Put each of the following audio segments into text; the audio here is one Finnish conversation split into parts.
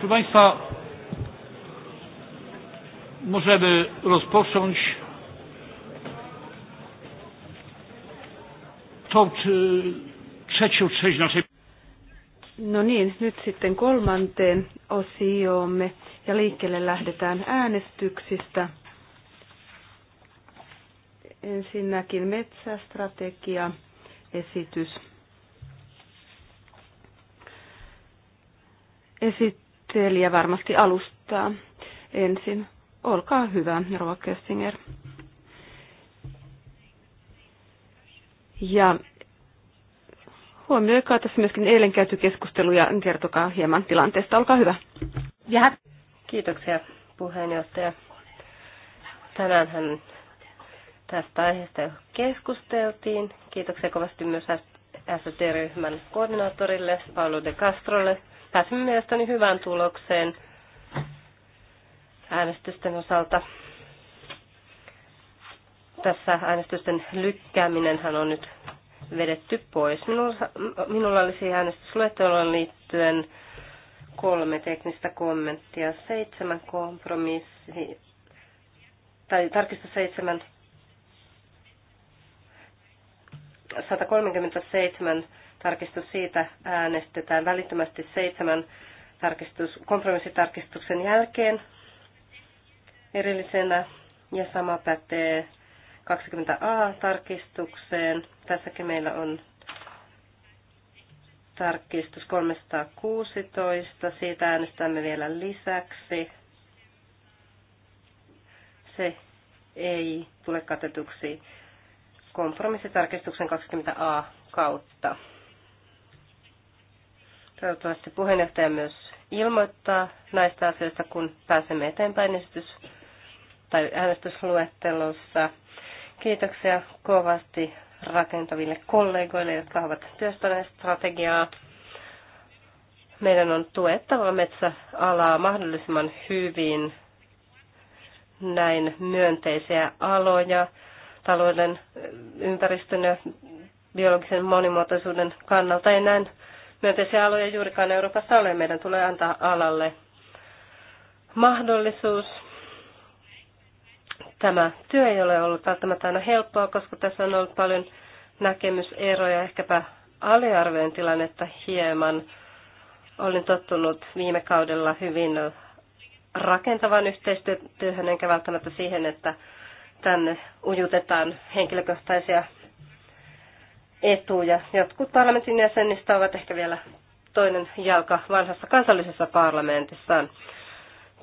Proszę Państwa, możemy rozpocząć tą trzecią część naszej. No niin, nyt sitten kolmanteen osioomme ja liikkeelle lähdetään äänestyksistä. Ensinnäkin metsästrategia, esitys. Esit esittelijä varmasti alustaa ensin. Olkaa hyvä, Rova Köstinger. Ja huomioikaa tässä myöskin eilen käyty keskustelu ja kertokaa hieman tilanteesta. Olkaa hyvä. Ja. Kiitoksia puheenjohtaja. Tänäänhän tästä aiheesta jo keskusteltiin. Kiitoksia kovasti myös ST-ryhmän koordinaattorille Paulo de Castrolle pääsimme mielestäni hyvään tulokseen äänestysten osalta. Tässä äänestysten lykkääminenhän on nyt vedetty pois. Minulla, minulla olisi äänestysluetteloon liittyen kolme teknistä kommenttia, seitsemän kompromissi, tai tarkista seitsemän, 137 Tarkistus siitä äänestetään välittömästi seitsemän tarkistus, kompromissitarkistuksen jälkeen erillisenä ja sama pätee 20a-tarkistukseen. Tässäkin meillä on tarkistus 316. Siitä äänestämme vielä lisäksi. Se ei tule katetuksi kompromissitarkistuksen 20a kautta. Toivottavasti puheenjohtaja myös ilmoittaa näistä asioista, kun pääsemme eteenpäin esitys- tai äänestysluettelossa. Kiitoksia kovasti rakentaville kollegoille, jotka ovat työstäneet strategiaa. Meidän on tuettava metsäalaa mahdollisimman hyvin näin myönteisiä aloja talouden, ympäristön ja biologisen monimuotoisuuden kannalta ja näin myönteisiä aloja juurikaan Euroopassa ole. Meidän tulee antaa alalle mahdollisuus. Tämä työ ei ole ollut välttämättä aina helppoa, koska tässä on ollut paljon näkemyseroja, ehkäpä aliarvojen tilannetta hieman. Olin tottunut viime kaudella hyvin rakentavan yhteistyöhön, enkä välttämättä siihen, että tänne ujutetaan henkilökohtaisia etuja. Jotkut parlamentin jäsenistä ovat ehkä vielä toinen jalka vanhassa kansallisessa parlamentissaan.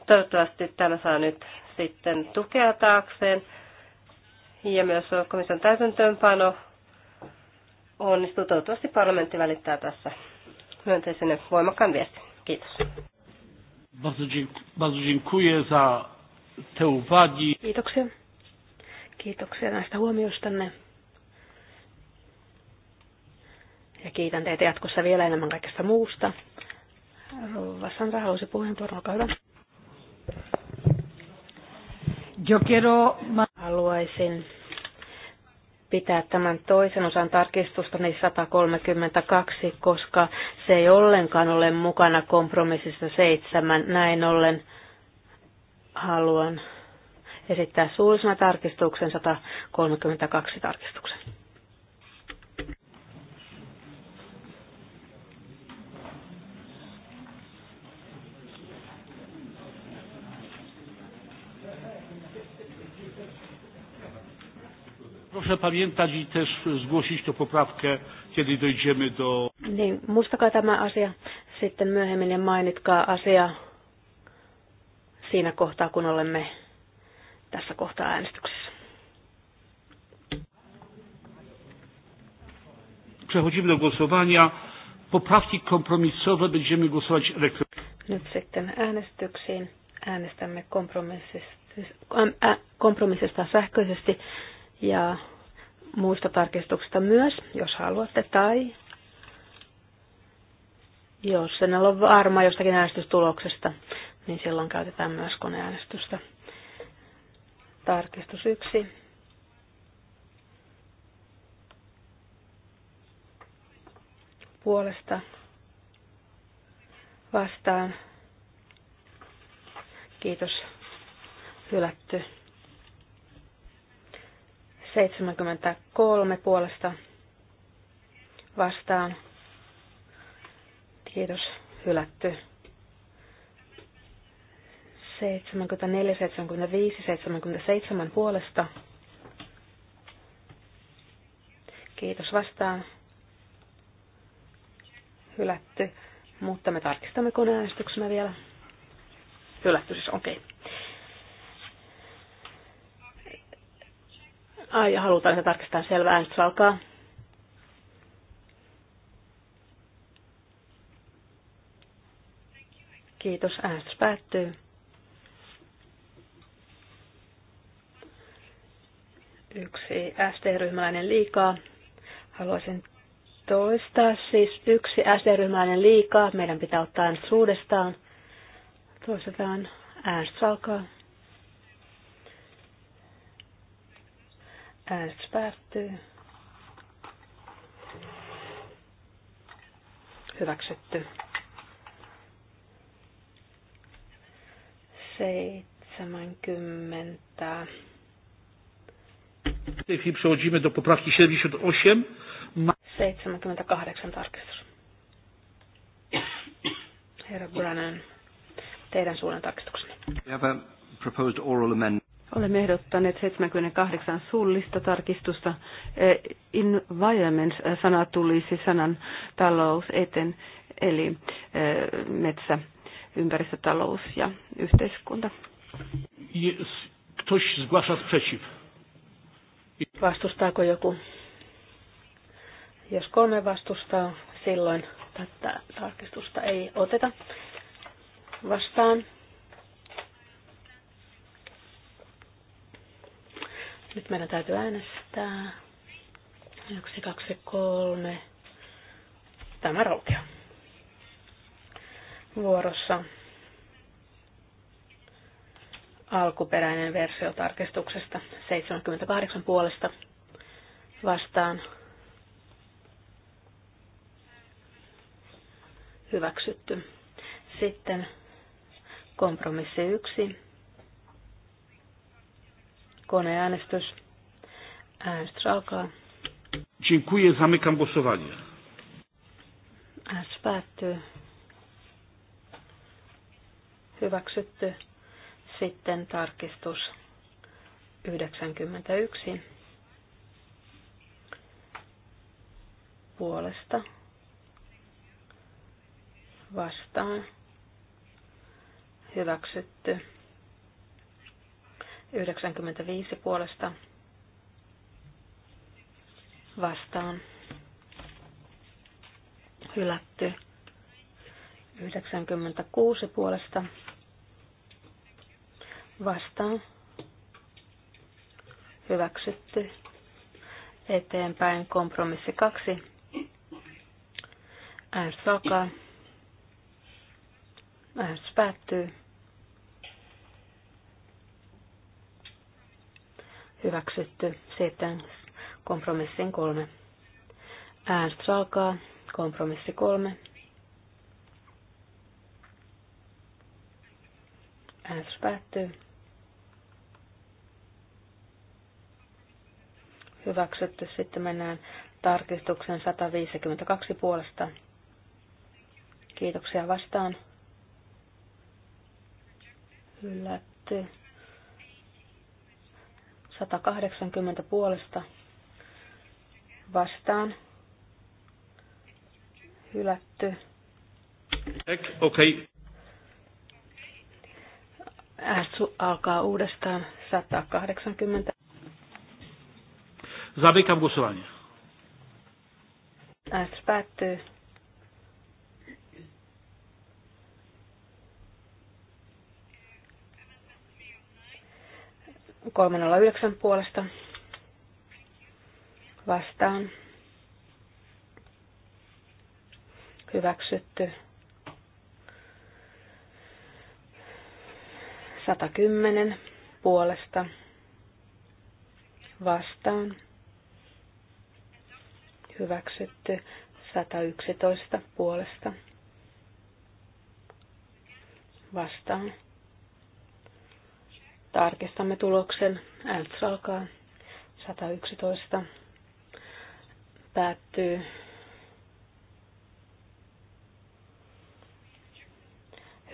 Toivottavasti tämä saa nyt sitten tukea taakseen. Ja myös komission täytäntöönpano onnistuu. Toivottavasti parlamentti välittää tässä myönteisen voimakkaan viestin. Kiitos. Kiitoksia. Kiitoksia näistä huomioistanne. Ja kiitän teitä jatkossa vielä enemmän kaikesta muusta. Rouva Sandra halusi puheenvuoron, olkaa hyvä. Yo quiero... Haluaisin pitää tämän toisen osan tarkistusta, niin 132, koska se ei ollenkaan ole mukana kompromississa seitsemän. Näin ollen haluan esittää suullisena tarkistuksen 132 tarkistuksen. Proszę pamiętać i też zgłosić tę poprawkę, kiedy dojdziemy do... Niin, muistakaa tämä asia sitten myöhemmin ja mainitkaa asia siinä kohtaa, kun olemme tässä kohtaa äänestyksessä. Przechodzimy do głosowania. Poprawki kompromisowe będziemy głosować elektronicznie. Nyt sitten äänestyksiin. Äänestämme kompromissista, kompromissista sähköisesti ja muista tarkistuksista myös, jos haluatte, tai jos en ole varma jostakin äänestystuloksesta, niin silloin käytetään myös koneäänestystä. Tarkistus yksi. Puolesta vastaan. Kiitos. Hylätty. 73 puolesta vastaan. Kiitos, hylätty. 74, 75, 77 puolesta. Kiitos vastaan. Hylätty, mutta me tarkistamme koneäänestyksenä vielä. Hylätty siis, okei. Okay. Ai, halutaan, se tarkistaa selvä äänestys alkaa. Kiitos, äänestys päättyy. Yksi ST-ryhmäläinen liikaa. Haluaisin toistaa siis yksi SD-ryhmäinen liikaa. Meidän pitää ottaa äänestys uudestaan. Toistetaan äänestys alkaa. Äänestys päättyy. Hyväksytty. Seitsemänkymmentä. W tej chwili przechodzimy do poprawki 78. Ma... 78 tarkistus. Herra Buranen, teidän suunnan tarkistuksenne. We have a proposed oral amendment. Olemme ehdottaneet 78 suullista tarkistusta. Eh, Environment-sana eh, tulisi sanan talous eten, eli eh, metsä, ympäristötalous ja yhteiskunta. Ktoś zgłasza Vastustaako joku? Jos kolme vastustaa, silloin tätä tarkistusta ei oteta vastaan. Nyt meidän täytyy äänestää. Yksi, kaksi, kolme. Tämä raukeaa. Vuorossa alkuperäinen versio tarkistuksesta 78 puolesta vastaan hyväksytty. Sitten kompromissi yksi. Koneäänestys. Äänestys alkaa. Dziękuję, zamykam głosowanie. Äänestys päättyy. Hyväksytty. Sitten tarkistus 91. Puolesta. Vastaan. Hyväksytty. 95 puolesta vastaan hylätty. 96 puolesta vastaan hyväksytty. Eteenpäin kompromissi 2. Äänestys alkaa. Äänestys päättyy. hyväksytty. Sitten kompromissin kolme. Äänestys alkaa. Kompromissi kolme. Äänestys päättyy. Hyväksytty. Sitten mennään tarkistuksen 152 puolesta. Kiitoksia vastaan. Hylätty. 180 puolesta vastaan. Hylätty. Okei. Okay. Äänestys alkaa uudestaan 180. Zabikam głosowanie. Äänestys päättyy. 309 puolesta vastaan. Hyväksytty. 110 puolesta vastaan. Hyväksytty. 111 puolesta vastaan Tarkistamme tuloksen. Äänestys alkaa. 111 päättyy.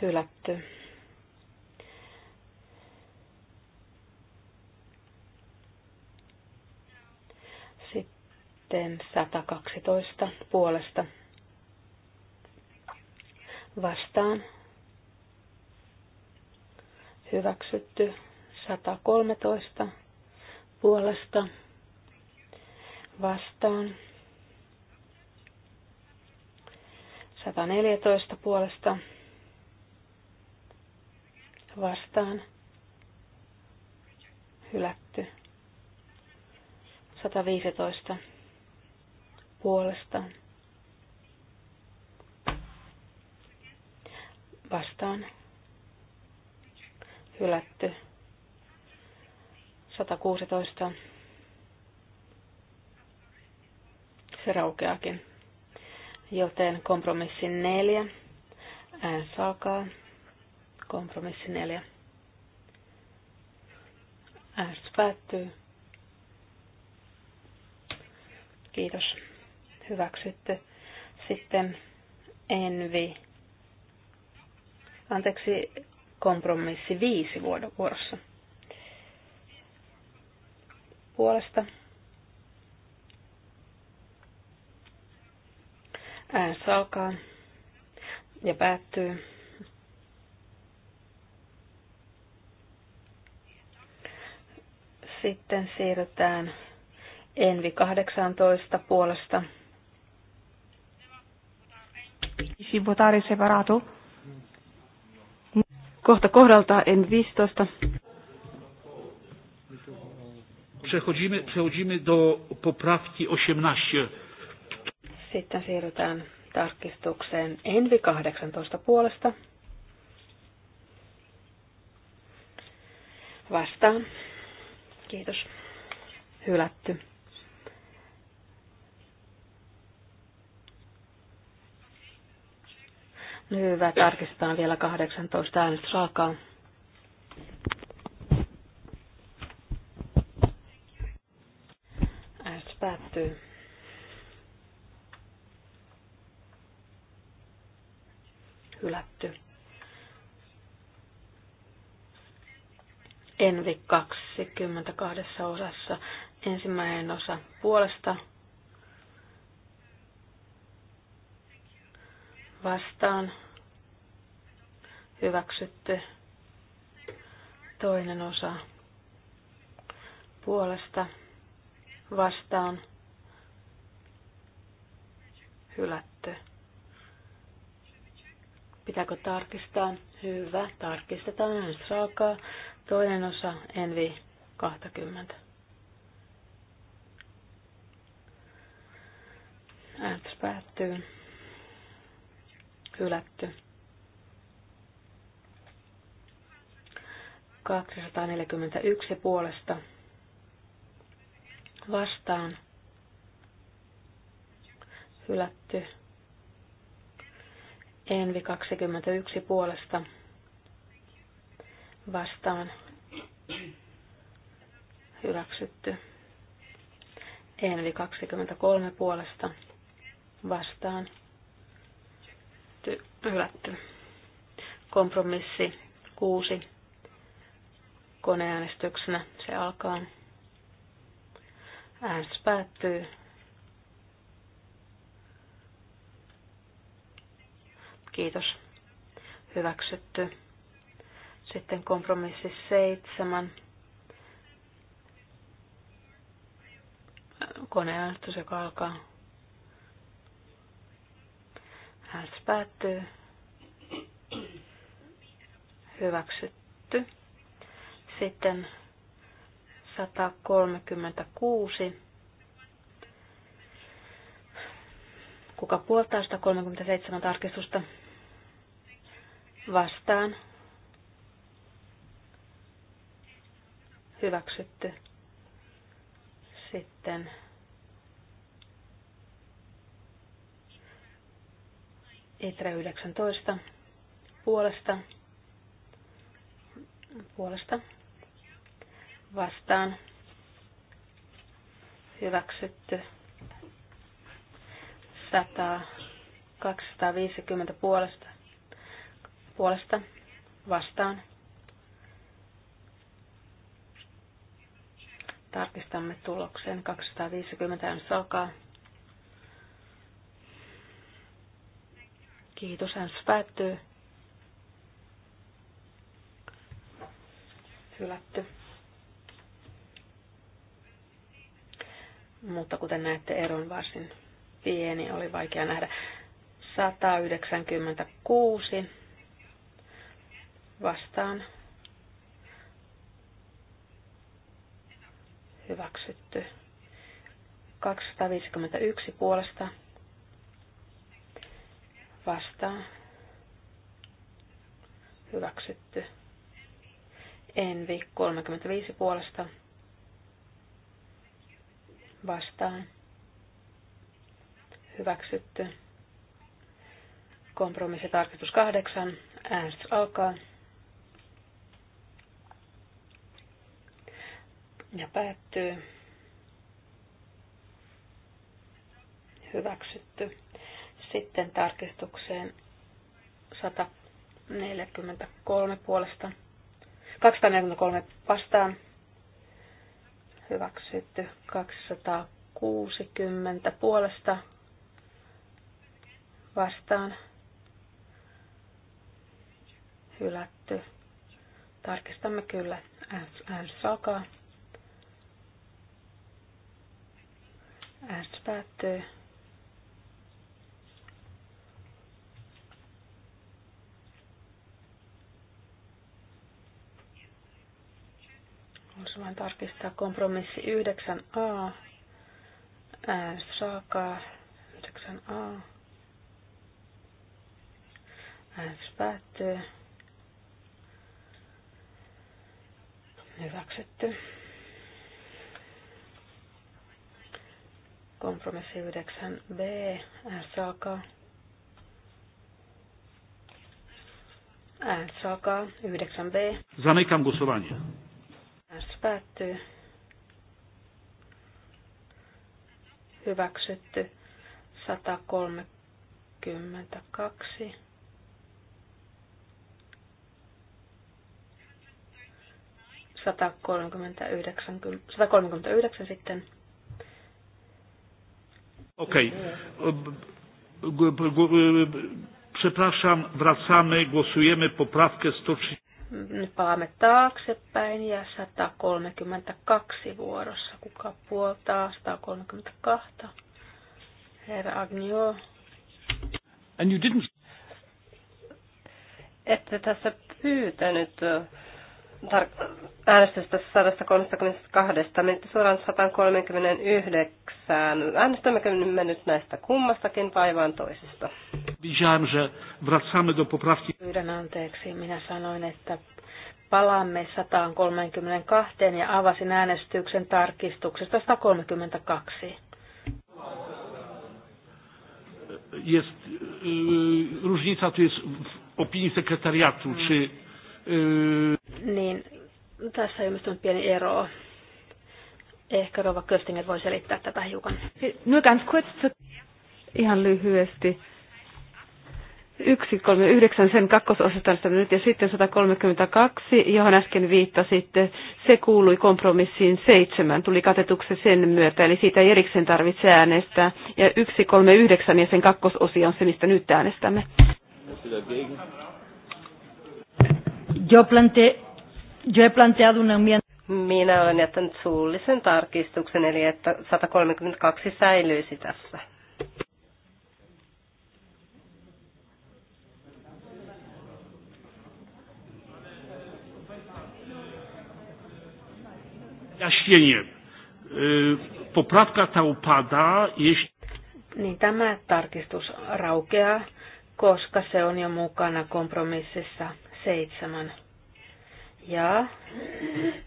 Hylätty. Sitten 112 puolesta vastaan. Hyväksytty. 113 puolesta vastaan. 114 puolesta vastaan. Hylätty. 115 puolesta vastaan. Hylätty. 116. Se raukeakin. Joten kompromissi 4. Ään saakaa. Kompromissi 4. Äänestys päättyy. Kiitos. Hyväksytty. Sitten envi. Anteeksi, kompromissi viisi vuorossa puolesta. Äänsä alkaa ja päättyy. Sitten siirrytään Envi 18 puolesta. Kohta kohdalta en 15. Przechodzimy, przechodzimy do poprawki 18. Sitten siirrytään tarkistukseen Envi 18 puolesta. Vastaan. Kiitos. Hylätty. Hyvä, tarkistetaan vielä 18 äänestys alkaa. Envi 22 osassa. Ensimmäinen osa puolesta vastaan hyväksytty. Toinen osa puolesta vastaan hylätty. Pitääkö tarkistaa? Hyvä, tarkistetaan äänestysraakaa. Toinen osa Envi 20. Äänestys päättyy. Hylätty. 241 puolesta vastaan hylätty. Envi 21 puolesta vastaan hyväksytty. Envi 23 puolesta vastaan hylätty. Kompromissi 6 koneäänestyksenä se alkaa. Äänestys päättyy. Kiitos. Hyväksytty. Sitten kompromissi seitsemän. Koneäänestys, joka alkaa. Äänestys päättyy. Hyväksytty. Sitten 136. Kuka puoltaa 137 tarkistusta? Vastaan hyväksytty. Sitten Itra 19 puolesta, puolesta vastaan hyväksytty 100 250 puolesta, puolesta vastaan Tarkistamme tuloksen. 250 äänestys alkaa. Kiitos, hän päättyy. Hylätty. Mutta kuten näette, eron varsin pieni, oli vaikea nähdä. 196 vastaan hyväksytty. 251 puolesta vastaan hyväksytty. Envi 35 puolesta vastaan hyväksytty. Kompromissitarkistus 8. Äänestys alkaa. Ja päättyy. Hyväksytty. Sitten tarkistukseen 143 puolesta. 243 vastaan. Hyväksytty. 260 puolesta vastaan. Hylätty. Tarkistamme kyllä. Äänestys alkaa. Äänestys päättyy. Voisi vain tarkistaa kompromissi 9a. Äänestys alkaa 9a. Äänestys päättyy. Hyväksytty. Kompromissi 9b, SAK. SAK 9b. Zamykam głosowanie. Spätty. Hyväksytty 132. 139, 139 sitten Okej. Okay. Przepraszam, wracamy, głosujemy poprawkę 130. Nyt palaamme taaksepäin ja 132 vuorossa. Kuka puoltaa 132? Herra Agnio. And you didn't... Ette tässä pyytänyt uh, tar- äänestystä 132, menitte suoraan 139. Äänestämmekö me nyt näistä kummastakin vai vain toisista? Pyydän anteeksi, minä sanoin, että palaamme 132 ja avasin äänestyksen tarkistuksesta 132. Jest, y, różnica tu jest w opinii sekretariatu, czy Mm. Niin, tässä on ilmestynyt pieni ero. Ehkä Rova Köstinger voi selittää tätä hiukan. No ganz kurz Ihan lyhyesti. 139 sen kakkososasta nyt ja sitten 132, johon äsken viittasitte, se kuului kompromissiin seitsemän, tuli katetuksi sen myötä, eli siitä ei erikseen tarvitse äänestää. Ja 139 ja sen kakkososia on se, mistä nyt äänestämme. Yo planteé, yo he planteado una enmienda. Minä olen jättänyt suullisen tarkistuksen, eli että 132 säilyisi tässä. Jaśnienie. Poprawka ta upada, jeśli... Niin tämä tarkistus raukeaa, koska se on jo mukana kompromississa seitsemän. Ja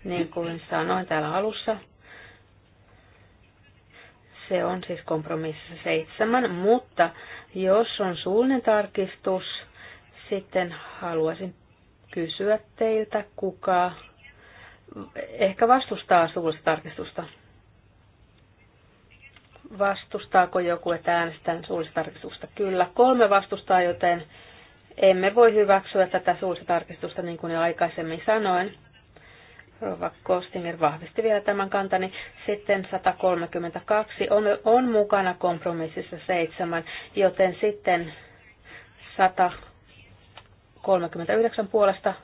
niin kuin sanoin täällä alussa, se on siis kompromississa seitsemän, mutta jos on suullinen tarkistus, sitten haluaisin kysyä teiltä, kuka ehkä vastustaa suullista tarkistusta. Vastustaako joku, että äänestän suullista tarkistusta? Kyllä, kolme vastustaa, joten emme voi hyväksyä tätä suusitarkistusta, niin kuin jo aikaisemmin sanoin. Rova Kostinger vahvisti vielä tämän kantani. Sitten 132 on, on mukana kompromississa seitsemän, joten sitten 139 puolesta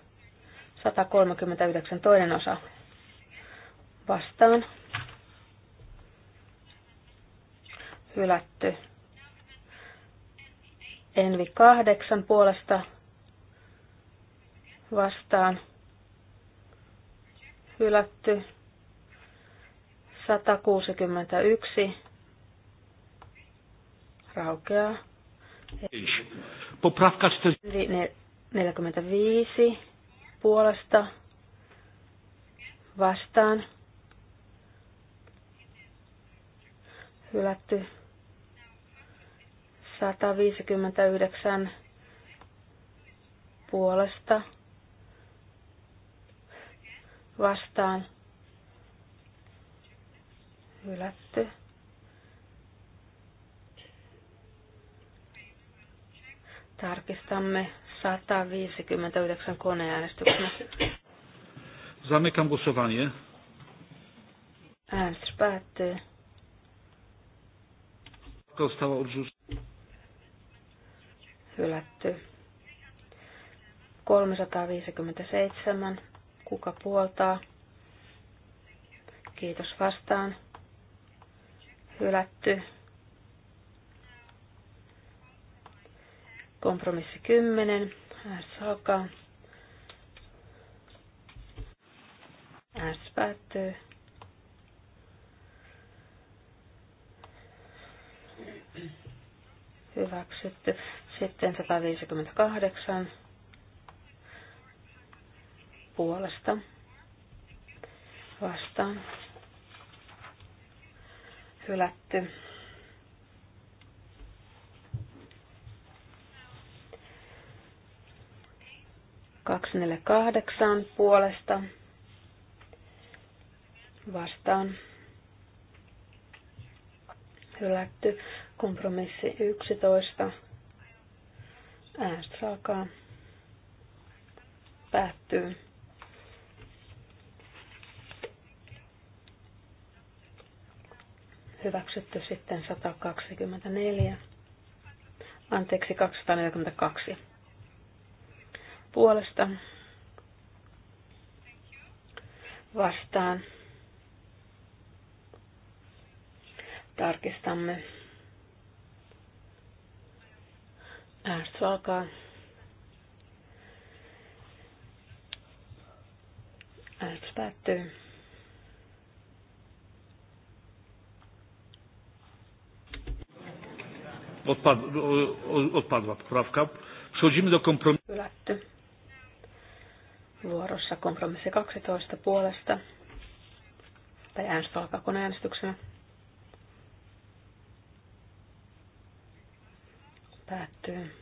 139 toinen osa vastaan. Hylätty. Envi kahdeksan puolesta vastaan hylätty 161 raukeaa. Poprawka 45 puolesta vastaan hylätty 159 puolesta vastaan hylätty. Tarkistamme 159 koneäänestyksenä. Zamykam głosowanie. Äänestys päättyy. Kostało odrzucona hylätty. 357. Kuka puoltaa? Kiitos vastaan. Hylätty. Kompromissi 10. S alkaa. S päättyy. Hyväksytty. Sitten 158 puolesta vastaan. Hylätty. Kaksi neljä kahdeksan puolesta vastaan. Hylätty. Kompromissi yksitoista. Äänestys alkaa. Päättyy. Hyväksytty sitten 124. Anteeksi, 242. Puolesta. Vastaan. Tarkistamme. Äänestys alkaa. Äänestys päättyy. odpadła poprawka. Przechodzimy do kompromisu. Vuorossa kompromissi 12 puolesta. Tai äänestys alkaa koneäänestyksenä. Päättyy.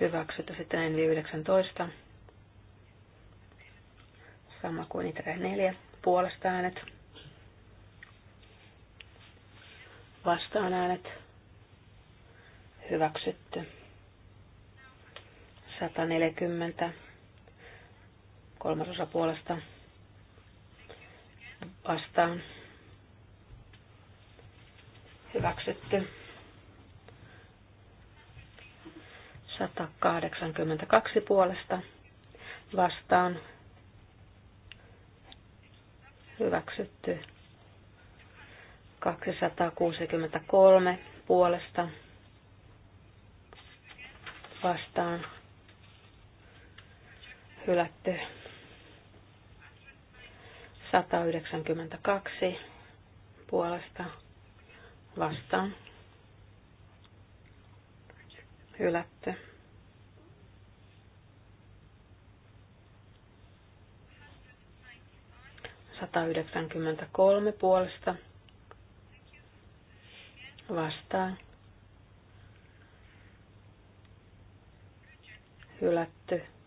Hyväksytty sitten Envi 19. Sama kuin Itre neljä Puolesta äänet. Vastaan äänet. Hyväksytty. 140 kolmasosa puolesta vastaan hyväksytty. 182 puolesta vastaan hyväksytty. 263 puolesta vastaan hylätty. 192 puolesta vastaan. Hylätty. kolme puolesta vastaan. Hylätty.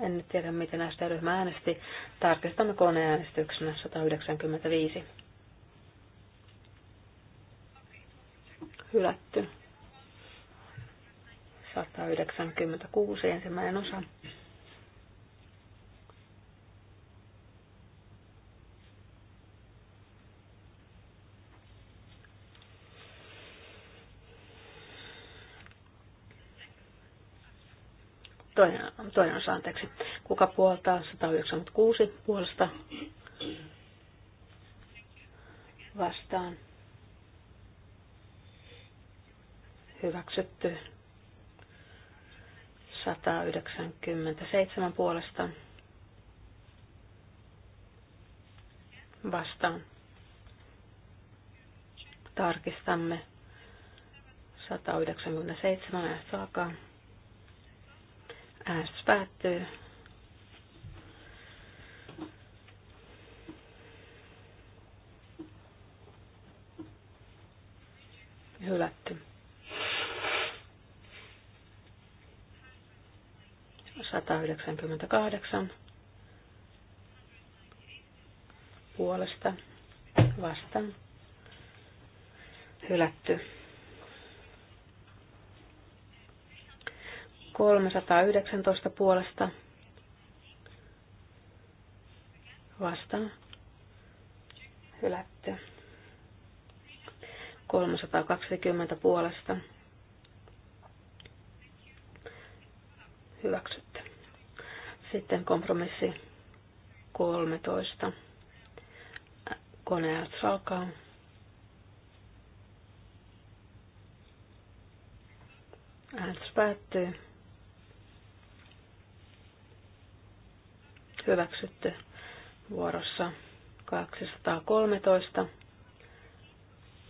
En nyt tiedä, miten näistä ryhmä äänesti. Tarkistamme koneäänestyksenä 195. Hylätty. 196 ensimmäinen osa. toinen, toinen osa, anteeksi. Kuka puoltaa 196 puolesta vastaan? Hyväksytty. 197 puolesta vastaan. Tarkistamme 197 saakaan. Äänestys päättyy. Hylätty. Sata Satayhdeksänkymmentäkahdeksan puolesta vastaan hylätty. 319 puolesta vastaan. Hylätty. 320 puolesta. Hyväksytty. Sitten kompromissi 13. Koneet alkaa. Äänestys päättyy. hyväksytty vuorossa 213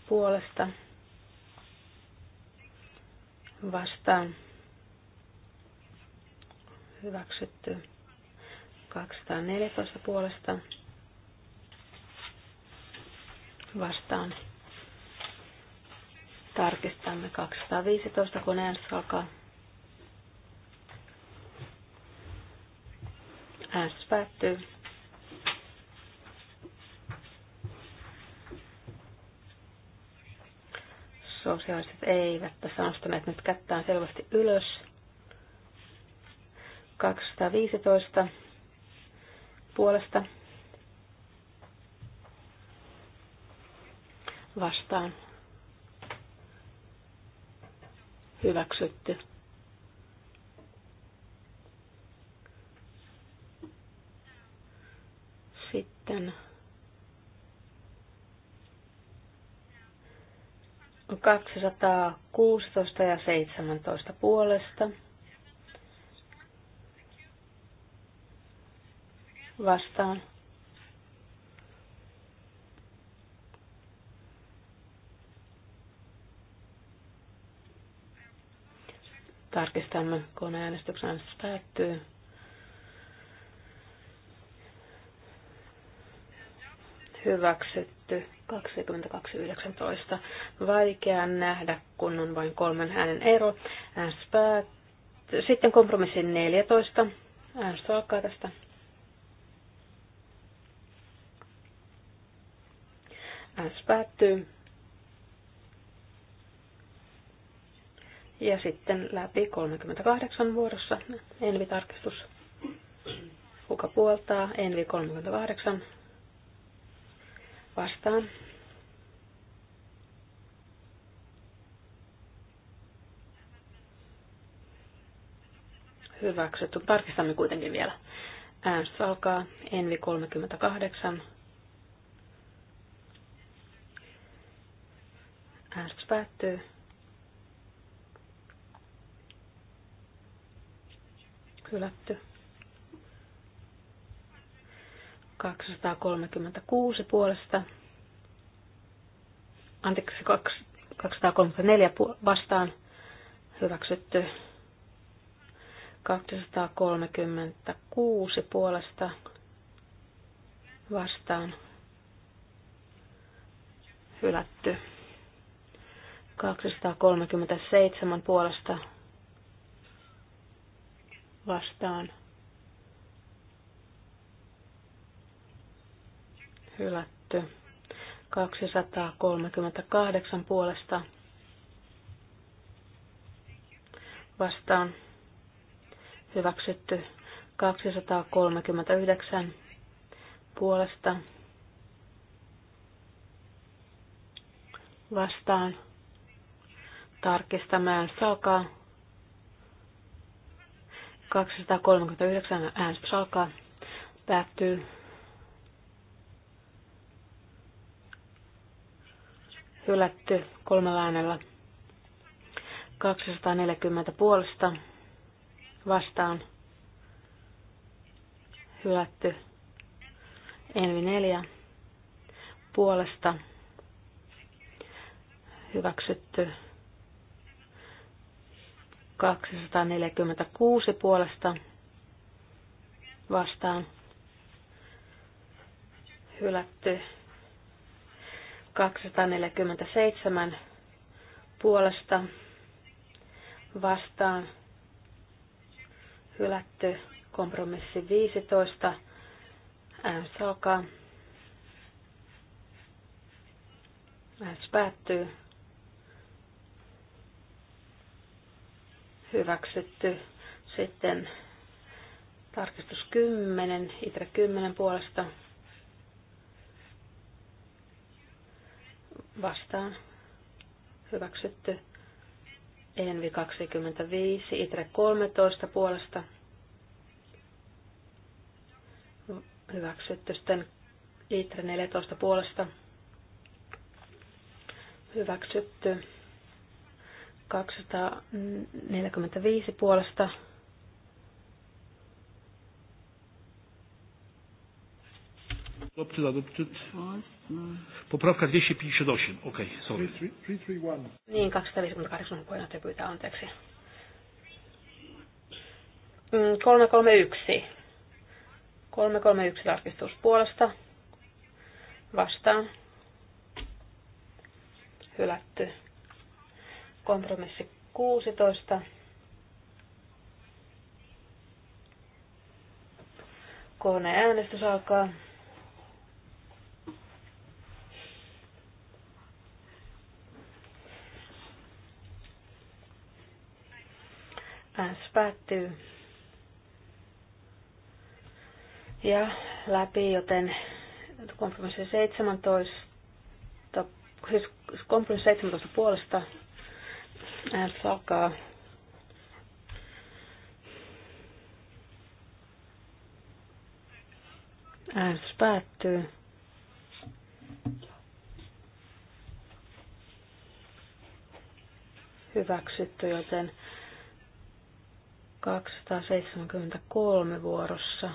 puolesta vastaan hyväksytty 214 puolesta vastaan. Tarkistamme 215 koneen alkaa. Äänestys päättyy. Sosiaaliset eivät tässä nostaneet nyt kättään selvästi ylös. 215 puolesta vastaan hyväksytty. Sitten on 216 ja 17 puolesta. Vastaan. Tarkistamme, kun äänestyksen äänestys päättyy. hyväksytty 22.19. Vaikea nähdä, kun on vain kolmen äänen ero. Äänestys Sitten kompromissi 14. Äänestys alkaa tästä. Äänestys päättyy. Ja sitten läpi 38 vuorossa Envi-tarkistus. Kuka puoltaa? Envi 38 vastaan. Hyväksytty. Tarkistamme kuitenkin vielä. Äänestys alkaa. Envi 38. Äänestys päättyy. Hylätty. 236 puolesta, anteeksi 234 vastaan hyväksytty 236 puolesta vastaan hylätty 237 puolesta vastaan hylätty. 238 puolesta vastaan hyväksytty 239 puolesta vastaan tarkistamaan salkaa 239 äänestys alkaa päättyy hylätty kolmella äänellä 240 puolesta vastaan hylätty Envi 4 puolesta hyväksytty 246 puolesta vastaan hylätty 247 puolesta vastaan hylätty kompromissi 15. Äänestys alkaa. päättyy. Hyväksytty. Sitten tarkistus 10, itse 10 puolesta vastaan hyväksytty. Envi 25, Itre 13 puolesta hyväksytty. Sitten Itre 14 puolesta hyväksytty. 245 puolesta Adopted, adopted. Poprawka 258. Okei, okay, sorry. 331. Niin, 258 puheenjohtaja pyytää anteeksi. 331. 331 tarkistus puolesta. Vastaan. Hylätty. Kompromissi 16. Koneäänestys alkaa. Äänestys päättyy. Ja läpi, joten kompromissi 17, siis kompromissi 17 puolesta äänestys alkaa. Äänestys päättyy. Hyväksytty, joten 273 vuorossa.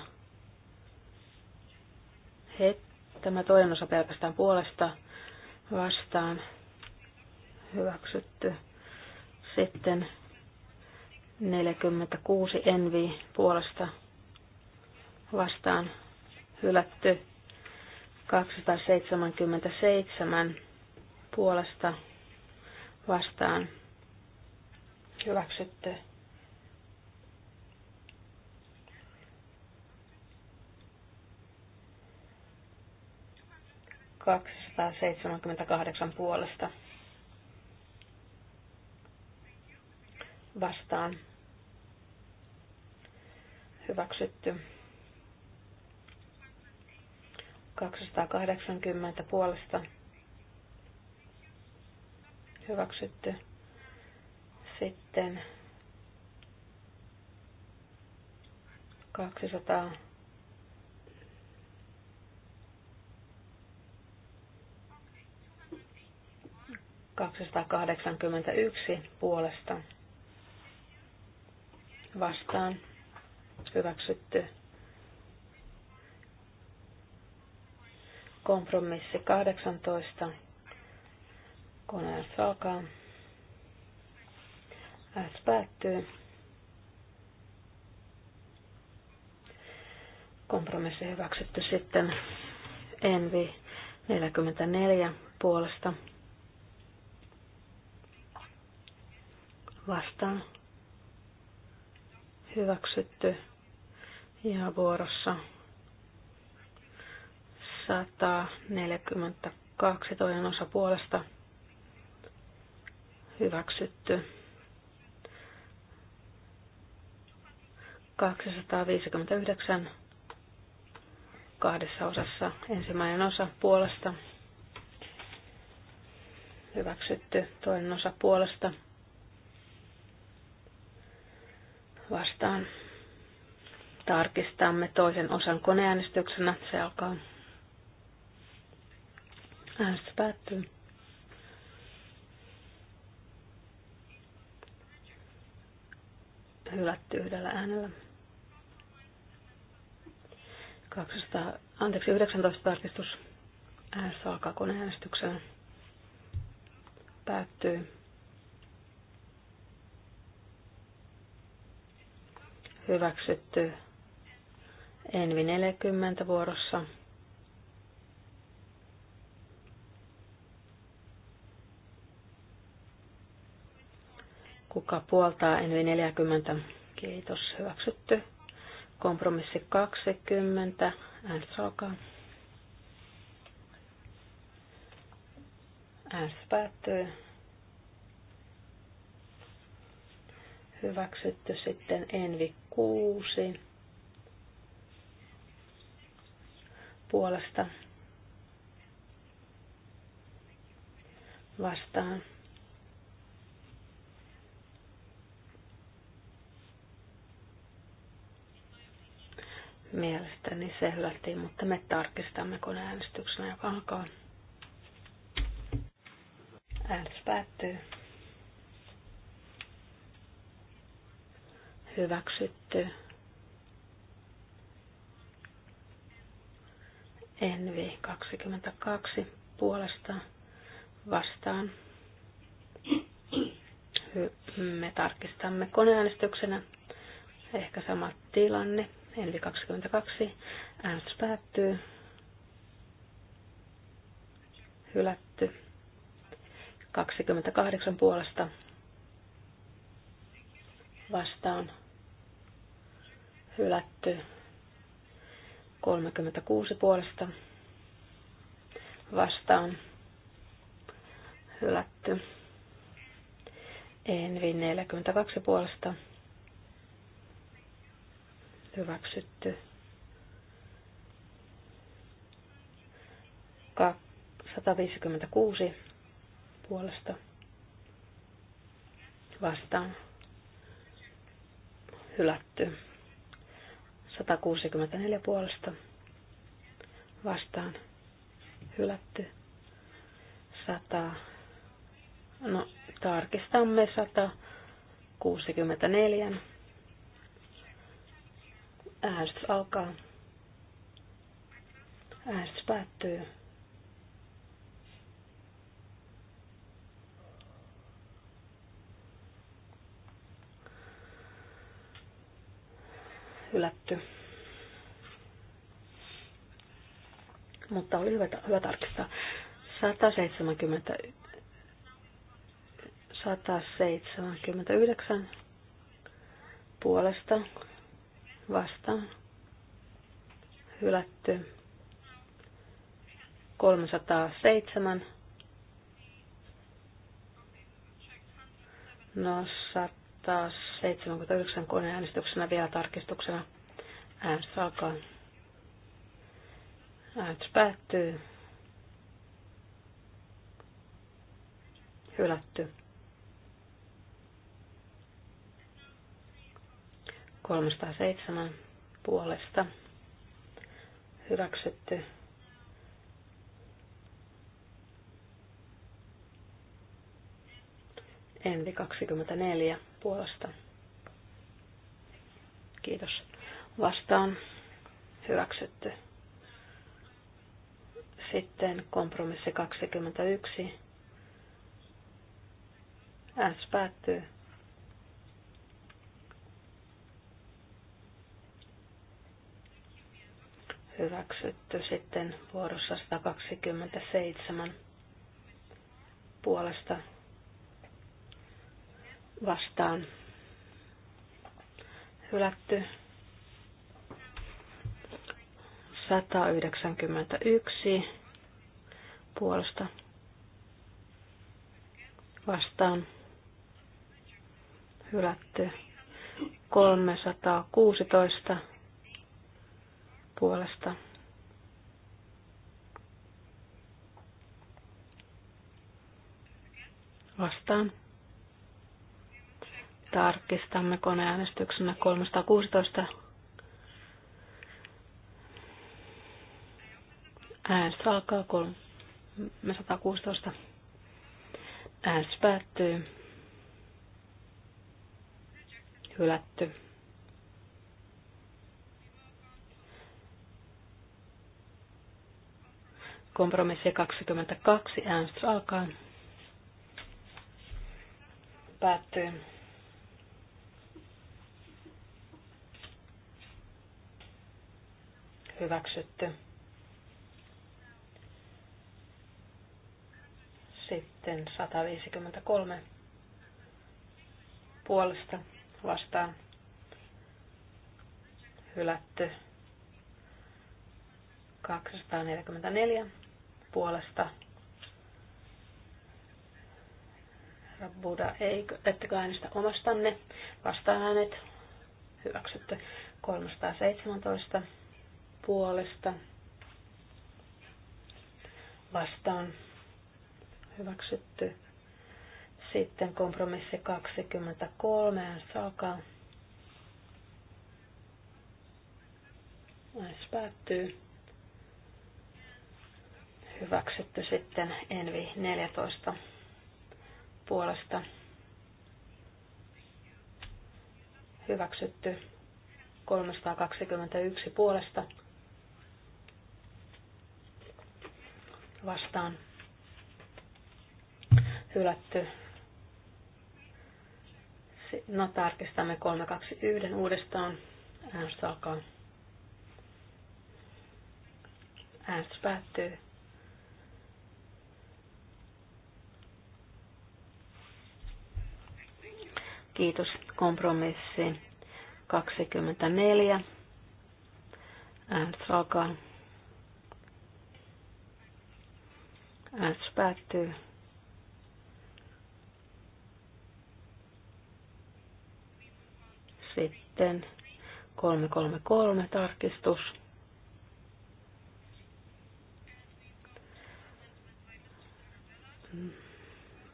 Het, tämä toinen osa pelkästään puolesta vastaan hyväksytty. Sitten 46 envi puolesta vastaan hylätty. 277 puolesta vastaan hyväksytty. 278 puolesta vastaan hyväksytty. 280 puolesta hyväksytty. Sitten 200 281 puolesta vastaan hyväksytty. Kompromissi 18. Kun S alkaa. S päättyy. Kompromissi hyväksytty sitten Envi 44 puolesta vastaan hyväksytty ja vuorossa 142 toinen osa puolesta hyväksytty. 259 kahdessa osassa ensimmäinen osa puolesta hyväksytty, toinen osa puolesta vastaan. Tarkistamme toisen osan koneäänestyksenä. Se alkaa. Äänestys päättyy. Hylätty yhdellä äänellä. 200, anteeksi, 19 tarkistus. Äänestys alkaa koneäänestyksenä. Päättyy. hyväksytty Envi 40 vuorossa. Kuka puoltaa Envi 40? Kiitos, hyväksytty. Kompromissi 20. Äänestys alkaa. Äänestys päättyy. hyväksytty sitten Envi kuusi puolesta vastaan. Mielestäni se hylättiin, mutta me tarkistamme äänestyksenä, joka alkaa. Äänestys päättyy. hyväksytty. nv 22 puolesta vastaan. Me tarkistamme koneäänestyksenä ehkä sama tilanne. nv 22 äänestys päättyy. Hylätty. 28 puolesta vastaan hylätty 36 puolesta vastaan hylätty. Envi 42 puolesta hyväksytty. 156 puolesta vastaan hylätty. 164 puolesta vastaan hylätty. 100. No, tarkistamme 164. Äänestys alkaa. Äänestys päättyy. hylätty. Mutta oli hyvä, hyvä tarkistaa. 170, 179 puolesta vastaan hylätty. 307 No, koneen äänestyksenä vielä tarkistuksena. Äänestys alkaa. Äänestys päättyy. Hylätty. 307 puolesta hyväksytty Envi 24 puolesta. Kiitos. Vastaan. Hyväksytty. Sitten kompromissi 21. S päättyy. Hyväksytty sitten vuorossa 127 puolesta vastaan hylätty. 191 puolesta vastaan hylätty 316 puolesta vastaan Tarkistamme koneäänestyksenä 316. Äänestys alkaa 316. Äänestys päättyy. Hylätty. Kompromissi 22. Äänestys alkaa. Päättyy. hyväksytty. Sitten 153 puolesta vastaan hylätty. 244 puolesta. Herra Buddha, ei, ettekö äänestä omastanne? Vastaan äänet. Hyväksytty. 317 puolesta vastaan hyväksytty. Sitten kompromissi 23 äänestys alkaa. Äänestys päättyy. Hyväksytty sitten Envi 14 puolesta. Hyväksytty 321 puolesta vastaan hylätty. No tarkistamme 321 uudestaan. Äänestys alkaa. Äänestys päättyy. Kiitos kompromissi 24. Äänestys alkaa. S päättyy. Sitten 333 tarkistus.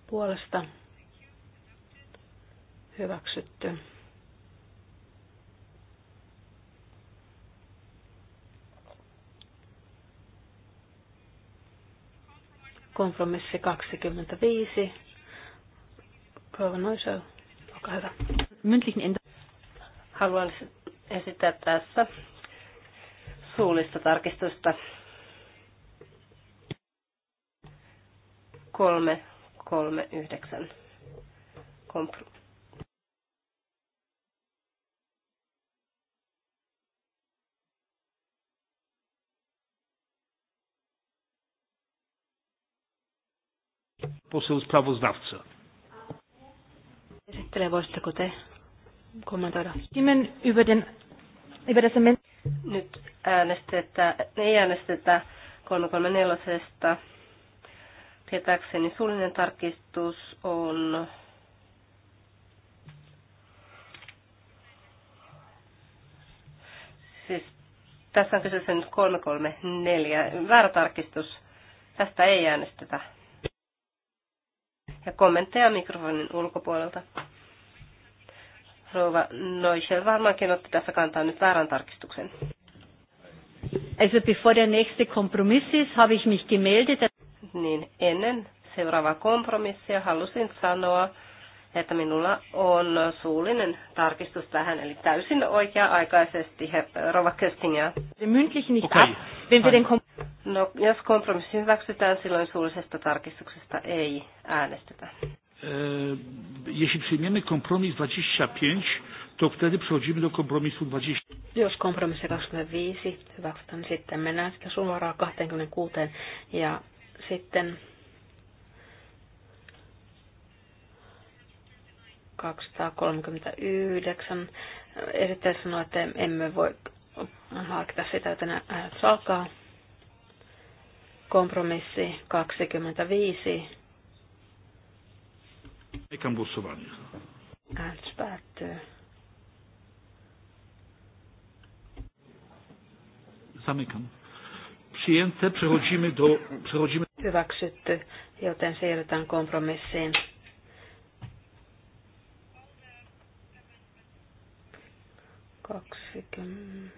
Puolesta hyväksytty. Kompromissi 25. Prova Noisel, olkaa hyvä. Haluaisin esittää tässä suullista tarkistusta. Kolme, kolme, yhdeksän. Kompromissi Poseł sprawozdawca. Esittelee, voisitteko te kommentoida? Nyt äänestetään, ei äänestetä 334. Tietääkseni suullinen tarkistus on siis tässä on kyseessä nyt 334. Väärä tarkistus. Tästä ei äänestetä ja kommentteja mikrofonin ulkopuolelta. Rouva Noichel varmaankin otti tässä kantaa nyt väärän tarkistuksen. Also bevor der nächste Kompromiss ist, habe ich mich gemeldet. Niin ennen seuraavaa kompromissia halusin sanoa, että minulla on suullinen tarkistus tähän, eli täysin oikea-aikaisesti, Rova Köstinger. Okay. No, jos kompromissi hyväksytään, silloin suullisesta tarkistuksesta ei äänestetä. Jeśli przyjmiemy kompromis 25, to wtedy przechodzimy do kompromisu 20. Jos kompromissi 25 hyväksytään, niin sitten mennään sitten suoraan 26 ja sitten 239 esittäjä sanoi, että emme voi harkita sitä, että äänestys alkaa. Kompromissi 25. Äänestys päättyy. Zamykam. Przyjęte. Przechodzimy do... Przechodzimy... Hyväksytty, joten siirrytään kompromissiin. Kaksikymmentä.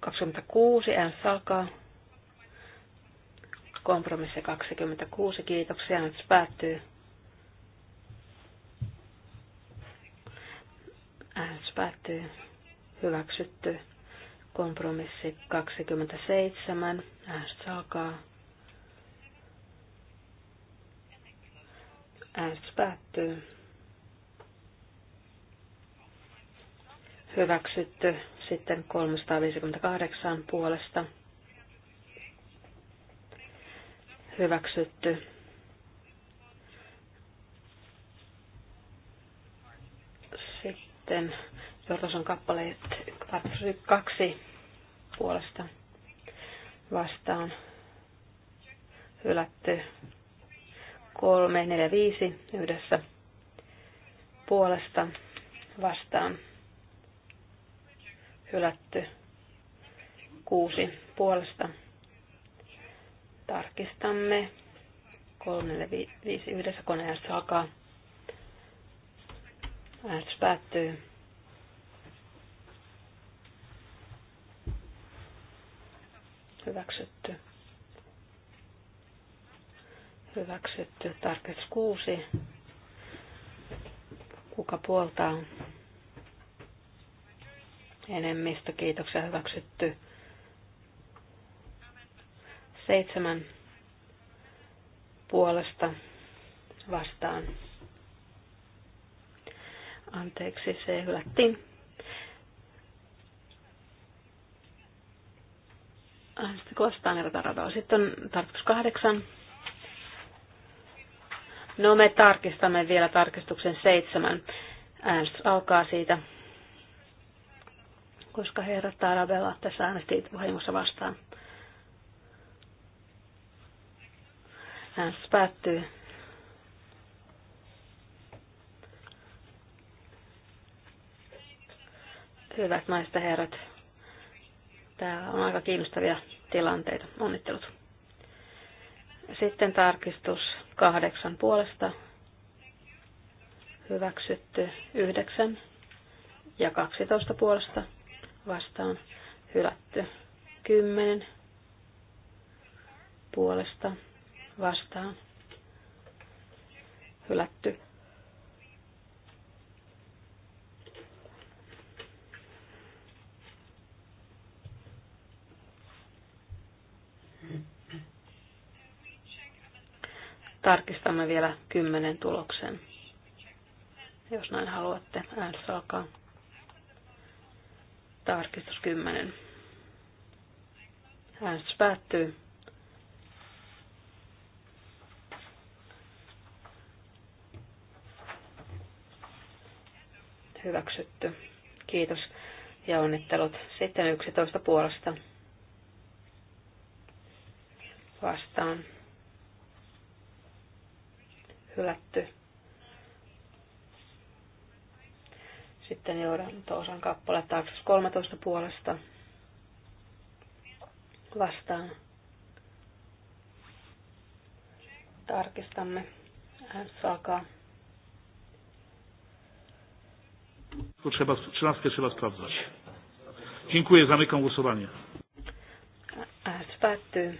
26 en alkaa. Kompromissi 26, kiitoksia. Nyt päättyy. Äänestys päättyy. Hyväksytty. Kompromissi 27. Äänestys alkaa. Äänestys päättyy. Hyväksytty. Sitten 358 puolesta hyväksytty. Sitten Jortason kappaleet 22 puolesta vastaan hylätty 3, 4, 5 yhdessä puolesta vastaan hylätty 6 puolesta Tarkistamme. 355 yhdessä koneessa alkaa. Äänestys päättyy. Hyväksytty. Hyväksytty. Tarkistus 6. Kuka puoltaa? Enemmistö. Kiitoksia. Hyväksytty. Seitsemän puolesta vastaan. Anteeksi, se hylättiin. Sitten vastaan erotarvaa. Sitten on tarkistus kahdeksan. No me tarkistamme vielä tarkistuksen seitsemän. Äänestys alkaa siitä, koska herra Tarabella tässä äänesti vahingossa vastaan. Äänestys päättyy. Hyvät naiset ja herrat, täällä on aika kiinnostavia tilanteita. Onnittelut. Sitten tarkistus kahdeksan puolesta. Hyväksytty yhdeksän ja kaksitoista puolesta vastaan hylätty kymmenen puolesta vastaan hylätty. Tarkistamme vielä kymmenen tuloksen, jos näin haluatte. Äänestys alkaa. Tarkistus kymmenen. Äänestys päättyy. hyväksytty. Kiitos ja onnittelut. Sitten 11 puolesta vastaan hylätty. Sitten joudan osan kappale taakse 13 puolesta vastaan. Tarkistamme. Hän saakaa. Trzeba, trzynastkę trzeba sprawdzać. Dziękuję, zamykam głosowanie. Äänestys päättyy.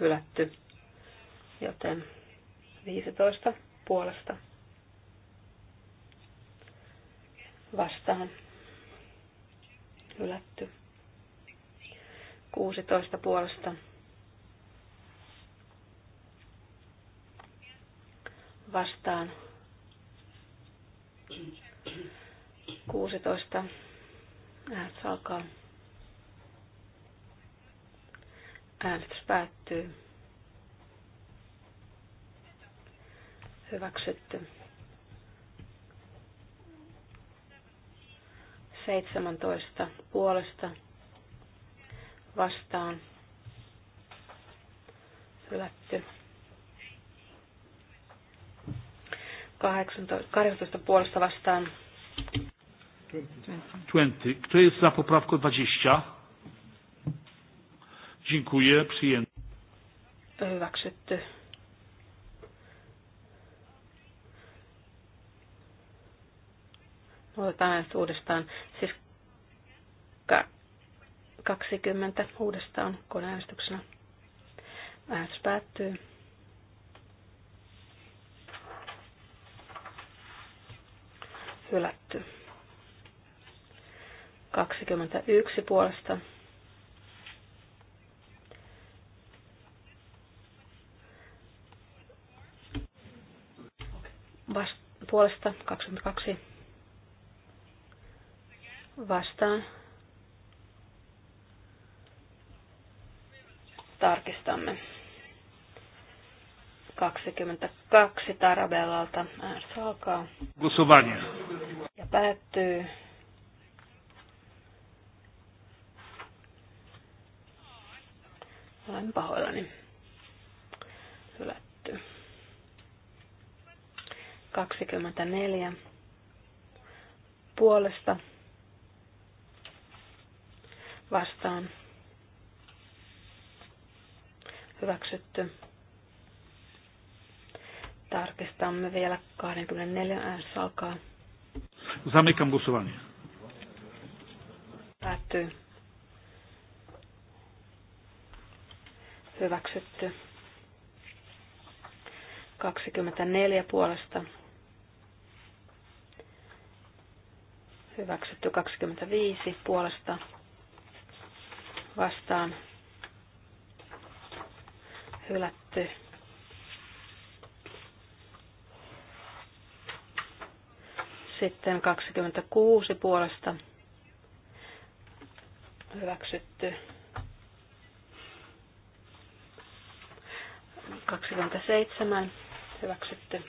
Hylätty. Joten 15 puolesta. Vastaan. Hylätty. 16 puolesta. Vastaan 16. Äänestys alkaa. Äänestys päättyy. Hyväksytty. 17 puolesta vastaan hylätty. 18, 18 puolesta vastaan. 20. Kto jest za poprawką 20? Dziękuję. Przyjęty. Hyväksytty. Otetaan äänestys uudestaan. Siis 20 uudestaan koneäänestyksenä. Äänestys päättyy. hylätty. 21 puolesta Vast, puolesta 22 vastaan. Tarkistamme. 22 Tarabellalta. Äänestys alkaa. Głosowanie. Ja päättyy. Olen pahoillani. Hylätty. 24 puolesta vastaan hyväksytty. Tarkistamme vielä 24 äänessä alkaa. Zamykam głosowanie. Päättyy. Hyväksytty. 24 puolesta. Hyväksytty 25 puolesta. Vastaan. Hylätty Sitten 26 puolesta hyväksytty. 27 hyväksytty.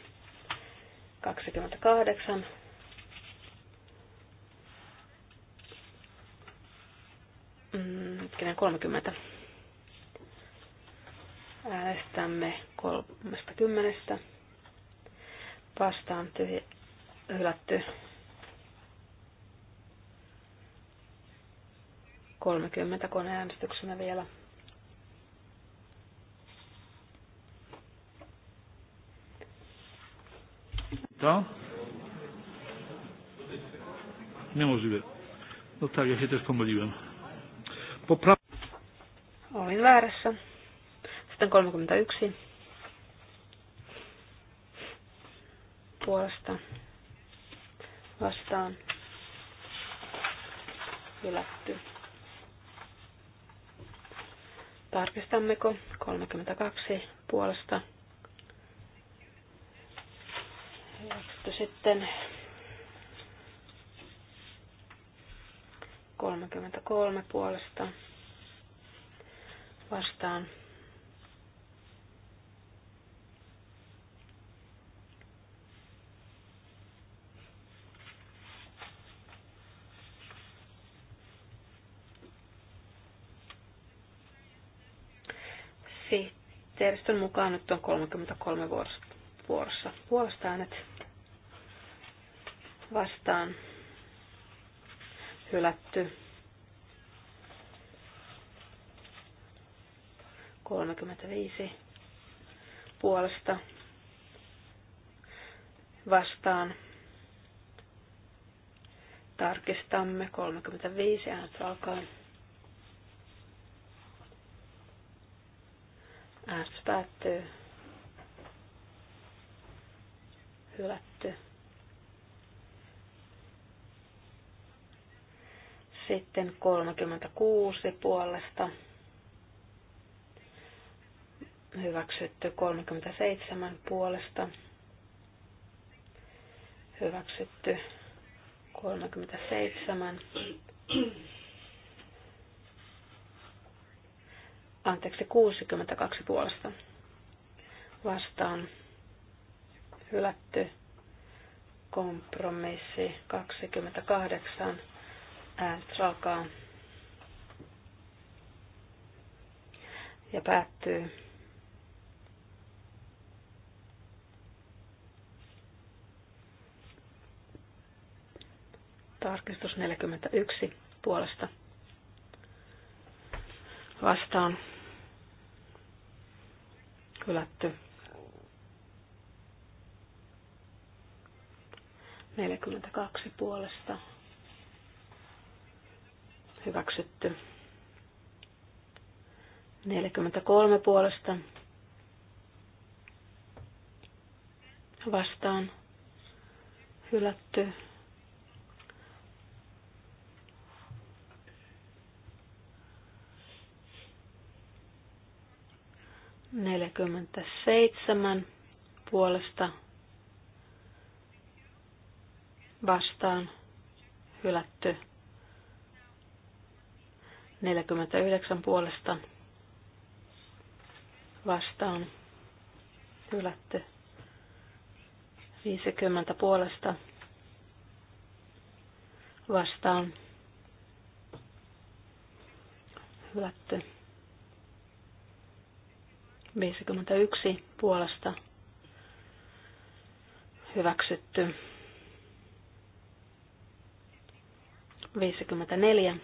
28 30. Mm, Äänestämme 30. Vastaan tyhjä, hylätty. 30 koneäänestyksenä vielä. To? Niemożliwe. No tak, ja się też pomyliłem. Popra Olin väärässä. Sitten 31. Puolesta vastaan hylätty. Tarkistammeko 32 puolesta. Hyväksytty sitten 33 puolesta vastaan teeristön mukaan nyt on 33 vuorossa. Puolesta äänet vastaan hylätty. 35 puolesta vastaan. Tarkistamme 35 äänet alkaen. s päättyy. Hylätty. Sitten 36 puolesta. Hyväksytty 37 puolesta. Hyväksytty 37 anteeksi, 62 puolesta vastaan hylätty kompromissi 28 äänestys alkaa ja päättyy. Tarkistus 41 puolesta vastaan kylätty. 42 puolesta. Hyväksytty. 43 puolesta. Vastaan. Hylätty. 47 puolesta vastaan hylätty. 49 puolesta vastaan hylätty. 50 puolesta vastaan hylätty. 51 puolesta hyväksytty. 54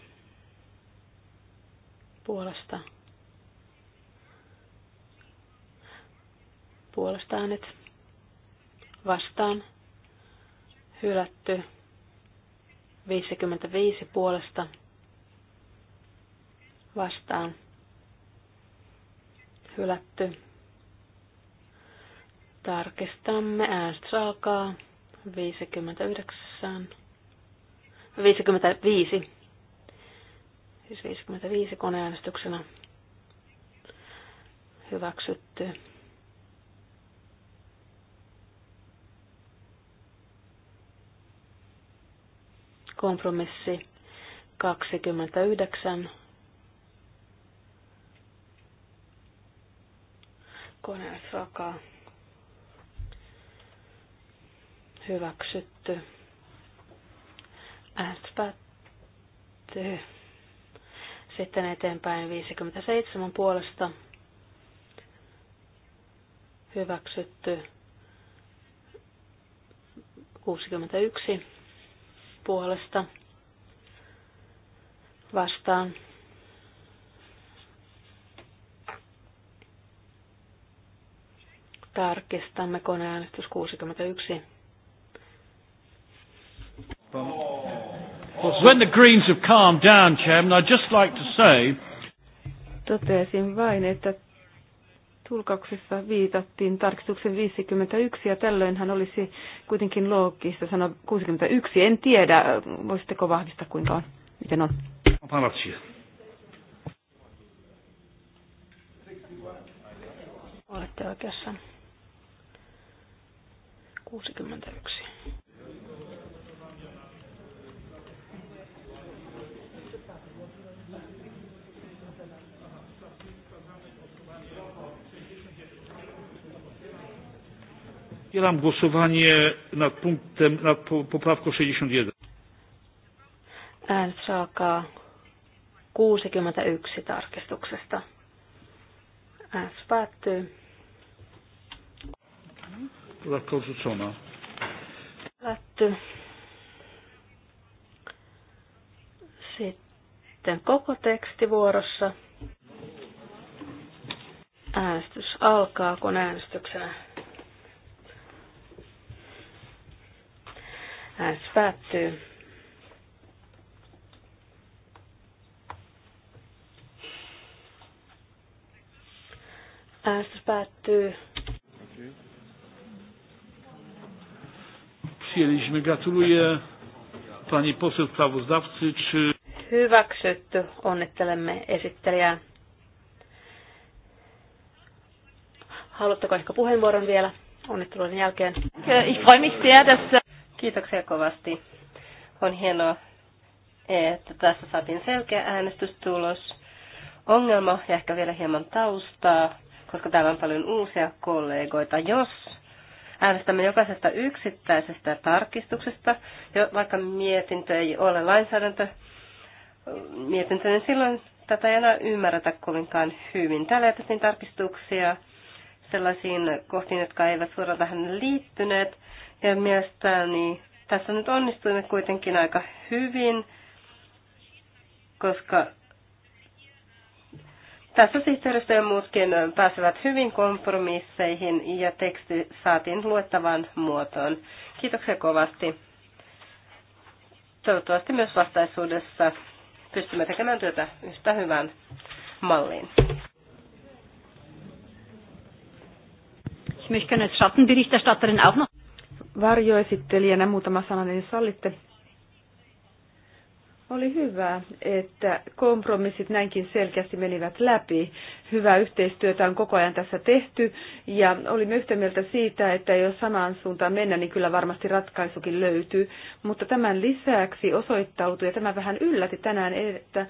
puolesta puolesta äänet vastaan hylätty 55 puolesta vastaan hylätty. Tarkistamme. Äänestys alkaa 59. 55. Siis 55 koneäänestyksenä hyväksytty. Kompromissi 29 Koneet rakaa. Hyväksytty. Äänestys Sitten eteenpäin 57 puolesta. Hyväksytty. 61 puolesta vastaan Tarkistamme koneäänestys 61. When the Greens have calmed down, Chairman, I'd just like to say... Totesin vain, että tulkauksessa viitattiin tarkistuksen 51 ja tällöin hän olisi kuitenkin loogista sanoa 61. En tiedä, voisitteko vahvistaa kuinka on, miten on. Olette oikeassa. 61. Otwieram głosowanie nad punktem, nad poprawką 61. Äänestys alkaa 61 tarkistuksesta. Äänestys päättyy. Poprawka Sitten koko teksti vuorossa. Äänestys alkaa, kun äänestyksenä äänestys päättyy. Äänestys päättyy. Przyjęliśmy. Gratuluję pani poseł sprawozdawcy. Czy... Hyväksytty. Onnittelemme esittelijää. Haluatteko ehkä puheenvuoron vielä onnitteluiden jälkeen? Kiitoksia kovasti. On hienoa, että tässä saatiin selkeä äänestystulos. Ongelma ja ehkä vielä hieman taustaa, koska täällä on paljon uusia kollegoita. Jos Äänestämme jokaisesta yksittäisestä tarkistuksesta, jo vaikka mietintö ei ole lainsäädäntö, mietintö, niin silloin tätä ei enää ymmärretä kovinkaan hyvin. Täällä jätettiin tarkistuksia sellaisiin kohtiin, jotka eivät suoraan tähän liittyneet, ja mielestäni tässä nyt onnistuimme kuitenkin aika hyvin, koska tässä sihteeristö ja muutkin pääsevät hyvin kompromisseihin ja teksti saatiin luettavan muotoon. Kiitoksia kovasti. Toivottavasti myös vastaisuudessa pystymme tekemään työtä yhtä hyvään malliin. Ich möchte gerne Schattenberichterstatterin auch noch. Varjoesittelijänä muutama sananen, niin sallitte. Oli hyvä, että kompromissit näinkin selkeästi menivät läpi. Hyvää yhteistyötä on koko ajan tässä tehty ja olimme yhtä mieltä siitä, että jos samaan suuntaan mennä, niin kyllä varmasti ratkaisukin löytyy. Mutta tämän lisäksi osoittautui, ja tämä vähän yllätti tänään, että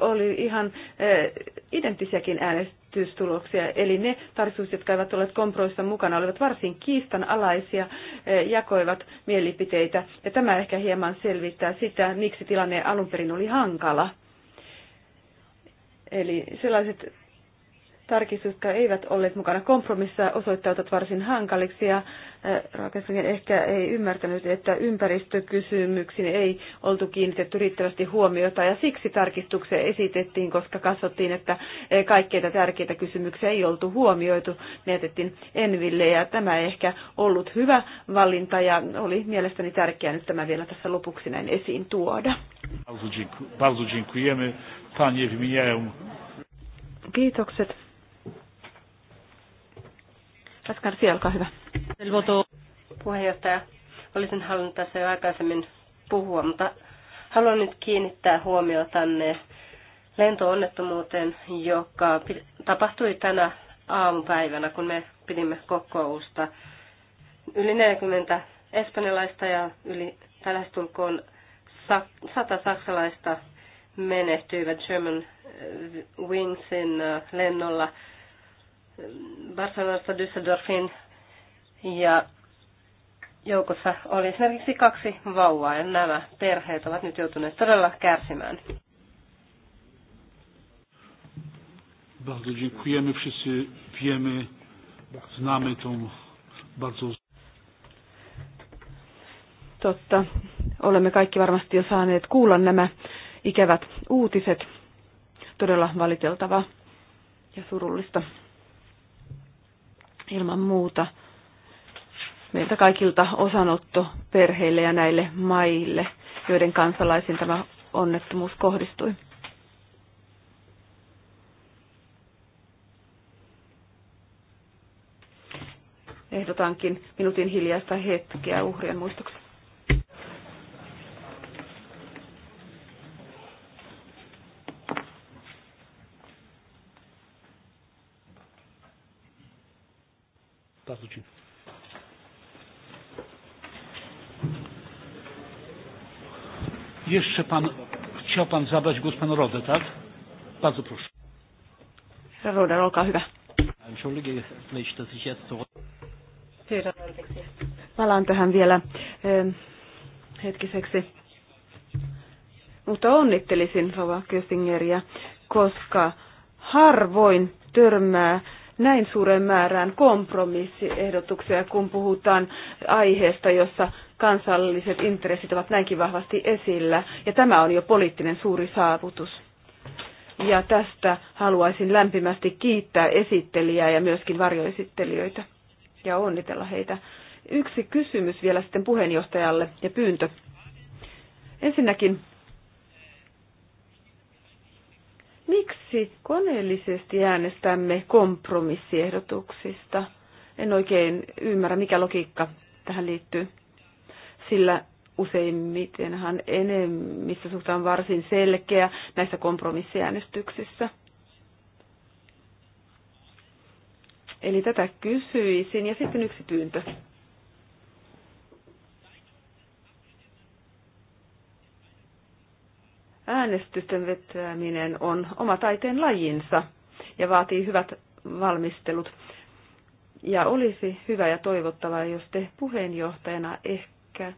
oli ihan eh, identtisiäkin äänestä äänestystuloksia. Eli ne tarkistukset, jotka eivät olleet kompromississa mukana, olivat varsin kiistanalaisia, e, jakoivat mielipiteitä. Ja tämä ehkä hieman selvittää sitä, miksi tilanne alun perin oli hankala. Eli sellaiset tarkistukset, jotka eivät olleet mukana kompromissa, osoittautuvat varsin hankaliksi ja Rakensakin ehkä ei ymmärtänyt, että ympäristökysymyksiin ei oltu kiinnitetty riittävästi huomiota ja siksi tarkistukseen esitettiin, koska katsottiin, että kaikkeita tärkeitä kysymyksiä ei oltu huomioitu. Ne jätettiin Enville ja tämä ei ehkä ollut hyvä valinta ja oli mielestäni tärkeää nyt tämä vielä tässä lopuksi näin esiin tuoda. Bardzo dziękujemy. Panie wymieniają Kiitokset. Paskarsi, olkaa hyvä. Puheenjohtaja, olisin halunnut tässä jo aikaisemmin puhua, mutta haluan nyt kiinnittää huomiota tänne lentoonnettomuuteen, joka tapahtui tänä aamupäivänä, kun me pidimme kokousta. Yli 40 espanjalaista ja yli lähestulkoon 100 saksalaista menehtyivät German eh, Wingsin eh, lennolla Barcelonasta Düsseldorfin ja joukossa oli esimerkiksi kaksi vauvaa ja nämä perheet ovat nyt joutuneet todella kärsimään. Bardzo dziękujemy. Wszyscy wiemy, znamy tą bardzo... Totta. Olemme kaikki varmasti jo saaneet kuulla nämä ikävät uutiset. Todella valiteltava ja surullista ilman muuta meiltä kaikilta osanotto perheille ja näille maille, joiden kansalaisiin tämä onnettomuus kohdistui. Ehdotankin minuutin hiljaista hetkeä uhrien muistoksi. случай. Jeszcze pan, chciał pan zabrać głos panu Rodę, tak? Bardzo proszę. Rodę, olkaa hyvä. Palaan tähän vielä hetkiseksi. Mutta onnittelisin Rova Köstingeriä, koska harvoin törmää näin suuren määrään kompromissiehdotuksia, kun puhutaan aiheesta, jossa kansalliset intressit ovat näinkin vahvasti esillä. Ja tämä on jo poliittinen suuri saavutus. Ja tästä haluaisin lämpimästi kiittää esittelijää ja myöskin varjoesittelijöitä ja onnitella heitä. Yksi kysymys vielä sitten puheenjohtajalle ja pyyntö. Ensinnäkin Miksi koneellisesti äänestämme kompromissiehdotuksista? En oikein ymmärrä, mikä logiikka tähän liittyy. Sillä useimmitenhan enemmistö suhtaan varsin selkeä näissä kompromissiäänestyksissä. Eli tätä kysyisin. Ja sitten yksi pyyntö äänestysten vetäminen on oma taiteen lajinsa ja vaatii hyvät valmistelut. Ja olisi hyvä ja toivottavaa, jos te puheenjohtajana ehkä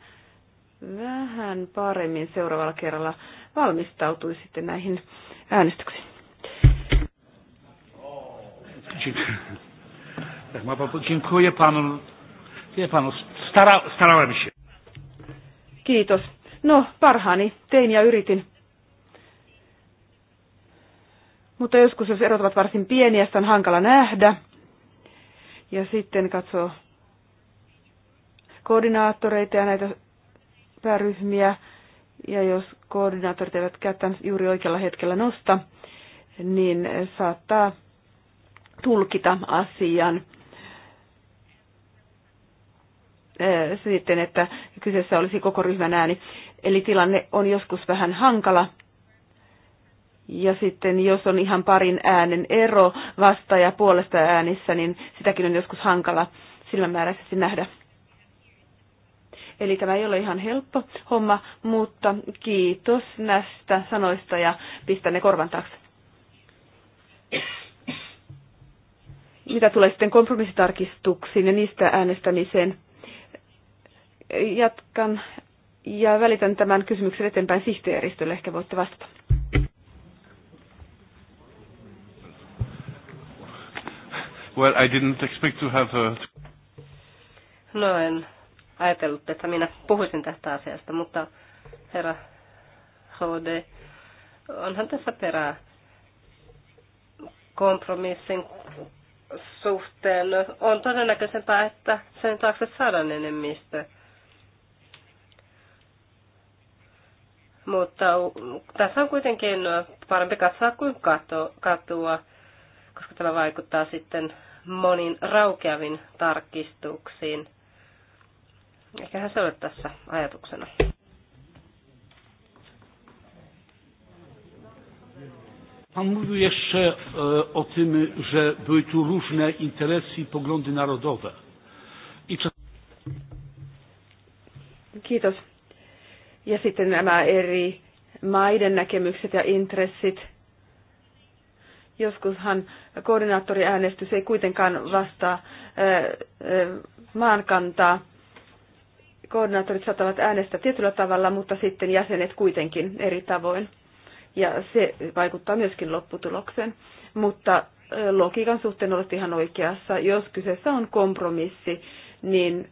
vähän paremmin seuraavalla kerralla valmistautuisitte näihin äänestyksiin. Kiitos. No, parhaani tein ja yritin. Mutta joskus, jos erot ovat varsin pieniä, sitä on hankala nähdä. Ja sitten katsoo koordinaattoreita ja näitä pääryhmiä. Ja jos koordinaattorit eivät kättään juuri oikealla hetkellä nosta, niin saattaa tulkita asian sitten, että kyseessä olisi koko ryhmän ääni. Eli tilanne on joskus vähän hankala, ja sitten jos on ihan parin äänen ero ja puolesta äänissä, niin sitäkin on joskus hankala silmämääräisesti nähdä. Eli tämä ei ole ihan helppo homma, mutta kiitos näistä sanoista ja pistän ne korvan taakse. Mitä tulee sitten kompromissitarkistuksiin ja niistä äänestämiseen? Jatkan ja välitän tämän kysymyksen eteenpäin sihteeristölle. Ehkä voitte vastata. Well, I didn't expect to have a... Uh, no en ajatellut, että minä puhuisin tästä asiasta, mutta herra HD, onhan tässä perää kompromissin suhteen. On todennäköisempää, että sen taakse saadaan enemmistö. Mutta tässä on kuitenkin parempi katsoa kuin katua koska tämä vaikuttaa sitten moniin raukeavin tarkistuksiin. Eiköhän se ole tässä ajatuksena. Pan mówił jeszcze e, o tym, że były tu różne interesy i poglądy narodowe. I czas... Kiitos. Ja sitten nämä eri maiden näkemykset ja intressit Joskushan koordinaattoriäänestys ei kuitenkaan vastaa maankantaa. Koordinaattorit saattavat äänestää tietyllä tavalla, mutta sitten jäsenet kuitenkin eri tavoin. Ja se vaikuttaa myöskin lopputulokseen. Mutta logiikan suhteen olet ihan oikeassa. Jos kyseessä on kompromissi, niin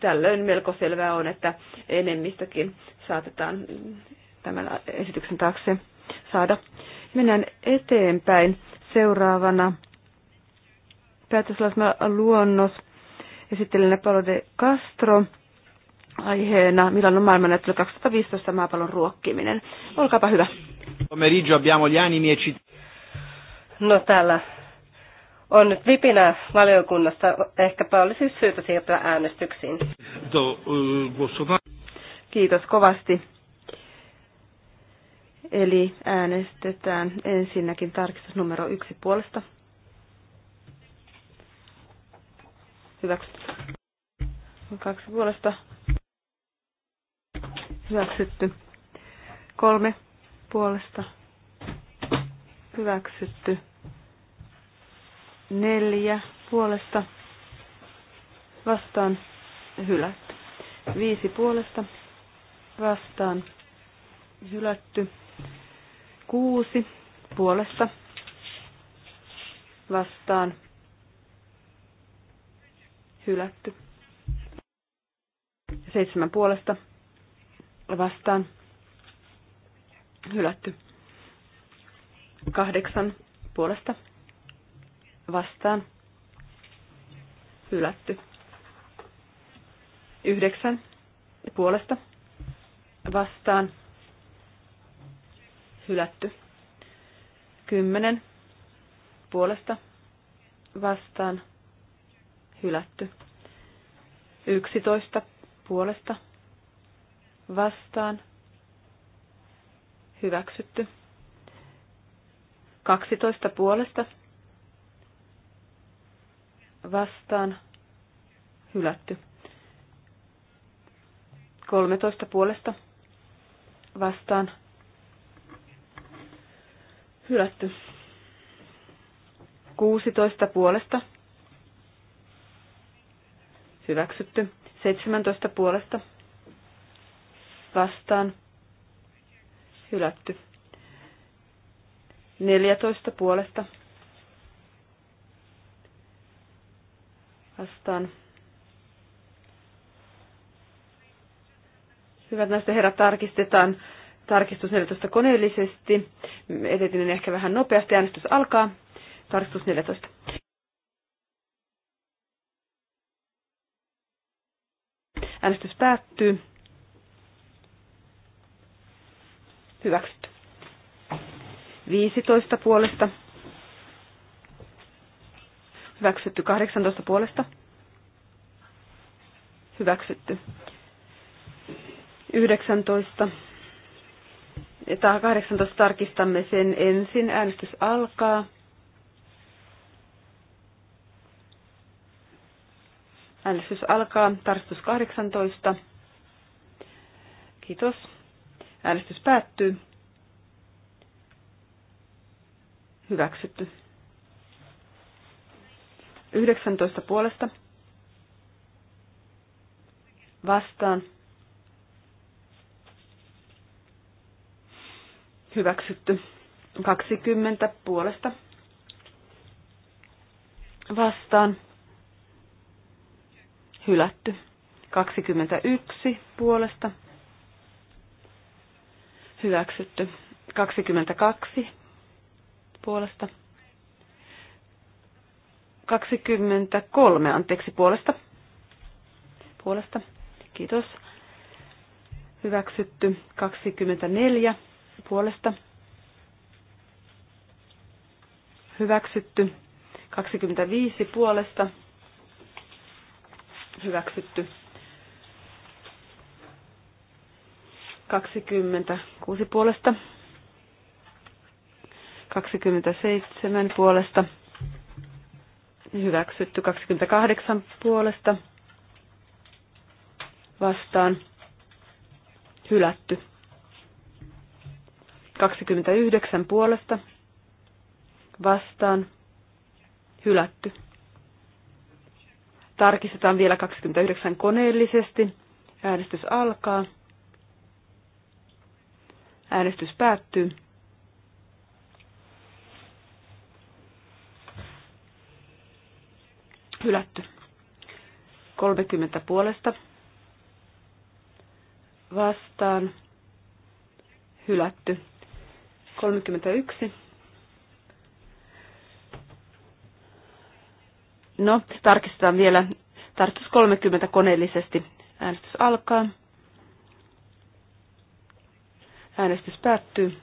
tällöin melko selvää on, että enemmistökin saatetaan tämän esityksen taakse saada. Mennään eteenpäin seuraavana. Päätöslausma luonnos esittelenä Paolo de Castro aiheena Milano maailmannäyttely 2015 maapallon ruokkiminen. Olkaapa hyvä. Pomeriggio abbiamo gli animi e No täällä on nyt vipinä valiokunnassa. Ehkäpä olisi syytä siirtyä äänestyksiin. Eh, Kiitos kovasti. Eli äänestetään ensinnäkin tarkistus numero yksi puolesta. Hyväksytty. Kaksi puolesta. Hyväksytty. Kolme puolesta. Hyväksytty. Neljä puolesta. Vastaan hylätty. Viisi puolesta. Vastaan hylätty kuusi puolesta vastaan hylätty. seitsemän puolesta vastaan hylätty. kahdeksan puolesta vastaan hylätty. yhdeksän puolesta vastaan hylätty hylätty. Kymmenen puolesta vastaan hylätty. Yksitoista puolesta vastaan hyväksytty. Kaksitoista puolesta vastaan hylätty. Kolmetoista puolesta vastaan Hylätty. 16 puolesta. Hyväksytty. 17 puolesta. Vastaan. Hylätty. 14 puolesta. Vastaan. Hyvät näistä herrat, tarkistetaan Tarkistus 14 koneellisesti. Etetinen ehkä vähän nopeasti. Äänestys alkaa. Tarkistus 14. Äänestys päättyy. Hyväksytty. 15 puolesta. Hyväksytty 18 puolesta. Hyväksytty. 19 18 tarkistamme sen ensin. Äänestys alkaa. Äänestys alkaa. Tarkistus 18. Kiitos. Äänestys päättyy. Hyväksytty. 19 puolesta. Vastaan. hyväksytty. 20 puolesta vastaan hylätty. 21 puolesta hyväksytty. 22 puolesta. 23 anteeksi puolesta. Puolesta. Kiitos. Hyväksytty. 24 puolesta. Hyväksytty. 25 puolesta. Hyväksytty. 26 puolesta. 27 puolesta. Hyväksytty 28 puolesta. Vastaan. Hylätty. 29 puolesta vastaan hylätty. Tarkistetaan vielä 29 koneellisesti. Äänestys alkaa. Äänestys päättyy. Hylätty. 30 puolesta. Vastaan. Hylätty. 31. No, tarkistetaan vielä. Tarkistus 30 koneellisesti. Äänestys alkaa. Äänestys päättyy.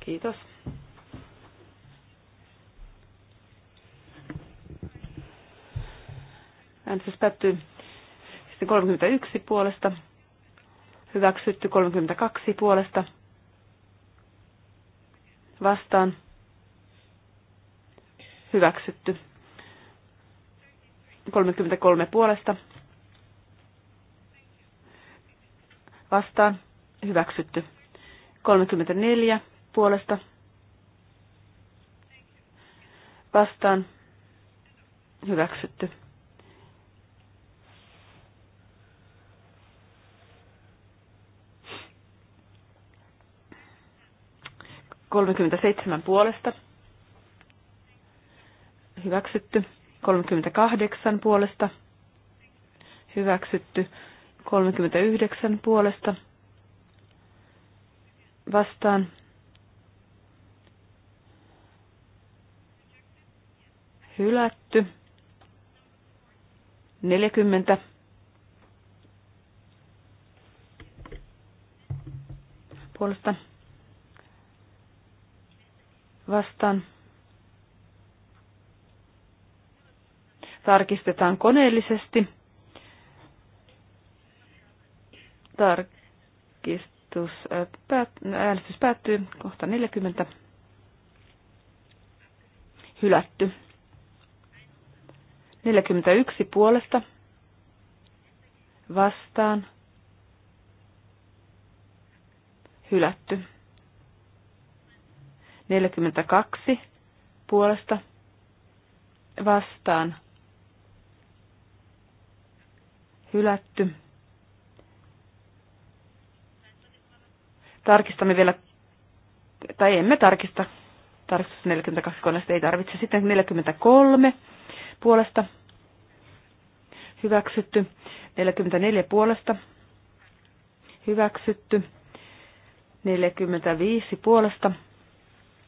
Kiitos. Äänestys päättyy sitten 31 puolesta hyväksytty 32 puolesta vastaan hyväksytty 33 puolesta vastaan hyväksytty 34 puolesta vastaan hyväksytty 37 puolesta hyväksytty, 38 puolesta hyväksytty, 39 puolesta vastaan hylätty, 40 puolesta vastaan. Tarkistetaan koneellisesti. Tarkistus, päät, äänestys päättyy kohta 40. Hylätty. 41 puolesta vastaan hylätty. 42 puolesta vastaan hylätty. Tarkistamme vielä, tai emme tarkista, tarkistus 42 koneesta ei tarvitse. Sitten 43 puolesta hyväksytty, 44 puolesta hyväksytty, 45 puolesta hyväksytty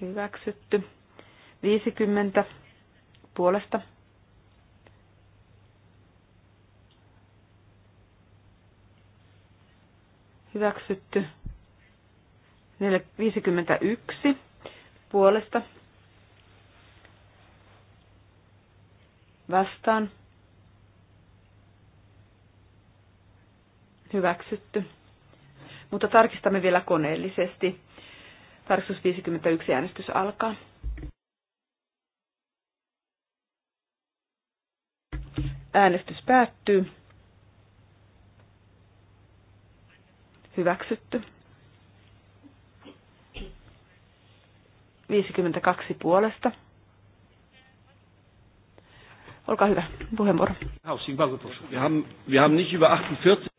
hyväksytty. 50 puolesta hyväksytty. 51 puolesta vastaan hyväksytty. Mutta tarkistamme vielä koneellisesti. Tarkistus 51 äänestys alkaa. Äänestys päättyy. Hyväksytty. 52 puolesta. Olkaa hyvä, puheenvuoro. Wir haben nicht über 48.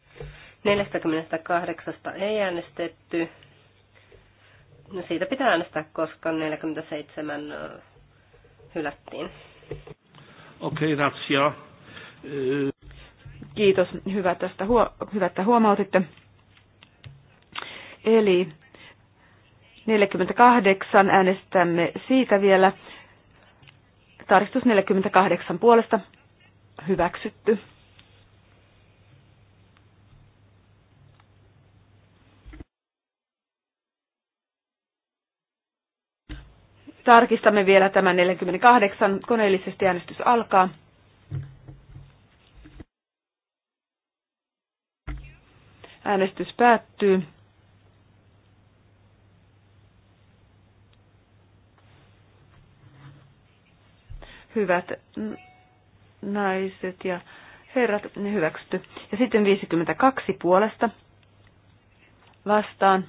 48 ei äänestetty, No siitä pitää äänestää, koska 47 hylättiin. Okei, okay, ratsia. Kiitos, hyvä, tästä huo- hyvä että huomautitte. Eli 48 äänestämme siitä vielä. Tarkistus 48 puolesta hyväksytty. Tarkistamme vielä tämän 48. Koneellisesti äänestys alkaa. Äänestys päättyy. Hyvät naiset ja herrat, ne hyväksytty. Ja sitten 52 puolesta vastaan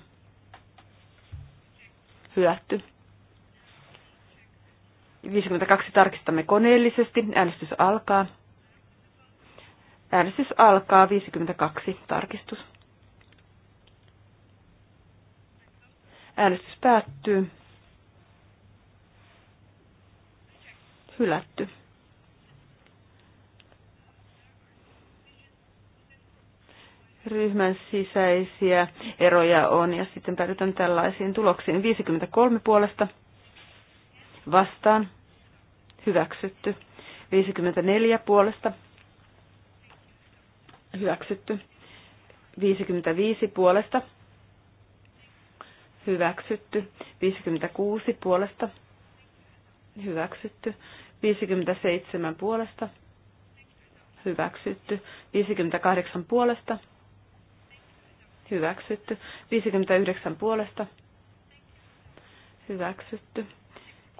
hylätty. 52 tarkistamme koneellisesti. Äänestys alkaa. Äänestys alkaa 52 tarkistus. Äänestys päättyy. Hylätty. Ryhmän sisäisiä eroja on ja sitten päädytään tällaisiin tuloksiin. 53 puolesta vastaan hyväksytty. 54 puolesta hyväksytty. 55 puolesta hyväksytty. 56 puolesta hyväksytty. 57 puolesta hyväksytty. 58 puolesta hyväksytty. 59 puolesta hyväksytty.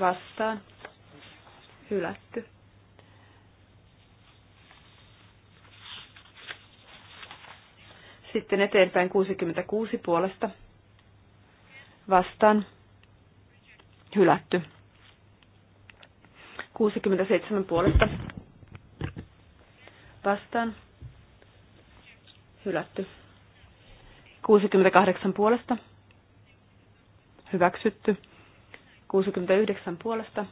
vastaan hylätty. Sitten eteenpäin 66 puolesta vastaan hylätty. 67 puolesta vastaan hylätty. 68 puolesta hyväksytty. 69 puolesta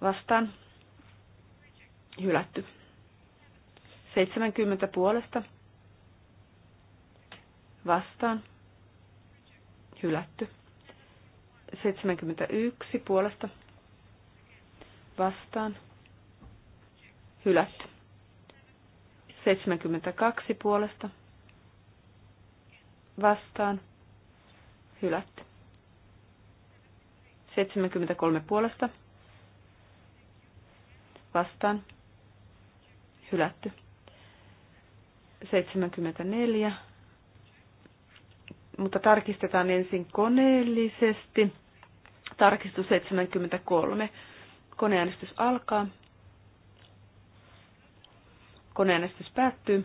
vastaan hylätty. 70 puolesta vastaan hylätty. 71 puolesta vastaan hylätty. 72 puolesta vastaan hylätty. 73 puolesta vastaan hylätty. 74. Mutta tarkistetaan ensin koneellisesti. Tarkistus 73. Koneäänestys alkaa. Koneäänestys päättyy.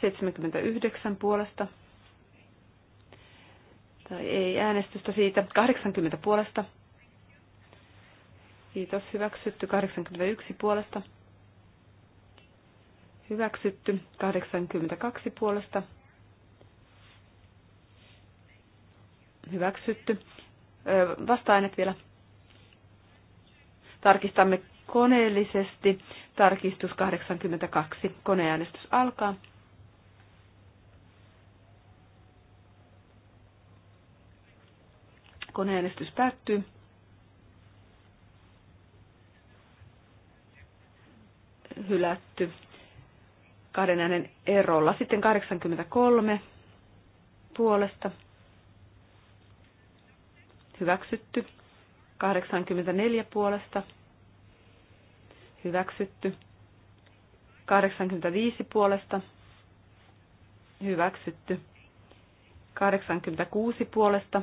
79 puolesta. Tai ei äänestystä siitä. 80 puolesta. Kiitos. Hyväksytty. 81 puolesta. Hyväksytty. 82 puolesta. Hyväksytty. Vasta-aineet vielä. Tarkistamme koneellisesti. Tarkistus 82. Koneäänestys alkaa. Koneenestys päättyy. Hylätty kahden äänen erolla. Sitten 83 puolesta. Hyväksytty. 84 puolesta. Hyväksytty. 85 puolesta. Hyväksytty. 86 puolesta.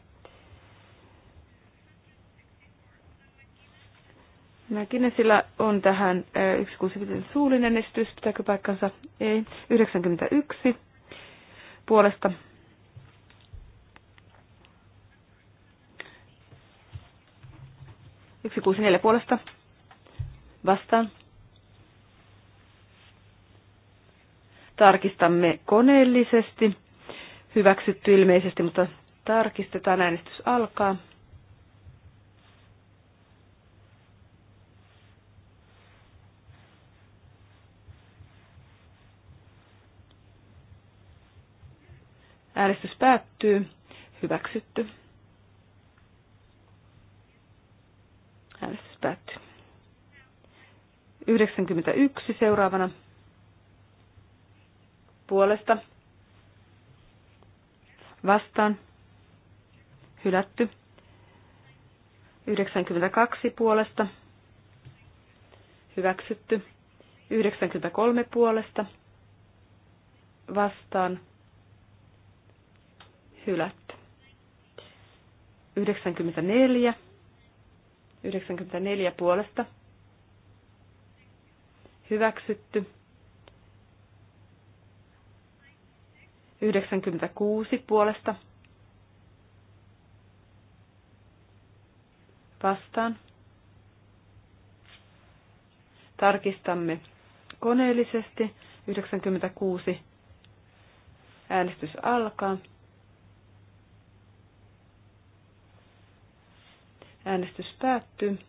Minäkin sillä on tähän 165 suullinen esitys, pitääkö paikkansa? Ei. 91 puolesta. Yksi kuusi neljä puolesta. Vastaan. Tarkistamme koneellisesti. Hyväksytty ilmeisesti, mutta tarkistetaan. Äänestys alkaa. Äänestys päättyy. Hyväksytty. Äänestys päättyy. 91 seuraavana puolesta vastaan hylätty. 92 puolesta hyväksytty. 93 puolesta vastaan hylätty. 94. 94 puolesta. Hyväksytty. 96 puolesta. Vastaan. Tarkistamme koneellisesti. 96 äänestys alkaa. Äänestys päättyy.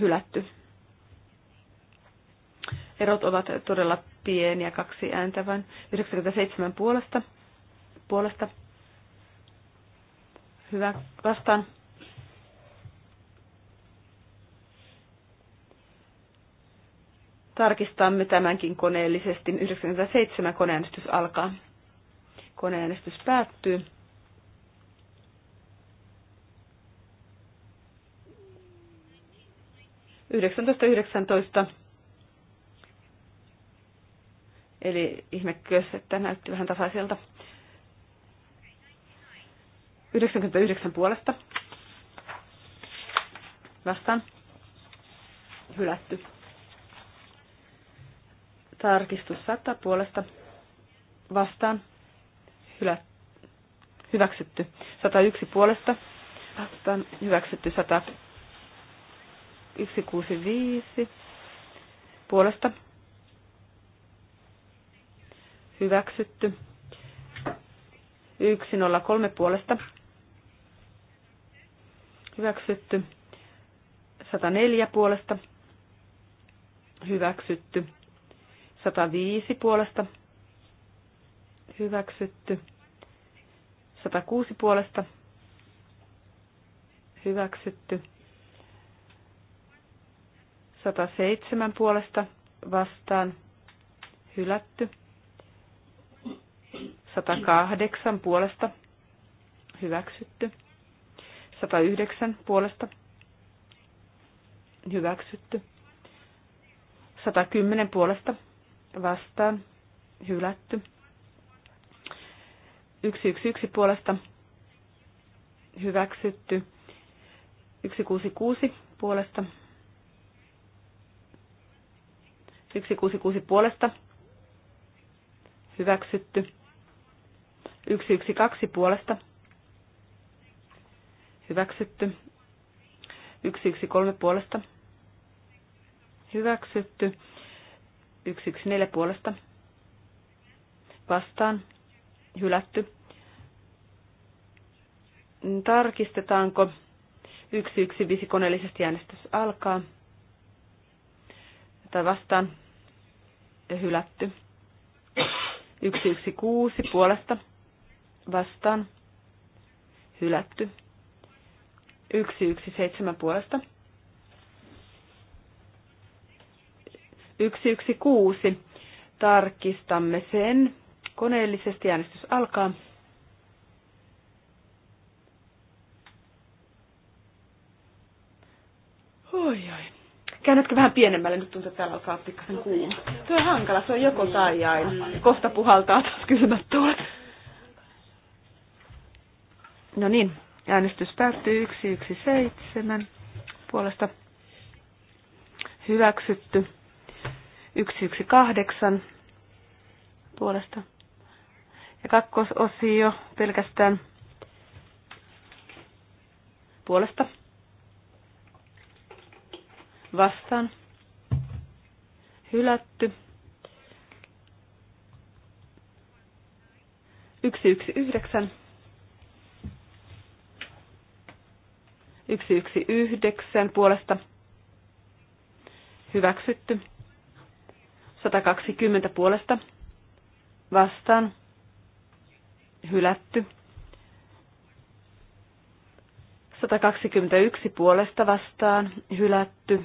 Hylätty. Erot ovat todella pieniä, kaksi ääntä vain. 97 puolesta. puolesta. Hyvä. Vastaan. Tarkistamme tämänkin koneellisesti. 97 koneäänestys alkaa. Koneäänestys päättyy. 1919. Eli ihmekös, että näytti vähän tasaiselta. 99 puolesta. Vastaan. Hylätty. Tarkistus 100 puolesta. Vastaan. Hylä, hyväksytty. 101 puolesta. Vastaan hyväksytty 100 165 puolesta hyväksytty. 103 puolesta hyväksytty. 104 puolesta hyväksytty. 105 puolesta hyväksytty. 106 puolesta hyväksytty. 107 puolesta vastaan hylätty. 108 puolesta hyväksytty. 109 puolesta hyväksytty. 110 puolesta vastaan hylätty. 111 puolesta hyväksytty. 166 puolesta 166 puolesta hyväksytty. 112 puolesta hyväksytty. 113 puolesta hyväksytty. 114 puolesta vastaan hylätty. Tarkistetaanko 115 koneellisesti äänestys alkaa. Tai vastaan ja hylätty. 116 puolesta vastaan hylätty. 117 puolesta. 116. Tarkistamme sen. Koneellisesti äänestys alkaa. Oi, oi. Käännätkö vähän pienemmälle, nyt tuntuu, että täällä alkaa pikkasen kuuma. Tuo on hankala, se on joko tai jäin. Kohta puhaltaa taas kylmät tuolet. No niin, äänestys päättyy 117 puolesta hyväksytty. 118 puolesta. Ja kakkososio pelkästään puolesta vastaan hylätty. 119 119 puolesta hyväksytty. 120 puolesta vastaan hylätty. 121 puolesta vastaan hylätty.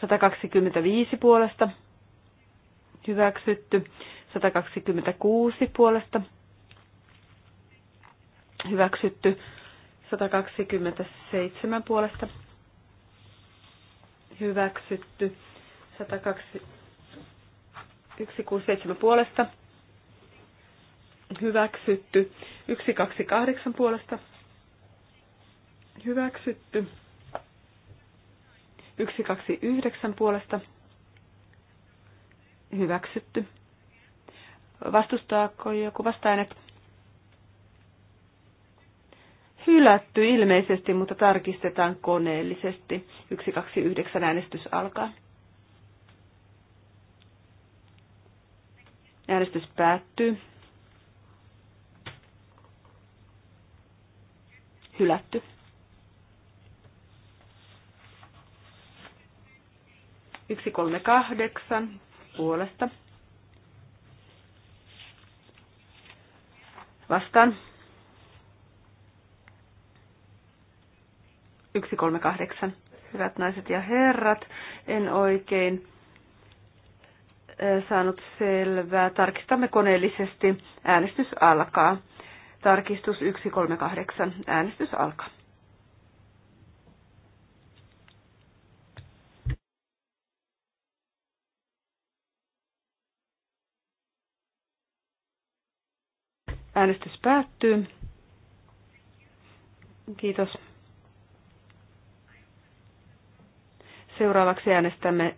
125 puolesta hyväksytty, 126 puolesta hyväksytty, 127 puolesta hyväksytty, 167 puolesta hyväksytty, 128 puolesta hyväksytty. 129 puolesta hyväksytty. Vastustaako joku vastaajanet? Hylätty ilmeisesti, mutta tarkistetaan koneellisesti. 129 äänestys alkaa. Äänestys päättyy. Hylätty. 138 puolesta. Vastaan. 138. Hyvät naiset ja herrat, en oikein eh, saanut selvää. Tarkistamme koneellisesti. Äänestys alkaa. Tarkistus 138. Äänestys alkaa. Äänestys päättyy. Kiitos. Seuraavaksi äänestämme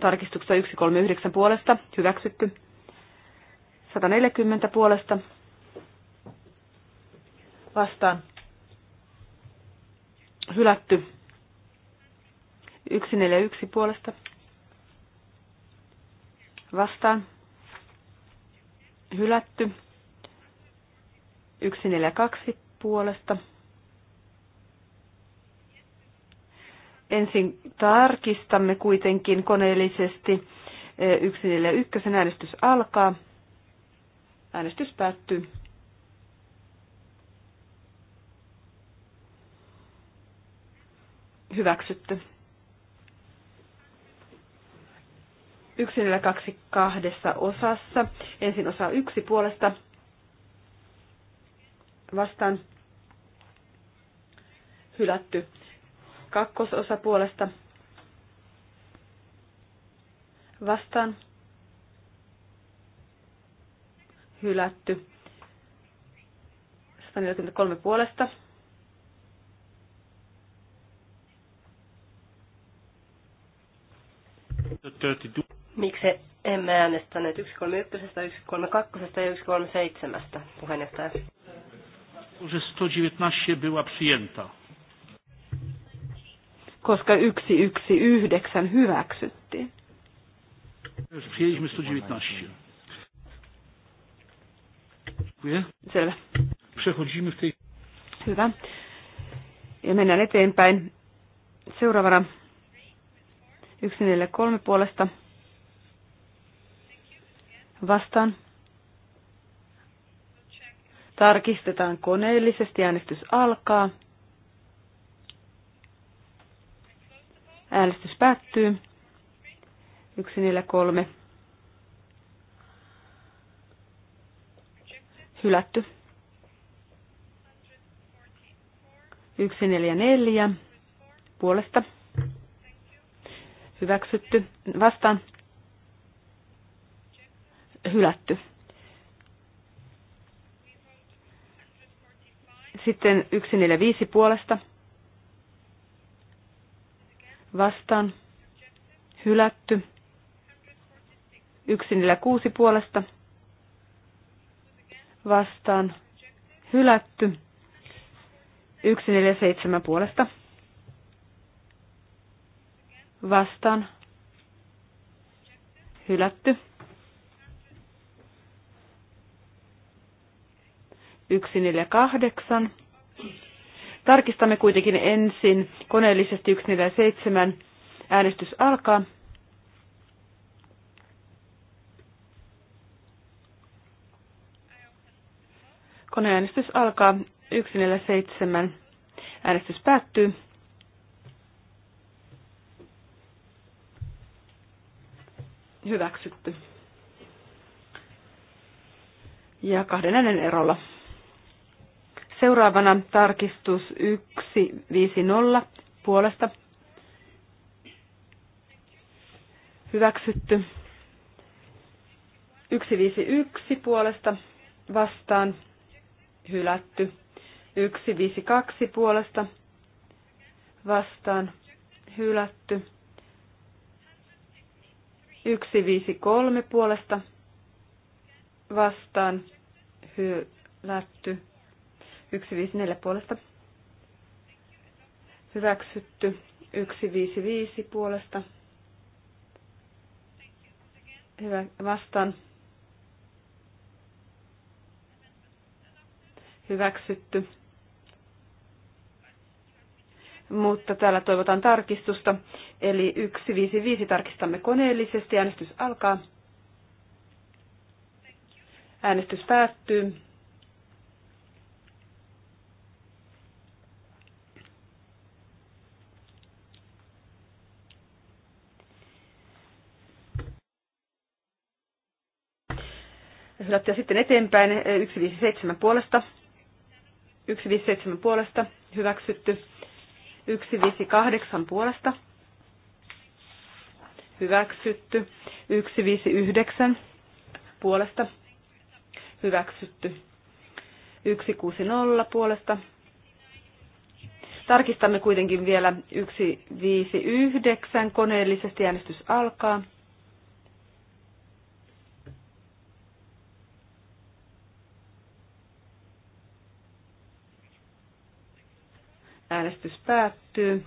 tarkistuksessa 139 puolesta. Hyväksytty. 140 puolesta. Vastaan. Hylätty. 141 puolesta. Vastaan hylätty. 142 puolesta. Ensin tarkistamme kuitenkin koneellisesti. 141 e, äänestys alkaa. Äänestys päättyy. Hyväksytty. 142 kahdessa osassa. Ensin osa yksi puolesta vastaan hylätty. Kakkososa puolesta vastaan hylätty. 143 puolesta. Miksi emme äänestäneet 131, 132 ja 137 puheenjohtaja? Że 119 była przyjęta. Koska 119 hyväksyttiin. Przyjęliśmy 119. Dziękuję. Selvä. Przechodzimy w tej... Hyvä. Ja mennään eteenpäin. Seuraavana 143 puolesta Vastaan. Tarkistetaan koneellisesti. Äänestys alkaa. Äänestys päättyy. 3. Hylätty. 4. Puolesta. Hyväksytty. Vastaan hylätty. Sitten 145 puolesta vastaan hylätty. 146 puolesta vastaan hylätty. 147 puolesta vastaan hylätty. 148. Tarkistamme kuitenkin ensin koneellisesti 147. Äänestys alkaa. Koneäänestys alkaa 147. Äänestys päättyy. Hyväksytty. Ja kahden äänen erolla. Seuraavana tarkistus 150 puolesta. Hyväksytty. 151 puolesta vastaan hylätty. 152 puolesta vastaan hylätty. 153 puolesta vastaan hylätty. 154 puolesta. Hyväksytty. 155 puolesta. Hyvä, vastaan. Hyväksytty. Mutta täällä toivotaan tarkistusta. Eli 155 tarkistamme koneellisesti. Äänestys alkaa. Äänestys päättyy. se lähtee sitten eteenpäin 157 eh, puolesta. 157 puolesta hyväksytty. 158 puolesta hyväksytty. 159 puolesta hyväksytty. 160 puolesta Tarkistamme kuitenkin vielä 159. Koneellisesti äänestys alkaa. Äänestys päättyy.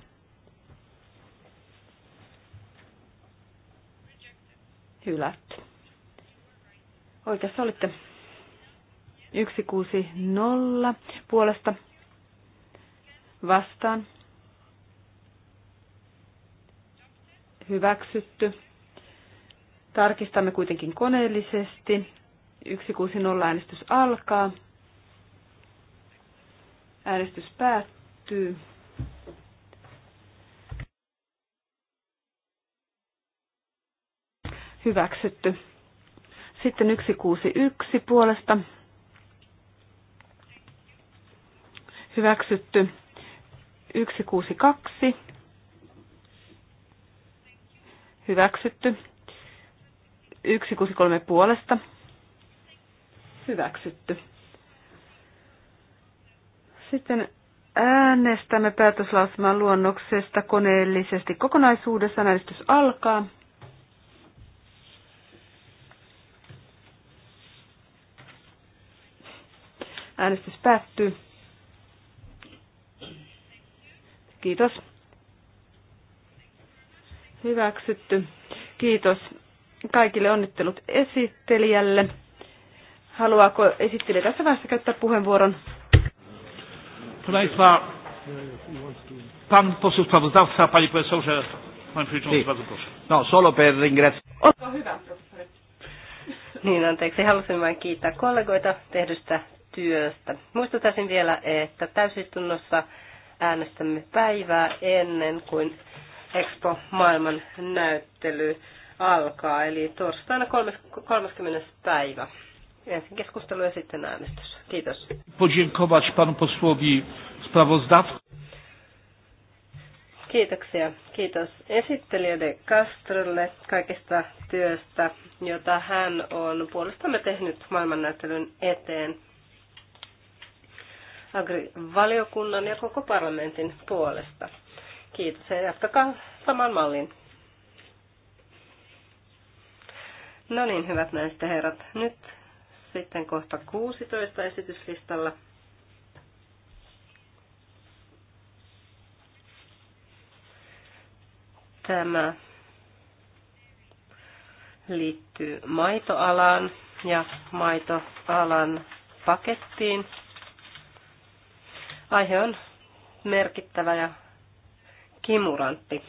Hylätty. Oikeassa olitte. 160 puolesta vastaan. Hyväksytty. Tarkistamme kuitenkin koneellisesti. 160 äänestys alkaa. Äänestys päättyy pystyy Hyväksytty. Sitten 161 puolesta. Hyväksytty. 162. Hyväksytty. 163 puolesta. Hyväksytty. Sitten Äänestämme päätöslausuman luonnoksesta koneellisesti kokonaisuudessaan. Äänestys alkaa. Äänestys päättyy. Kiitos. Hyväksytty. Kiitos kaikille onnittelut esittelijälle. Haluaako esittelijä tässä vaiheessa käyttää puheenvuoron? Proszę Państwa, Pan poseł sprawozdawca, Panie Profesorze, Panie Przewodniczący, bardzo proszę. No, solo per ringraziare. Olkaa hyvä, professori. Niin, anteeksi. Halusin vain kiittää kollegoita tehdystä työstä. Muistutaisin vielä, että täysistunnossa äänestämme päivää ennen kuin Expo maailman näyttely alkaa, eli torstaina 30. päivä ensin keskustelu ja sitten äänestys. Kiitos. Podziękować panu posłowi sprawozdawcy. Kiitoksia. Kiitos esittelijöiden Castrolle kaikesta työstä, jota hän on puolestamme tehnyt maailmannäyttelyn eteen agrivaliokunnan ja koko parlamentin puolesta. Kiitos ja jatkakaa saman mallin. No niin, hyvät naiset herrat. Nyt sitten kohta 16 esityslistalla. Tämä liittyy maitoalaan ja maitoalan pakettiin. Aihe on merkittävä ja kimurantti.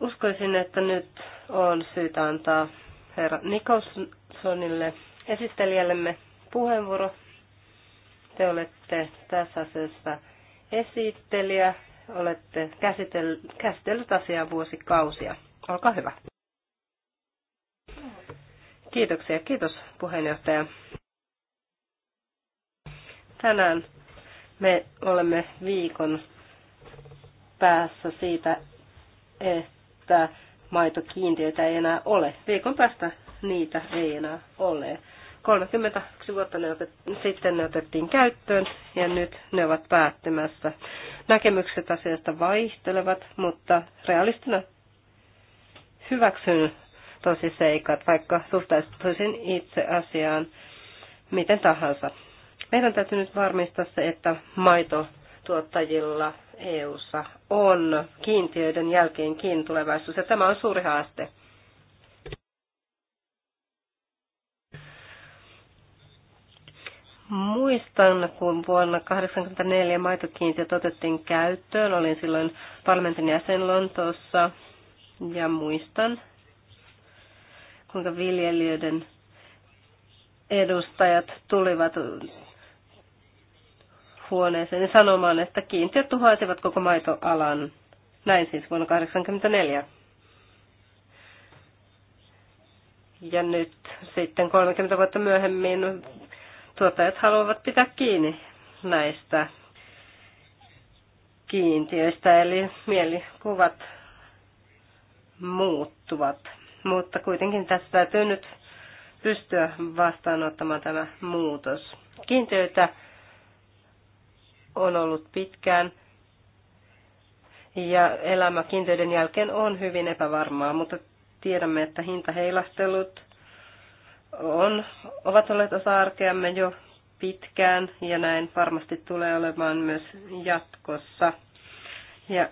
Uskoisin, että nyt on syytä antaa herra Nikolsonille esittelijällemme puheenvuoro. Te olette tässä asiassa esittelijä, olette käsitellyt, käsitellyt asiaa vuosikausia. Olkaa hyvä. Kiitoksia. Kiitos puheenjohtaja. Tänään me olemme viikon päässä siitä, että maitokiintiöitä ei enää ole. Viikon päästä niitä ei enää ole. 30 vuotta ne otet, sitten ne otettiin käyttöön ja nyt ne ovat päättymässä. Näkemykset asiasta vaihtelevat, mutta realistina hyväksyn tosi seikat, vaikka suhtaisin itse asiaan miten tahansa. Meidän täytyy nyt varmistaa se, että maitotuottajilla EU:ssa on kiintiöiden jälkeenkin tulevaisuus, ja tämä on suuri haaste. Muistan, kun vuonna 1984 maitokiintiö otettiin käyttöön. Olin silloin parlamentin jäsen Lontoossa ja muistan, kuinka viljelijöiden edustajat tulivat huoneeseen ja sanomaan, että kiintiöt tuhoaisivat koko maitoalan. Näin siis vuonna 1984. Ja nyt sitten 30 vuotta myöhemmin tuottajat haluavat pitää kiinni näistä kiintiöistä, eli mielikuvat muuttuvat. Mutta kuitenkin tässä täytyy nyt pystyä vastaanottamaan tämä muutos. Kiintiöitä on ollut pitkään ja elämä kiinteiden jälkeen on hyvin epävarmaa, mutta tiedämme, että hintaheilastelut on, ovat olleet osa arkeamme jo pitkään ja näin varmasti tulee olemaan myös jatkossa. Ja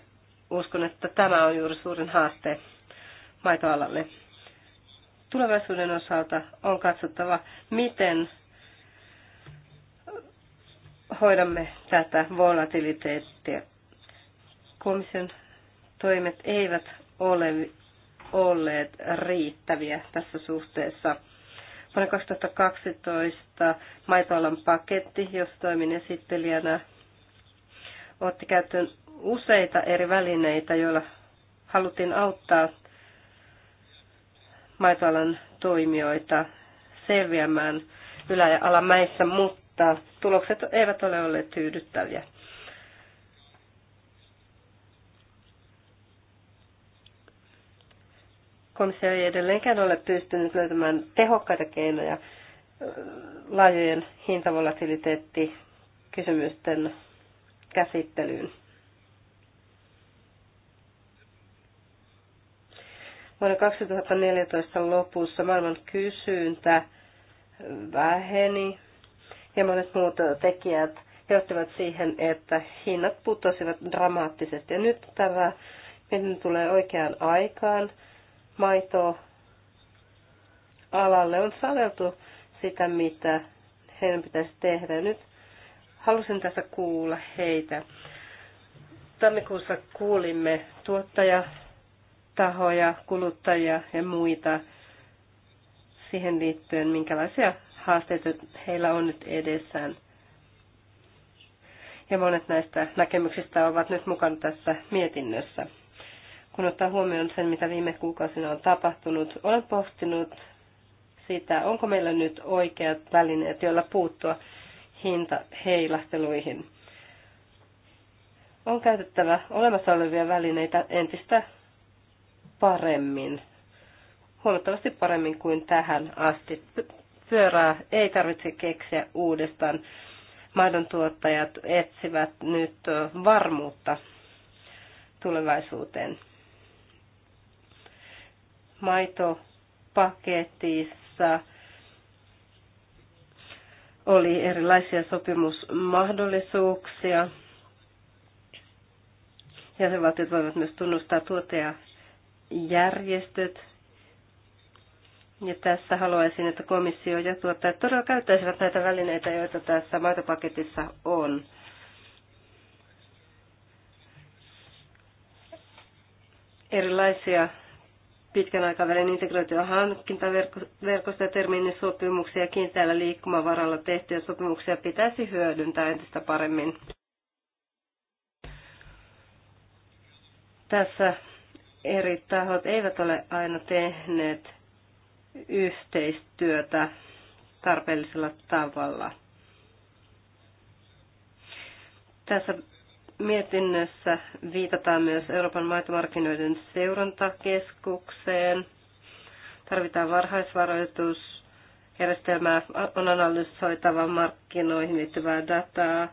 uskon, että tämä on juuri suurin haaste maitoalalle. Tulevaisuuden osalta on katsottava, miten hoidamme tätä volatiliteettia. Komission toimet eivät ole olleet riittäviä tässä suhteessa. Vuonna 2012 maitoalan paketti, jos toimin esittelijänä, otti käyttöön useita eri välineitä, joilla haluttiin auttaa maitoalan toimijoita selviämään ylä- ja alamäissä, mutta mutta tulokset eivät ole olleet tyydyttäviä. Komissio ei edelleenkään ole pystynyt löytämään tehokkaita keinoja laajojen hintavolatiliteetti kysymysten käsittelyyn. Vuonna 2014 lopussa maailman kysyntä väheni ja monet muut tekijät johtivat siihen, että hinnat putosivat dramaattisesti. Ja nyt tämä miten tulee oikeaan aikaan. Maito alalle on saneltu sitä, mitä heidän pitäisi tehdä. Nyt halusin tässä kuulla heitä. Tammikuussa kuulimme tahoja, kuluttajia ja muita siihen liittyen, minkälaisia haasteet, joita heillä on nyt edessään. Ja monet näistä näkemyksistä ovat nyt mukana tässä mietinnössä. Kun ottaa huomioon sen, mitä viime kuukausina on tapahtunut, olen pohtinut sitä, onko meillä nyt oikeat välineet, joilla puuttua hinta heilahteluihin. On käytettävä olemassa olevia välineitä entistä paremmin, huomattavasti paremmin kuin tähän asti pyörää ei tarvitse keksiä uudestaan. Maidon tuottajat etsivät nyt varmuutta tulevaisuuteen. Maitopaketissa oli erilaisia sopimusmahdollisuuksia. Jäsenvaltiot voivat myös tunnustaa tuottajajärjestöt ja tässä haluaisin, että komissio ja tuottajat todella käyttäisivät näitä välineitä, joita tässä maitopaketissa on. Erilaisia pitkän aikavälin integroituja hankintaverkostoja, terminisopimuksia ja kiinteällä liikkumavaralla tehtyjä sopimuksia pitäisi hyödyntää entistä paremmin. Tässä eri tahot eivät ole aina tehneet yhteistyötä tarpeellisella tavalla. Tässä mietinnössä viitataan myös Euroopan maitomarkkinoiden seurantakeskukseen. Tarvitaan järjestelmää, on analysoitava markkinoihin liittyvää dataa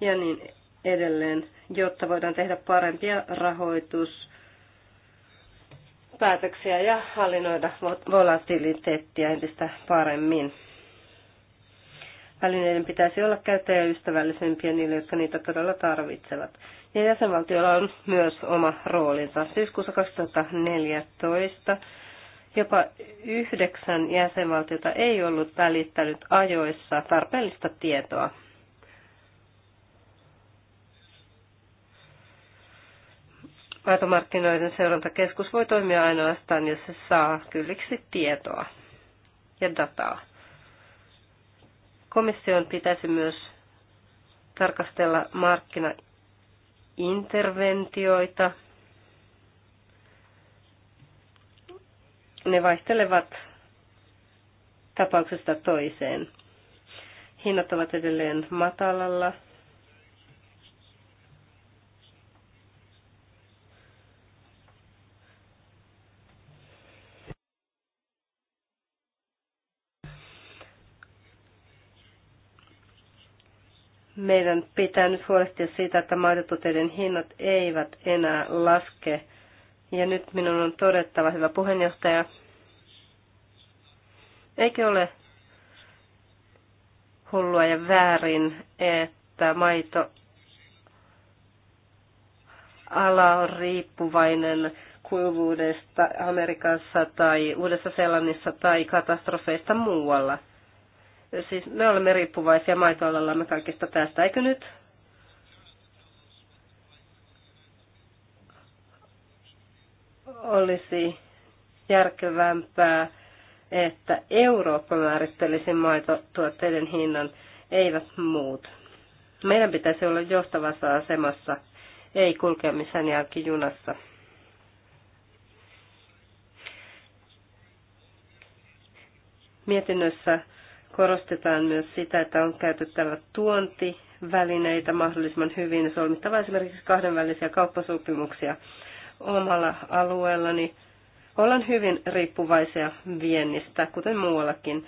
ja niin edelleen, jotta voidaan tehdä parempia rahoitus- päätöksiä ja hallinnoida volatiliteettia entistä paremmin. Välineiden pitäisi olla käyttäjäystävällisempiä niille, jotka niitä todella tarvitsevat. Ja jäsenvaltiolla on myös oma roolinsa. Syyskuussa 2014 jopa yhdeksän jäsenvaltiota ei ollut välittänyt ajoissa tarpeellista tietoa Aitomarkkinoiden seurantakeskus voi toimia ainoastaan, jos se saa kylliksi tietoa ja dataa. Komission pitäisi myös tarkastella markkinainterventioita. Ne vaihtelevat tapauksesta toiseen. Hinnat ovat edelleen matalalla meidän pitää nyt huolehtia siitä, että maitotuteiden hinnat eivät enää laske. Ja nyt minun on todettava, hyvä puheenjohtaja, eikö ole hullua ja väärin, että maito ala on riippuvainen kuivuudesta Amerikassa tai Uudessa-Seelannissa tai katastrofeista muualla – Siis me olemme riippuvaisia maitoalallamme kaikesta tästä, eikö nyt? Olisi järkevämpää, että Eurooppa määrittelisi maitotuotteiden hinnan, eivät muut. Meidän pitäisi olla johtavassa asemassa, ei missään jälkijunassa. Mietinnössä Korostetaan myös sitä, että on käytettävä tuontivälineitä mahdollisimman hyvin ja solmittava esimerkiksi kahdenvälisiä kauppasopimuksia omalla alueellani. Ollaan hyvin riippuvaisia viennistä, kuten muuallakin.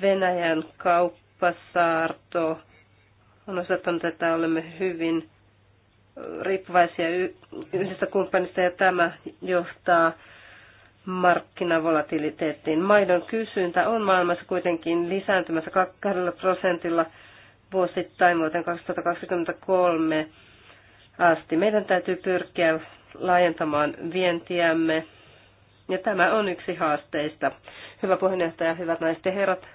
Venäjän kauppasaarto on osoittanut, että olemme hyvin riippuvaisia yhdestä kumppanista ja tämä johtaa markkinavolatiliteettiin. Maidon kysyntä on maailmassa kuitenkin lisääntymässä 2 prosentilla vuosittain vuoteen 2023 asti. Meidän täytyy pyrkiä laajentamaan vientiämme, ja tämä on yksi haasteista. Hyvä puheenjohtaja, hyvät naiset ja herrat.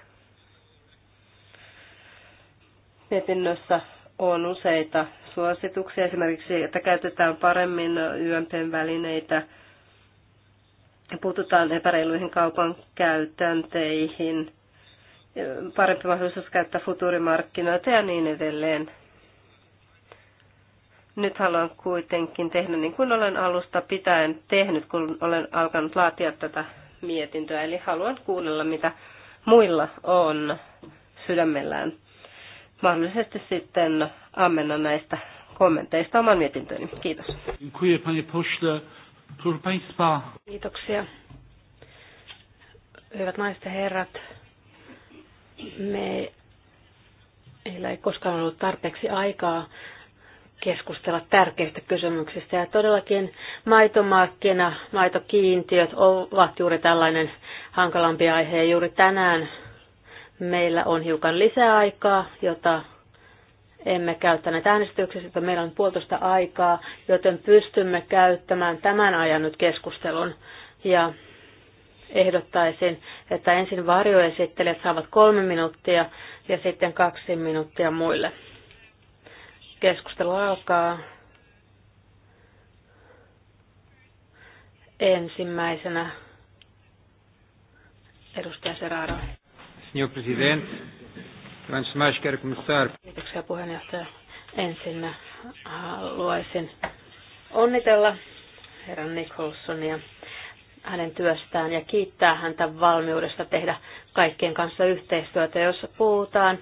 Mietinnössä on useita suosituksia, esimerkiksi, että käytetään paremmin YMPn välineitä – puututaan epäreiluihin kaupan käytänteihin, parempi mahdollisuus käyttää futurimarkkinoita ja niin edelleen. Nyt haluan kuitenkin tehdä niin kuin olen alusta pitäen tehnyt, kun olen alkanut laatia tätä mietintöä. Eli haluan kuunnella, mitä muilla on sydämellään. Mahdollisesti sitten ammennan näistä kommenteista oman mietintöni. Kiitos. Dziękuję panie pośle. Kiitoksia. Hyvät naiset ja herrat, me, meillä ei koskaan ollut tarpeeksi aikaa keskustella tärkeistä kysymyksistä. Ja todellakin maitomarkkina, maitokiintiöt ovat juuri tällainen hankalampi aihe. Ja juuri tänään meillä on hiukan lisäaikaa, jota emme käyttäneet äänestyksessä, että meillä on puolitoista aikaa, joten pystymme käyttämään tämän ajan nyt keskustelun. Ja ehdottaisin, että ensin varjoesittelijät saavat kolme minuuttia ja sitten kaksi minuuttia muille. Keskustelu alkaa. Ensimmäisenä edustaja Seraro. Signor Presidente, Kiitoksia puheenjohtaja. Ensin haluaisin onnitella herran Nicholsonia hänen työstään ja kiittää häntä valmiudesta tehdä kaikkien kanssa yhteistyötä. Jos puhutaan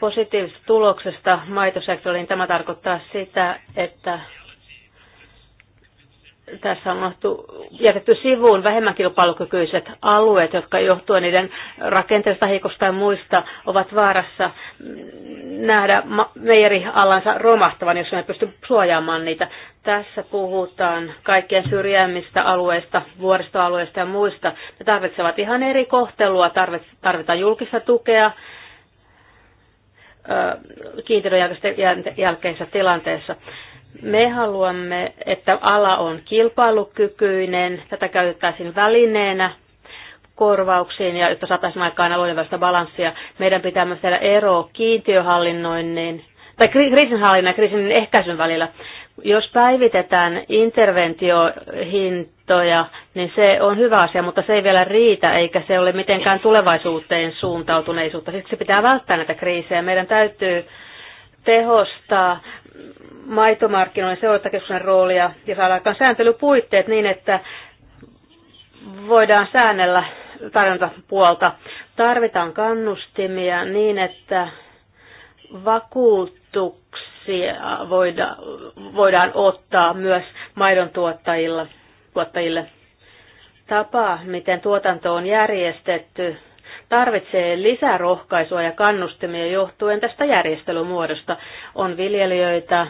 positiivisesta tuloksesta maitosektorilla, niin tämä tarkoittaa sitä, että tässä on unohtu, jätetty sivuun vähemmän kilpailukykyiset alueet, jotka johtuen niiden rakenteesta heikosta ja muista ovat vaarassa nähdä meijerialansa romahtavan, jos me pysty suojaamaan niitä. Tässä puhutaan kaikkien syrjäämistä alueista, vuoristoalueista ja muista. Ne tarvitsevat ihan eri kohtelua, tarvitaan julkista tukea kiinteiden jälkeisessä tilanteessa. Me haluamme, että ala on kilpailukykyinen, tätä käytettäisiin välineenä korvauksiin ja jotta saataisiin aikaan alueiden välistä balanssia, meidän pitää myös tehdä ero kiintiöhallinnoinnin tai kriisinhallinnan ja kriisin ehkäisyn välillä. Jos päivitetään interventiohintoja, niin se on hyvä asia, mutta se ei vielä riitä, eikä se ole mitenkään tulevaisuuteen suuntautuneisuutta. Siksi pitää välttää näitä kriisejä. Meidän täytyy tehostaa maitomarkkinoiden seurantakeskuksen roolia ja saada aikaan sääntelypuitteet niin, että voidaan säännellä tarjontapuolta. Tarvitaan kannustimia niin, että vakuutuksia voida, voidaan ottaa myös maidon tuottajilla, tuottajille. Tapa, miten tuotanto on järjestetty, tarvitsee lisää rohkaisua ja kannustimia johtuen tästä järjestelymuodosta. On viljelijöitä,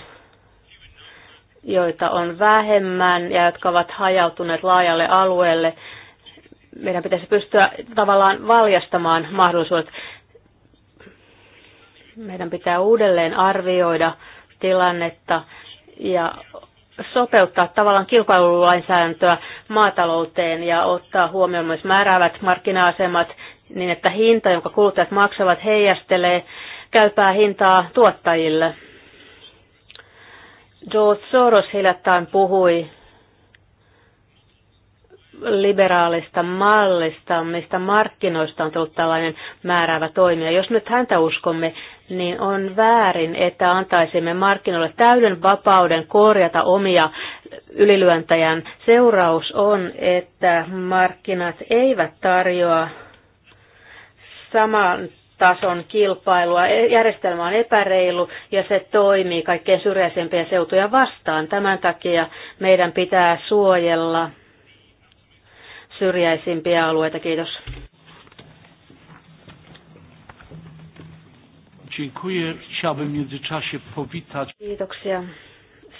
joita on vähemmän ja jotka ovat hajautuneet laajalle alueelle. Meidän pitäisi pystyä tavallaan valjastamaan mahdollisuudet. Meidän pitää uudelleen arvioida tilannetta ja sopeuttaa tavallaan kilpailulainsäädäntöä maatalouteen ja ottaa huomioon myös määräävät markkina-asemat niin että hinta, jonka kuluttajat maksavat, heijastelee käypää hintaa tuottajille. George Soros hiljattain puhui liberaalista mallista, mistä markkinoista on tullut tällainen määräävä toimija. Jos nyt häntä uskomme, niin on väärin, että antaisimme markkinoille täyden vapauden korjata omia ylilyöntäjän. Seuraus on, että markkinat eivät tarjoa saman tason kilpailua. E, järjestelmä on epäreilu ja se toimii kaikkein syrjäisempiä seutuja vastaan. Tämän takia meidän pitää suojella syrjäisimpiä alueita. Kiitos. Kiitoksia.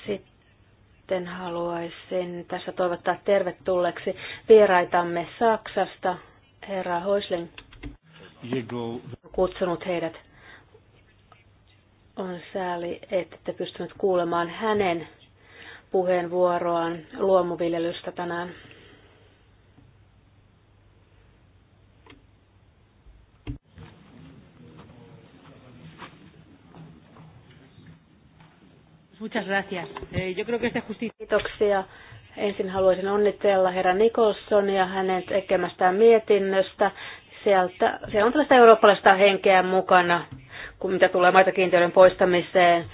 Sitten haluaisin tässä toivottaa tervetulleeksi vieraitamme Saksasta, herra Hoisling kutsunut heidät. On sääli, että te pystynyt kuulemaan hänen puheenvuoroaan luomuviljelystä tänään. Muchas gracias. Eh, yo creo que es de Kiitoksia. Ensin haluaisin onnitella herra Nikolsonia hänen tekemästään mietinnöstä. Sieltä, siellä on tällaista eurooppalaista henkeä mukana, kun mitä tulee maita kiintiöiden poistamiseen.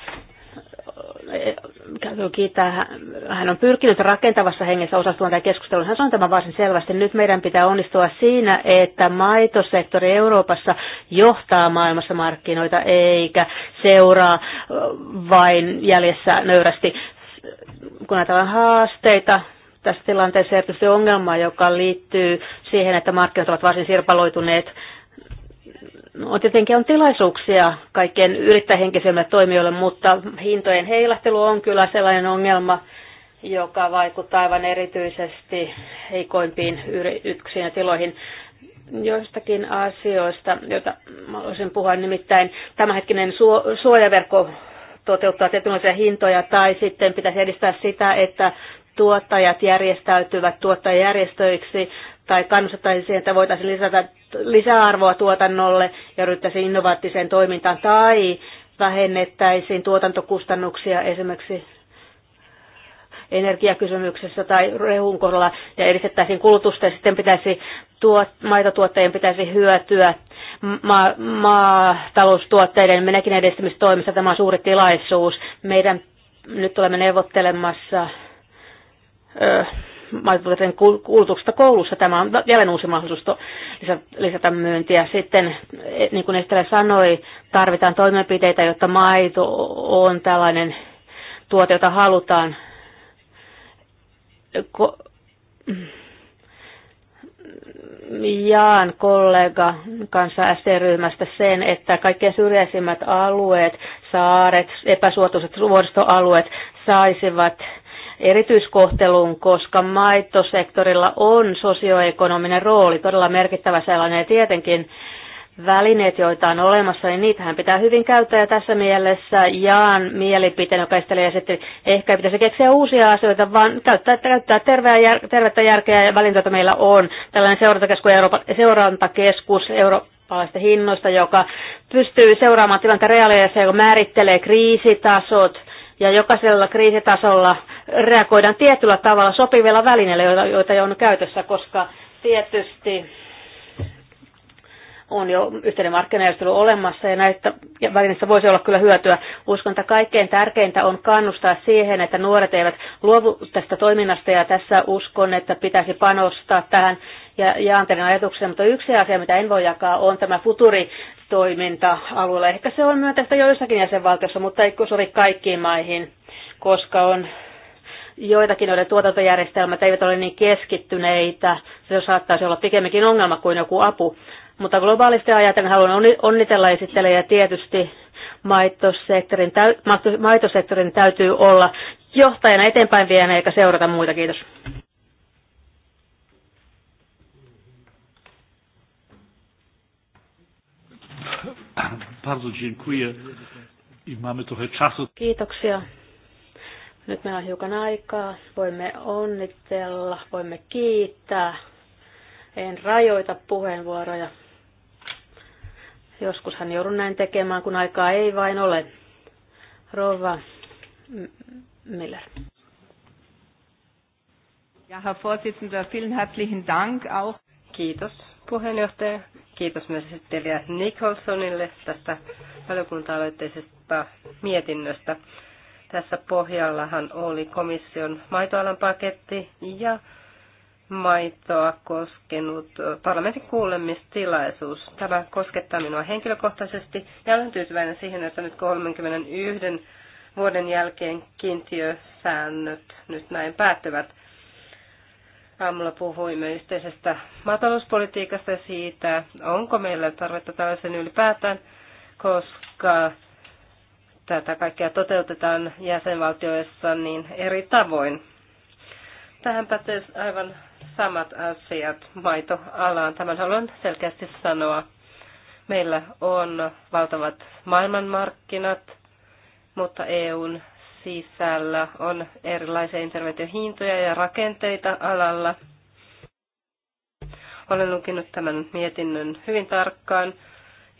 Kiittää, hän on pyrkinyt rakentavassa hengessä osallistumaan tämän keskusteluun. Hän sanoi tämän varsin selvästi. Nyt meidän pitää onnistua siinä, että maitosektori Euroopassa johtaa maailmassa markkinoita, eikä seuraa vain jäljessä nöyrästi. Kun ajatellaan haasteita, tässä tilanteessa erityisesti ongelma, joka liittyy siihen, että markkinat ovat varsin sirpaloituneet. No, tietenkin on tilaisuuksia kaikkien yrittäjähenkisemmille toimijoille, mutta hintojen heilahtelu on kyllä sellainen ongelma, joka vaikuttaa aivan erityisesti heikoimpiin yrityksiin ja tiloihin joistakin asioista, joita haluaisin puhua, nimittäin tämänhetkinen suojaverkko toteuttaa tietynlaisia hintoja, tai sitten pitäisi edistää sitä, että tuottajat järjestäytyvät tuottajajärjestöiksi tai kannustettaisiin siihen, että voitaisiin lisätä lisäarvoa tuotannolle ja ryhtäisiin innovaattiseen toimintaan tai vähennettäisiin tuotantokustannuksia esimerkiksi energiakysymyksessä tai rehun kohdalla ja edistettäisiin kulutusta ja sitten pitäisi tuot, maitotuottajien pitäisi hyötyä ma- maataloustuotteiden menekin edistämistoimissa. Tämä on suuri tilaisuus. Meidän nyt olemme neuvottelemassa maitotuotteiden kulutuksesta koulussa. Tämä on vielä uusi mahdollisuus lisätä myyntiä. Sitten, e, niin kuin Estelä sanoi, tarvitaan toimenpiteitä, jotta maito on tällainen tuote, jota halutaan. Ko- Jaan kollega kanssa ST-ryhmästä sen, että kaikkein syrjäisimmät alueet, saaret, epäsuotuiset vuoristoalueet saisivat erityiskohteluun, koska maitosektorilla on sosioekonominen rooli, todella merkittävä sellainen ja tietenkin välineet, joita on olemassa, niin niitähän pitää hyvin käyttää. Ja tässä mielessä Jaan mielipiteen, joka ja sitten ehkä ei pitäisi keksiä uusia asioita, vaan käyttää, käyttää terveä, tervettä järkeä ja välintöitä meillä on. Tällainen seurantakeskus, Euroopan, seurantakeskus eurooppalaisista hinnoista, joka pystyy seuraamaan tilannetta reaaliajassa, joka määrittelee kriisitasot, ja jokaisella kriisitasolla reagoidaan tietyllä tavalla sopivilla välineillä, joita joita on käytössä, koska tietysti on jo yhteinen markkinajärjestely olemassa ja näistä välineistä voisi olla kyllä hyötyä. Uskon, että kaikkein tärkeintä on kannustaa siihen, että nuoret eivät luovu tästä toiminnasta ja tässä uskon, että pitäisi panostaa tähän ja jaan teidän ajatuksia, mutta yksi asia, mitä en voi jakaa, on tämä futuri-toiminta alueella. Ehkä se on myönteistä joissakin jäsenvaltiossa, mutta ei sovi kaikkiin maihin, koska on joitakin, joiden tuotantojärjestelmät eivät ole niin keskittyneitä. Se saattaisi olla pikemminkin ongelma kuin joku apu. Mutta globaalisti ajatellen haluan onnitella esittelijä tietysti maitosektorin, maitosektorin täytyy olla johtajana eteenpäin vienä eikä seurata muita. Kiitos. Bardzo dziękuję. I mamy trochę czasu. Kiitoksia. Nyt meillä on hiukan aikaa. Voimme onnitella, voimme kiittää. En rajoita puheenvuoroja. Joskushan joudun näin tekemään, kun aikaa ei vain ole. Rova Miller. Ja, Herr Vorsitzender, vielen herzlichen Dank auch. Kiitos puheenjohtaja. Kiitos myös esittelijä Nicholsonille tästä valiokunta-aloitteisesta mietinnöstä. Tässä pohjallahan oli komission maitoalan paketti ja maitoa koskenut parlamentin kuulemistilaisuus. Tämä koskettaa minua henkilökohtaisesti ja olen tyytyväinen siihen, että nyt 31 vuoden jälkeen kiintiösäännöt nyt näin päättyvät. Aamulla puhuimme yhteisestä maatalouspolitiikasta ja siitä, onko meillä tarvetta tällaisen ylipäätään, koska tätä kaikkea toteutetaan jäsenvaltioissa niin eri tavoin. Tähän pätee aivan samat asiat maitoalaan. Tämän haluan selkeästi sanoa. Meillä on valtavat maailmanmarkkinat, mutta EUn sisällä on erilaisia interventiohintoja ja rakenteita alalla. Olen lukinut tämän mietinnön hyvin tarkkaan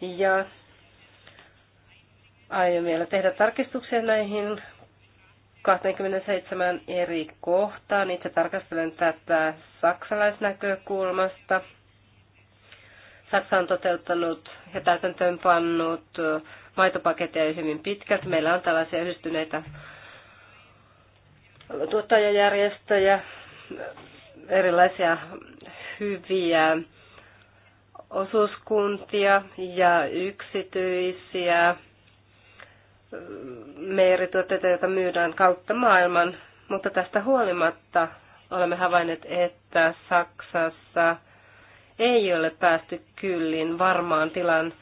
ja aion vielä tehdä tarkistuksia näihin 27 eri kohtaan. Itse tarkastelen tätä saksalaisnäkökulmasta. Saksa on toteuttanut ja täytäntöönpannut maitopaketteja ei hyvin pitkät. Meillä on tällaisia yhdistyneitä tuottajajärjestöjä, erilaisia hyviä osuuskuntia ja yksityisiä meirituotteita, joita myydään kautta maailman. Mutta tästä huolimatta olemme havainneet, että Saksassa ei ole päästy kyllin varmaan tilan,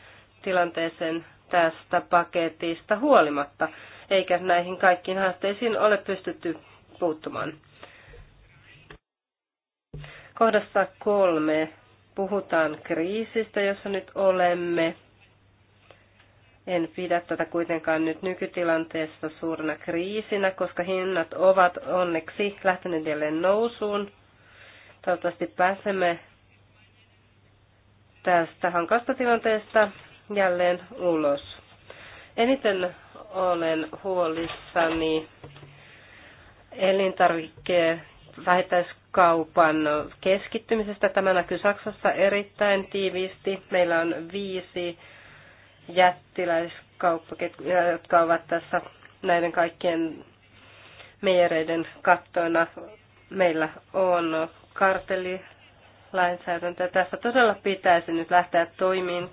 tilanteeseen tästä paketista huolimatta, eikä näihin kaikkiin haasteisiin ole pystytty puuttumaan. Kohdassa kolme puhutaan kriisistä, jossa nyt olemme. En pidä tätä kuitenkaan nyt nykytilanteessa suurena kriisinä, koska hinnat ovat onneksi lähteneet jälleen nousuun. Toivottavasti pääsemme tästä hankalasta tilanteesta jälleen ulos. Eniten olen huolissani elintarvikkeen vähittäiskaupan keskittymisestä. Tämä näkyy Saksassa erittäin tiiviisti. Meillä on viisi jättiläiskauppaketjua, jotka ovat tässä näiden kaikkien meijereiden kattoina. Meillä on kartelilainsäädäntö. Tässä todella pitäisi nyt lähteä toimiin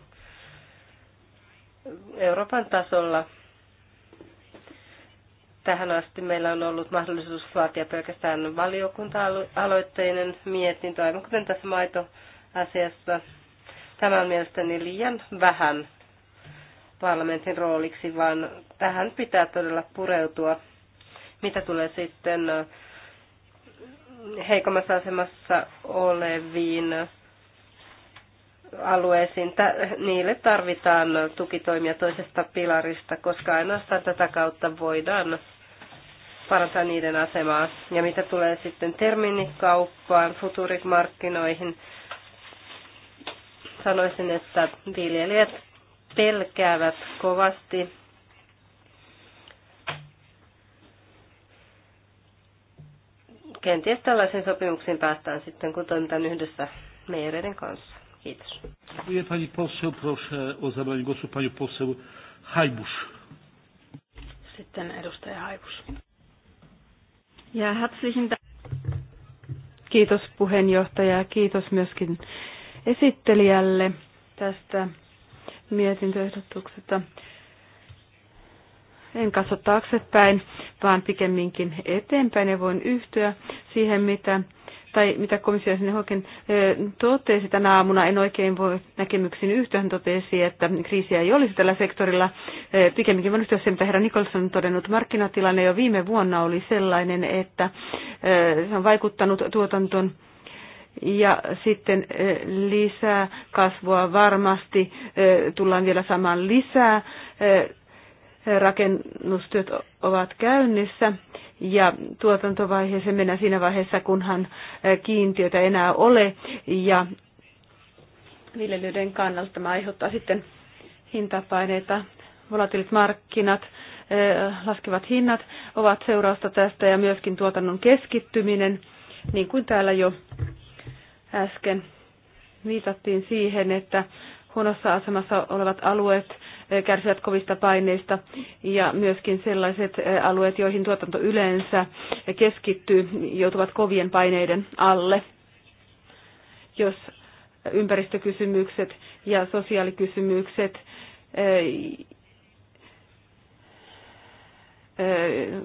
Euroopan tasolla. Tähän asti meillä on ollut mahdollisuus vaatia pelkästään valiokunta-aloitteinen mietintö, aivan kuten tässä maitoasiassa. Tämä on mielestäni liian vähän parlamentin rooliksi, vaan tähän pitää todella pureutua. Mitä tulee sitten heikommassa asemassa oleviin alueisiin. Niille tarvitaan tukitoimia toisesta pilarista, koska ainoastaan tätä kautta voidaan parantaa niiden asemaa. Ja mitä tulee sitten terminikauppaan, futurikmarkkinoihin, sanoisin, että viljelijät pelkäävät kovasti kenties tällaisiin sopimuksiin päästään sitten, kun toimitaan yhdessä meijereiden kanssa. Kiitos. Dziękuję pani poseł. Proszę o zabranie głosu panią poseł Haibusz. Sitten edustaja Haibusz. Ja herzlichen Dank. Kiitos puheenjohtaja ja kiitos myöskin esittelijälle tästä mietintöehdotuksesta. En katso taaksepäin, vaan pikemminkin eteenpäin ja voin yhtyä siihen, mitä tai mitä komissio sinne oikein totesi tänä aamuna, en oikein voi näkemyksiin yhtä. Hän totesi, että kriisiä ei olisi tällä sektorilla. Pikemminkin voin yhtyä se, mitä herra Nikolson on todennut. Markkinatilanne jo viime vuonna oli sellainen, että se on vaikuttanut tuotantoon ja sitten lisää kasvua varmasti tullaan vielä saamaan lisää rakennustyöt ovat käynnissä ja tuotantovaiheeseen mennään siinä vaiheessa, kunhan kiintiötä enää ole ja viljelyiden kannalta tämä aiheuttaa sitten hintapaineita. Volatiilit markkinat, laskevat hinnat ovat seurausta tästä ja myöskin tuotannon keskittyminen, niin kuin täällä jo äsken viitattiin siihen, että huonossa asemassa olevat alueet kärsivät kovista paineista ja myöskin sellaiset alueet, joihin tuotanto yleensä keskittyy, joutuvat kovien paineiden alle. Jos ympäristökysymykset ja sosiaalikysymykset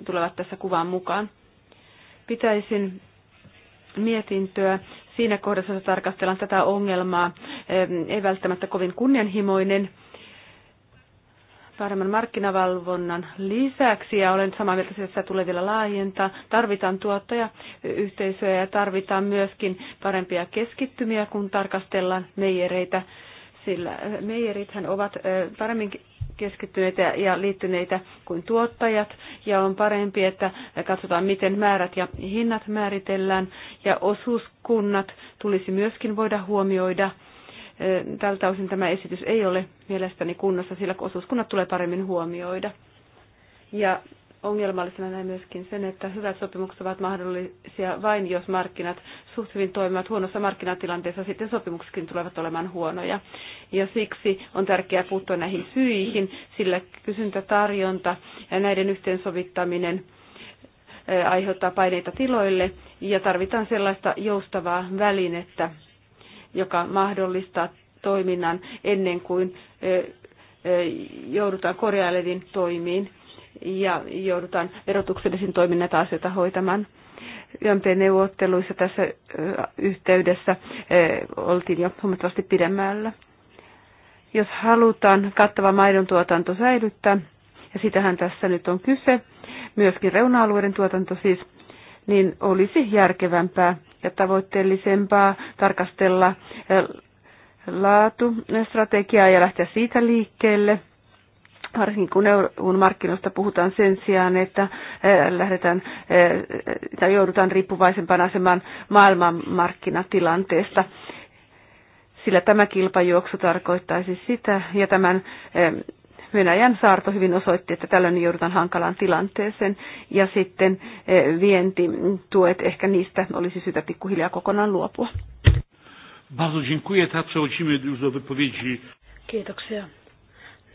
tulevat tässä kuvan mukaan. Pitäisin mietintöä siinä kohdassa, tarkastellaan tätä ongelmaa, ei välttämättä kovin kunnianhimoinen, paremman markkinavalvonnan lisäksi, ja olen samaa mieltä siitä, että tulee vielä laajentaa, tarvitaan yhteisöjä ja tarvitaan myöskin parempia keskittymiä, kun tarkastellaan meijereitä, sillä äh, meijerithän ovat äh, paremmin keskittyneitä ja liittyneitä kuin tuottajat, ja on parempi, että katsotaan, miten määrät ja hinnat määritellään, ja osuuskunnat tulisi myöskin voida huomioida – Tältä osin tämä esitys ei ole mielestäni kunnossa, sillä osuuskunnat tulee paremmin huomioida. Ja ongelmallisena näin myöskin sen, että hyvät sopimukset ovat mahdollisia vain, jos markkinat suht hyvin toimivat huonossa markkinatilanteessa, sitten sopimuksetkin tulevat olemaan huonoja. Ja siksi on tärkeää puuttua näihin syihin, sillä kysyntä, tarjonta ja näiden yhteensovittaminen aiheuttaa paineita tiloille ja tarvitaan sellaista joustavaa välinettä, joka mahdollistaa toiminnan ennen kuin joudutaan korjailevin toimiin ja joudutaan verotuksellisiin toimin näitä asioita hoitamaan. YMP-neuvotteluissa tässä yhteydessä oltiin jo huomattavasti pidemmällä. Jos halutaan kattava maidon tuotanto säilyttää, ja sitähän tässä nyt on kyse, myöskin reuna-alueiden tuotanto siis, niin olisi järkevämpää ja tavoitteellisempaa tarkastella laatustrategiaa ja lähteä siitä liikkeelle. Varsinkin kun EUn markkinoista puhutaan sen sijaan, että lähdetään tai joudutaan riippuvaisempaan asemaan maailmanmarkkinatilanteesta sillä tämä kilpajuoksu tarkoittaisi sitä ja tämän Venäjän saarto hyvin osoitti, että tällöin joudutaan hankalaan tilanteeseen. Ja sitten eh, vientituet, ehkä niistä olisi syytä pikkuhiljaa kokonaan luopua. Kiitoksia.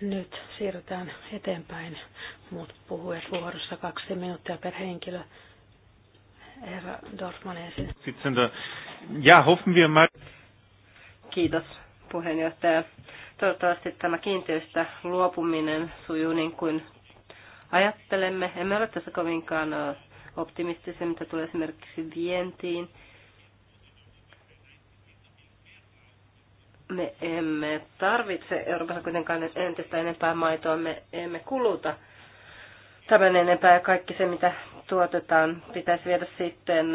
Nyt siirrytään eteenpäin. Muut puhujat vuorossa kaksi minuuttia per henkilö. Herra Dorfman ensin. Ja, hoffen wir mal. Kiitos puheenjohtaja. Toivottavasti tämä kiinteistä luopuminen sujuu niin kuin ajattelemme. Emme ole tässä kovinkaan optimistisia, mitä tulee esimerkiksi vientiin. Me emme tarvitse Euroopassa kuitenkaan entistä enempää maitoa, me emme kuluta tämän enempää ja kaikki se, mitä tuotetaan, pitäisi viedä sitten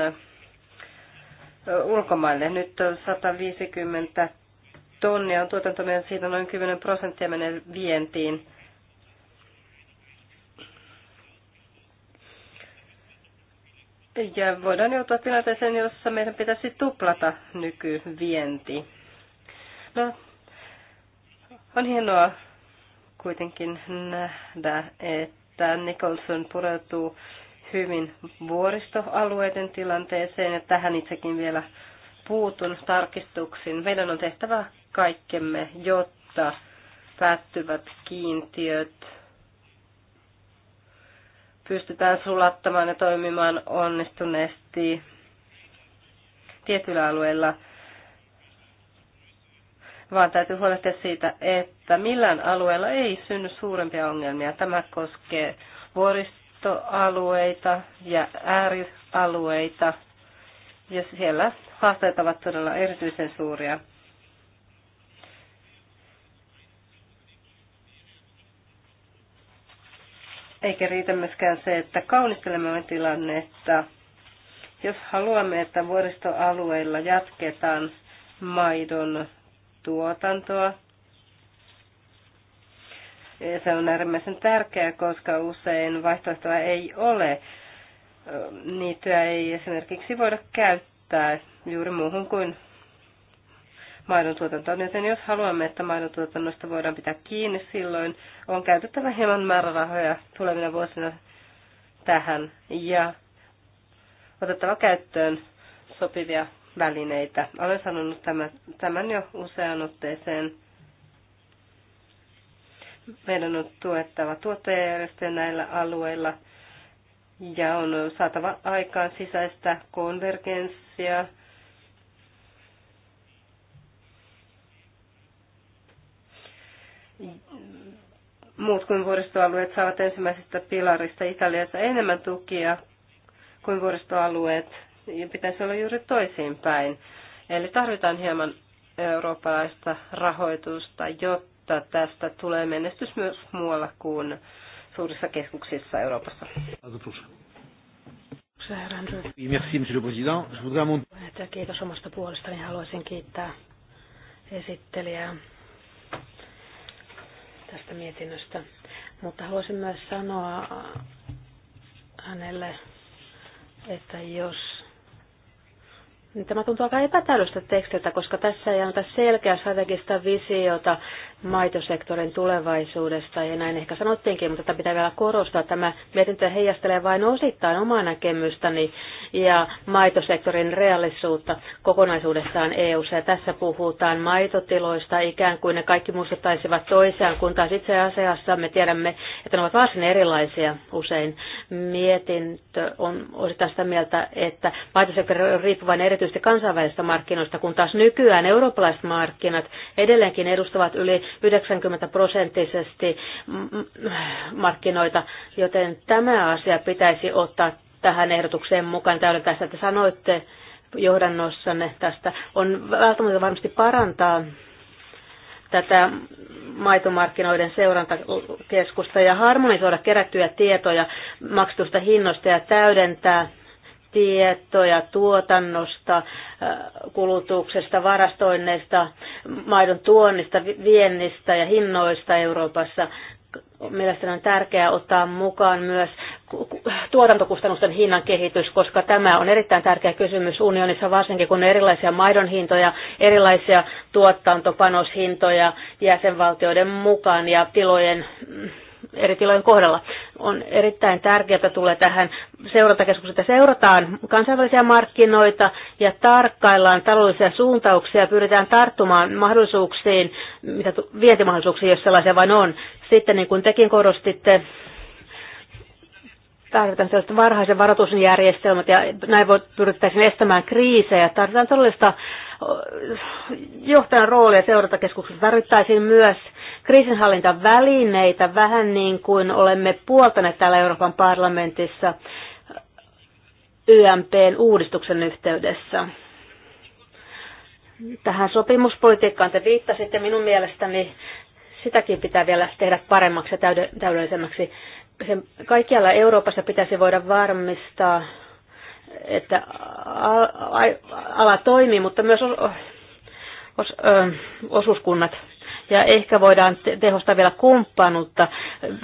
ulkomaille. Nyt 150 tonnia on tuotantomme siitä noin 10 prosenttia menee vientiin. Ja voidaan joutua tilanteeseen, jossa meidän pitäisi tuplata nykyvienti. No, on hienoa kuitenkin nähdä, että Nicholson pureutuu hyvin vuoristoalueiden tilanteeseen, ja tähän itsekin vielä puutun tarkistuksiin. Meidän on tehtävä kaikkemme, jotta päättyvät kiintiöt pystytään sulattamaan ja toimimaan onnistuneesti tietyillä alueilla, vaan täytyy huolehtia siitä, että millään alueella ei synny suurempia ongelmia. Tämä koskee vuoristoalueita ja äärialueita, ja siellä haasteet ovat todella erityisen suuria. Eikä riitä myöskään se, että kaunistelemme tilannetta. Jos haluamme, että vuoristoalueilla jatketaan maidon tuotantoa, se on äärimmäisen tärkeää, koska usein vaihtoehtoa ei ole. Niitä ei esimerkiksi voida käyttää juuri muuhun kuin maidontuotantoon. Joten jos haluamme, että maidontuotannosta voidaan pitää kiinni, silloin on käytettävä hieman määrärahoja tulevina vuosina tähän ja otettava käyttöön sopivia välineitä. Olen sanonut tämän, tämän jo useaan otteeseen. Meidän on tuettava tuottajajärjestöjä näillä alueilla ja on saatava aikaan sisäistä konvergenssia – muut kuin vuoristoalueet saavat ensimmäisestä pilarista Italiassa enemmän tukia kuin vuoristoalueet, ja pitäisi olla juuri toisinpäin. Eli tarvitaan hieman eurooppalaista rahoitusta, jotta tästä tulee menestys myös muualla kuin suurissa keskuksissa Euroopassa. Kiitos omasta puolestani. Haluaisin kiittää esittelijää tästä mietinnöstä. Mutta haluaisin myös sanoa hänelle, että jos niin tämä tuntuu aika epätäydelliseltä tekstiltä, koska tässä ei anneta selkeää strategista visiota maitosektorin tulevaisuudesta, ja näin ehkä sanottiinkin, mutta tätä pitää vielä korostaa. Tämä mietintö heijastelee vain osittain omaa näkemystäni ja maitosektorin reaalisuutta kokonaisuudessaan eu ja tässä puhutaan maitotiloista ikään kuin ne kaikki muistuttaisivat toisiaan, kun taas itse asiassa me tiedämme, että ne ovat varsin erilaisia usein. Mietintö on osittain sitä mieltä, että maitosektori on riippuvainen eri erityisesti kansainvälisistä markkinoista, kun taas nykyään eurooppalaiset markkinat edelleenkin edustavat yli 90 prosenttisesti markkinoita, joten tämä asia pitäisi ottaa tähän ehdotukseen mukaan. Täällä tässä, että sanoitte johdannossanne tästä. On välttämättä varmasti parantaa tätä maitomarkkinoiden seurantakeskusta ja harmonisoida kerättyjä tietoja maksusta, hinnoista ja täydentää tietoja tuotannosta, äh, kulutuksesta, varastoinneista, maidon tuonnista, viennistä ja hinnoista Euroopassa. Mielestäni on tärkeää ottaa mukaan myös tuotantokustannusten hinnan kehitys, koska tämä on erittäin tärkeä kysymys unionissa, varsinkin kun on erilaisia maidon hintoja, erilaisia tuotantopanoshintoja jäsenvaltioiden mukaan ja tilojen mm, eri tilojen kohdalla. On erittäin tärkeää, että tulee tähän seurantakeskukseen, että seurataan kansainvälisiä markkinoita ja tarkkaillaan taloudellisia suuntauksia ja pyritään tarttumaan mahdollisuuksiin, mitä vientimahdollisuuksiin, jos sellaisia vain on. Sitten niin kuin tekin korostitte, tarvitaan sellaiset varhaisen varoituksen järjestelmät ja näin voi pyrittäisiin estämään kriisejä. Tarvitaan todellista johtajan roolia seurantakeskuksessa. Tarvittaisiin myös kriisinhallintavälineitä, vähän niin kuin olemme puoltaneet täällä Euroopan parlamentissa YMPn uudistuksen yhteydessä. Tähän sopimuspolitiikkaan te viittasitte minun mielestäni, sitäkin pitää vielä tehdä paremmaksi ja täydellisemmäksi. kaikkialla Euroopassa pitäisi voida varmistaa, että ala toimii, mutta myös osuuskunnat ja ehkä voidaan tehostaa vielä kumppanuutta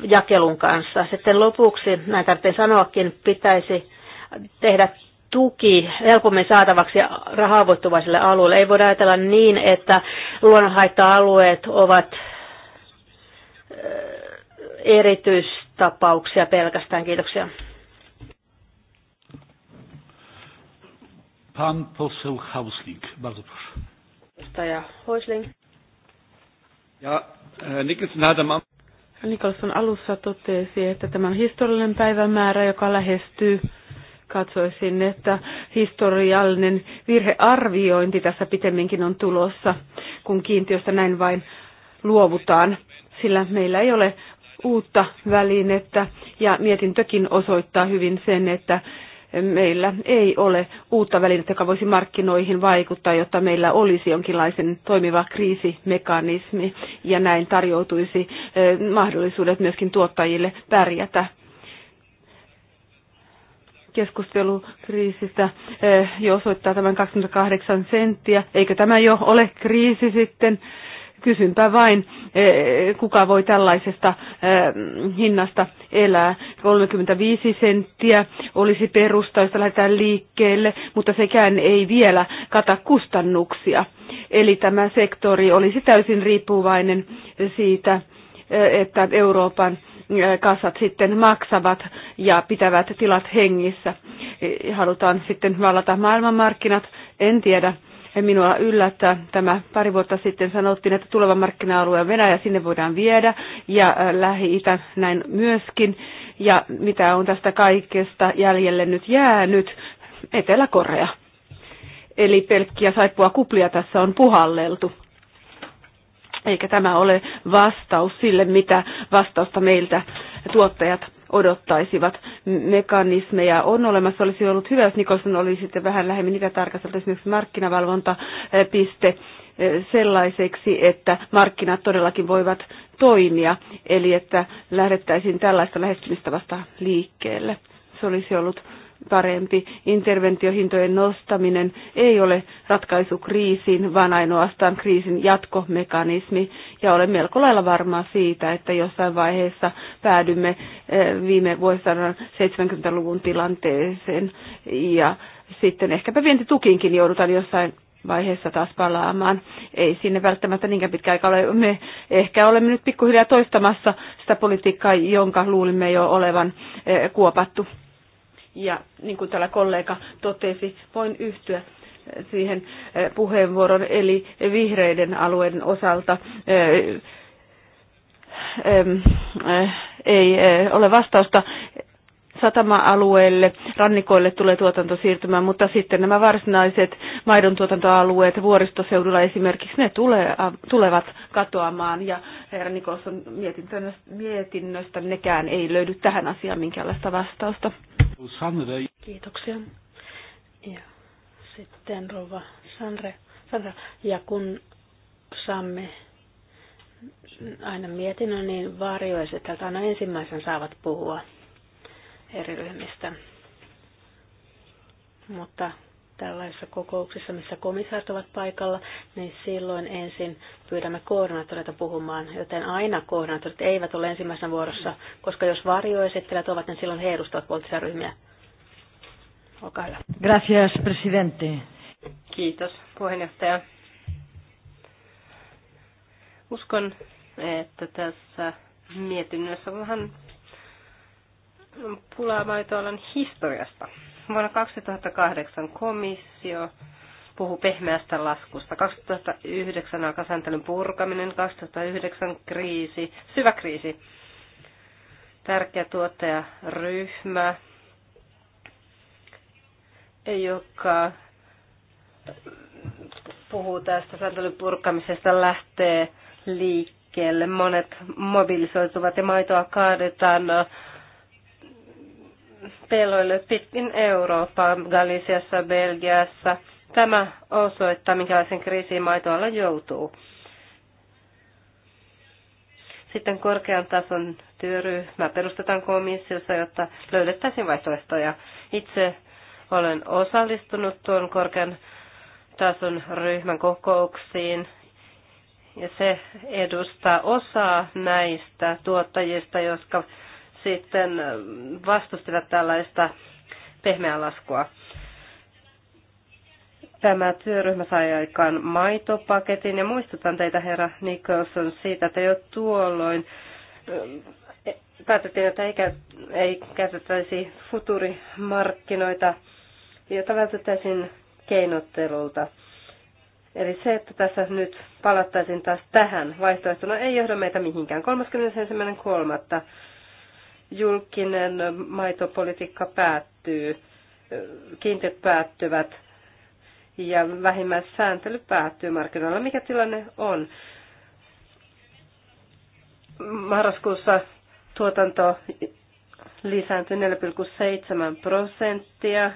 jakelun kanssa. Sitten lopuksi, näin tarvitsee sanoakin, pitäisi tehdä tuki helpommin saatavaksi rahavoittuvaisille alueille. Ei voida ajatella niin, että luonnonhaitta-alueet ovat erityistapauksia pelkästään. Kiitoksia. Pan poseł Hausling, bardzo proszę. Edustaja Hausling. Ja äh, Nicholson Adam. Nicholson alussa totesi, että tämän historiallinen päivämäärä, joka lähestyy, katsoisin, että historiallinen virhearviointi tässä pitemminkin on tulossa, kun kiintiöstä näin vain luovutaan, sillä meillä ei ole uutta välinettä ja mietintökin osoittaa hyvin sen, että meillä ei ole uutta välinettä, joka voisi markkinoihin vaikuttaa, jotta meillä olisi jonkinlaisen toimiva kriisimekanismi ja näin tarjoutuisi eh, mahdollisuudet myöskin tuottajille pärjätä keskustelu kriisistä eh, jo osoittaa tämän 28 senttiä. Eikö tämä jo ole kriisi sitten? Kysynpä vain, e, kuka voi tällaisesta e, hinnasta elää. 35 senttiä olisi perusta, josta lähdetään liikkeelle, mutta sekään ei vielä kata kustannuksia. Eli tämä sektori olisi täysin riippuvainen siitä, e, että Euroopan kassat sitten maksavat ja pitävät tilat hengissä. Halutaan sitten vallata maailmanmarkkinat, en tiedä minua yllättää. Tämä pari vuotta sitten sanottiin, että tuleva markkina-alue on Venäjä, sinne voidaan viedä ja äh, Lähi-Itä näin myöskin. Ja mitä on tästä kaikesta jäljelle nyt jäänyt? Etelä-Korea. Eli pelkkiä saippua kuplia tässä on puhalleltu. Eikä tämä ole vastaus sille, mitä vastausta meiltä tuottajat odottaisivat. Mekanismeja on olemassa. Olisi ollut hyvä, jos Nikolson oli sitten vähän lähemmin niitä tarkasteltu, esimerkiksi markkinavalvontapiste eh, sellaiseksi, että markkinat todellakin voivat toimia, eli että lähdettäisiin tällaista lähestymistavasta liikkeelle. Se olisi ollut parempi. Interventiohintojen nostaminen ei ole ratkaisu kriisiin, vaan ainoastaan kriisin jatkomekanismi. Ja olen melko lailla varma siitä, että jossain vaiheessa päädymme eh, viime vuosisadan 70-luvun tilanteeseen. Ja sitten ehkäpä vientitukiinkin joudutaan jossain vaiheessa taas palaamaan. Ei sinne välttämättä niinkään pitkä aika ole. Me ehkä olemme nyt pikkuhiljaa toistamassa sitä politiikkaa, jonka luulimme jo olevan eh, kuopattu. Ja niin kuin täällä kollega totesi, voin yhtyä siihen eh, puheenvuoron, eli vihreiden alueiden osalta eh, eh, ei ole vastausta satama-alueelle, rannikoille tulee tuotanto siirtymään, mutta sitten nämä varsinaiset maidon tuotantoalueet vuoristoseudulla esimerkiksi, ne tulee, äh, tulevat katoamaan ja herra Nikolson mietinnöstä nekään ei löydy tähän asiaan minkäänlaista vastausta. Kiitoksia. Ja sitten rouva Sanre, Sandra, ja kun saamme aina mietinnön, niin varjoiset aina ensimmäisen saavat puhua eri ryhmistä. Mutta tällaisissa kokouksissa, missä komissaat ovat paikalla, niin silloin ensin pyydämme koordinaattoreita puhumaan, joten aina koordinaattorit eivät ole ensimmäisenä vuorossa, koska jos varjoesittelijät ovat, niin silloin he edustavat poliittisia ryhmiä. Olkaa hyvä. Gracias, presidente. Kiitos, puheenjohtaja. Uskon, että tässä mietinnössä vähän pulaa maitoalan historiasta. Vuonna 2008 komissio puhuu pehmeästä laskusta. 2009 alkaa sääntelyn purkaminen, 2009 kriisi, syvä kriisi, tärkeä tuottajaryhmä, joka puhuu tästä sääntelyn purkamisesta, lähtee liikkeelle. Monet mobilisoituvat ja maitoa kaadetaan pelloille pitkin Eurooppaa, Galisiassa, Belgiassa. Tämä osoittaa, minkälaisen kriisiin maitoala joutuu. Sitten korkean tason työryhmä perustetaan komissiossa, jotta löydettäisiin vaihtoehtoja. Itse olen osallistunut tuon korkean tason ryhmän kokouksiin ja se edustaa osaa näistä tuottajista, jotka sitten vastustivat tällaista pehmeää laskua. Tämä työryhmä sai aikaan maitopaketin ja muistutan teitä herra Nicholson siitä, että jo tuolloin e, päätettiin, että ei, käytettäisi futurimarkkinoita, jota vältettäisiin keinottelulta. Eli se, että tässä nyt palattaisiin taas tähän vaihtoehtona, ei johda meitä mihinkään. 31.3 julkinen maitopolitiikka päättyy, kiinteät päättyvät ja vähimmäissääntely päättyy markkinoilla. Mikä tilanne on? Marraskuussa tuotanto lisääntyi 4,7 prosenttia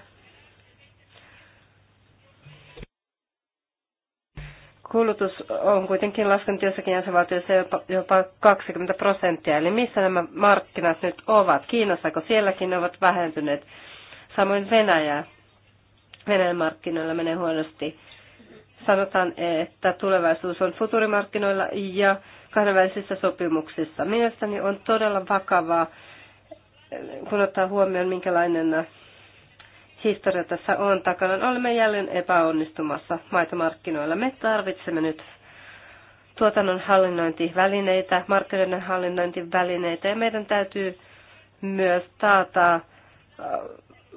kulutus on kuitenkin laskenut jossakin jäsenvaltioissa jopa, jopa 20 prosenttia. Eli missä nämä markkinat nyt ovat? Kiinassa, sielläkin ne ovat vähentyneet? Samoin Venäjä. Venäjän markkinoilla menee huonosti. Sanotaan, että tulevaisuus on futurimarkkinoilla ja kahdenvälisissä sopimuksissa. Mielestäni on todella vakavaa, kun ottaa huomioon, minkälainen historia tässä on takana. Olemme jälleen epäonnistumassa maitomarkkinoilla. Me tarvitsemme nyt tuotannon hallinnointivälineitä, markkinoiden hallinnointivälineitä ja meidän täytyy myös taata äh,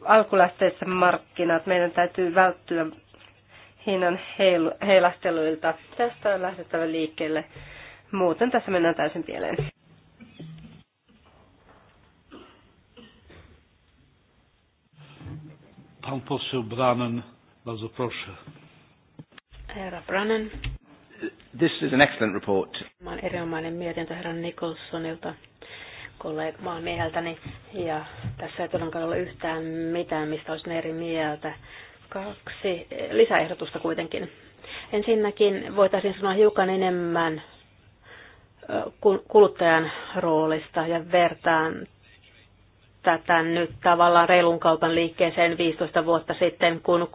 alkulähteissä markkinat. Meidän täytyy välttyä hinnan heilasteluilta. Tästä on lähdettävä liikkeelle. Muuten tässä mennään täysin pieleen. Pan poseł Branen, bardzo proszę. Herra Branen. This is an excellent report. Tämä on erinomainen mietintö herran Nicholsonilta kollegaan mieheltäni. Ja tässä ei todellakaan ole yhtään mitään, mistä olisin eri mieltä. Kaksi lisäehdotusta kuitenkin. Ensinnäkin voitaisiin sanoa hiukan enemmän kuluttajan roolista ja vertaan tätä nyt tavallaan reilun kaupan liikkeeseen 15 vuotta sitten, kun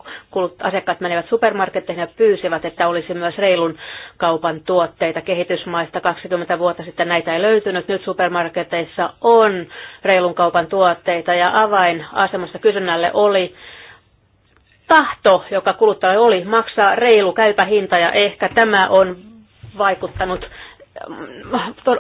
asiakkaat menivät supermarketteihin ja pyysivät, että olisi myös reilun kaupan tuotteita kehitysmaista. 20 vuotta sitten näitä ei löytynyt. Nyt supermarketeissa on reilun kaupan tuotteita ja avainasemassa kysynnälle oli tahto, joka kuluttaja oli maksaa reilu käypä hinta ja ehkä tämä on vaikuttanut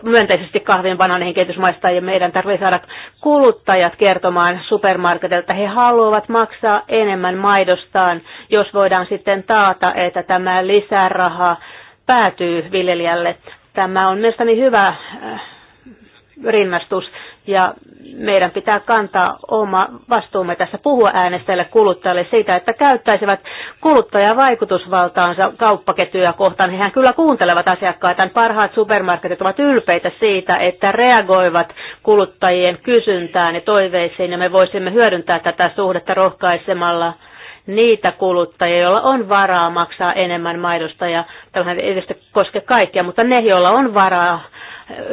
myönteisesti kahvin bananeihin kehitysmaista ja meidän tarvitsee saada kuluttajat kertomaan supermarketilta, että he haluavat maksaa enemmän maidostaan, jos voidaan sitten taata, että tämä lisäraha päätyy viljelijälle. Tämä on mielestäni hyvä äh, rinnastus ja meidän pitää kantaa oma vastuumme tässä puhua äänestäjille kuluttajille siitä, että käyttäisivät kuluttajavaikutusvaltaansa kauppaketjuja kohtaan. Hehän kyllä kuuntelevat asiakkaitaan. Parhaat supermarketit ovat ylpeitä siitä, että reagoivat kuluttajien kysyntään ja toiveisiin ja me voisimme hyödyntää tätä suhdetta rohkaisemalla niitä kuluttajia, joilla on varaa maksaa enemmän maidosta, ja tämähän ei koske kaikkia, mutta ne, joilla on varaa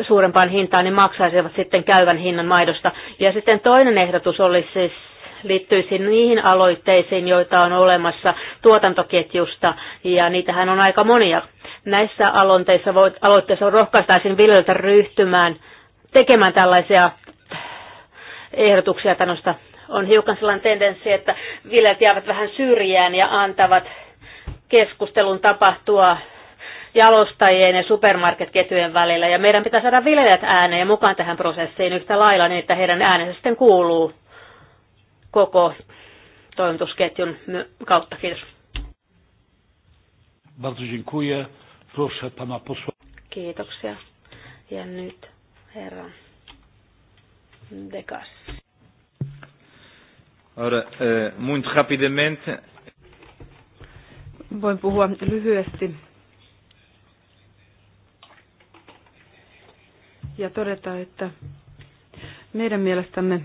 suurempaan hintaan, niin maksaisivat sitten käyvän hinnan maidosta. Ja sitten toinen ehdotus olisi siis liittyisi niihin aloitteisiin, joita on olemassa tuotantoketjusta, ja niitähän on aika monia. Näissä aloitteissa, aloitteissa rohkaistaisin viljelijöitä ryhtymään tekemään tällaisia ehdotuksia tänosta. On hiukan sellainen tendenssi, että viljelijät jäävät vähän syrjään ja antavat keskustelun tapahtua jalostajien ja supermarketketjujen välillä. Ja meidän pitää saada viljelijät ääneen ja mukaan tähän prosessiin yhtä lailla niin, että heidän äänensä sitten kuuluu koko toimitusketjun kautta. Kiitos. Kiitoksia. Ja nyt herra Dekas. Ora, eh, muito rapidamente. Voin puhua lyhyesti. ja todeta, että meidän mielestämme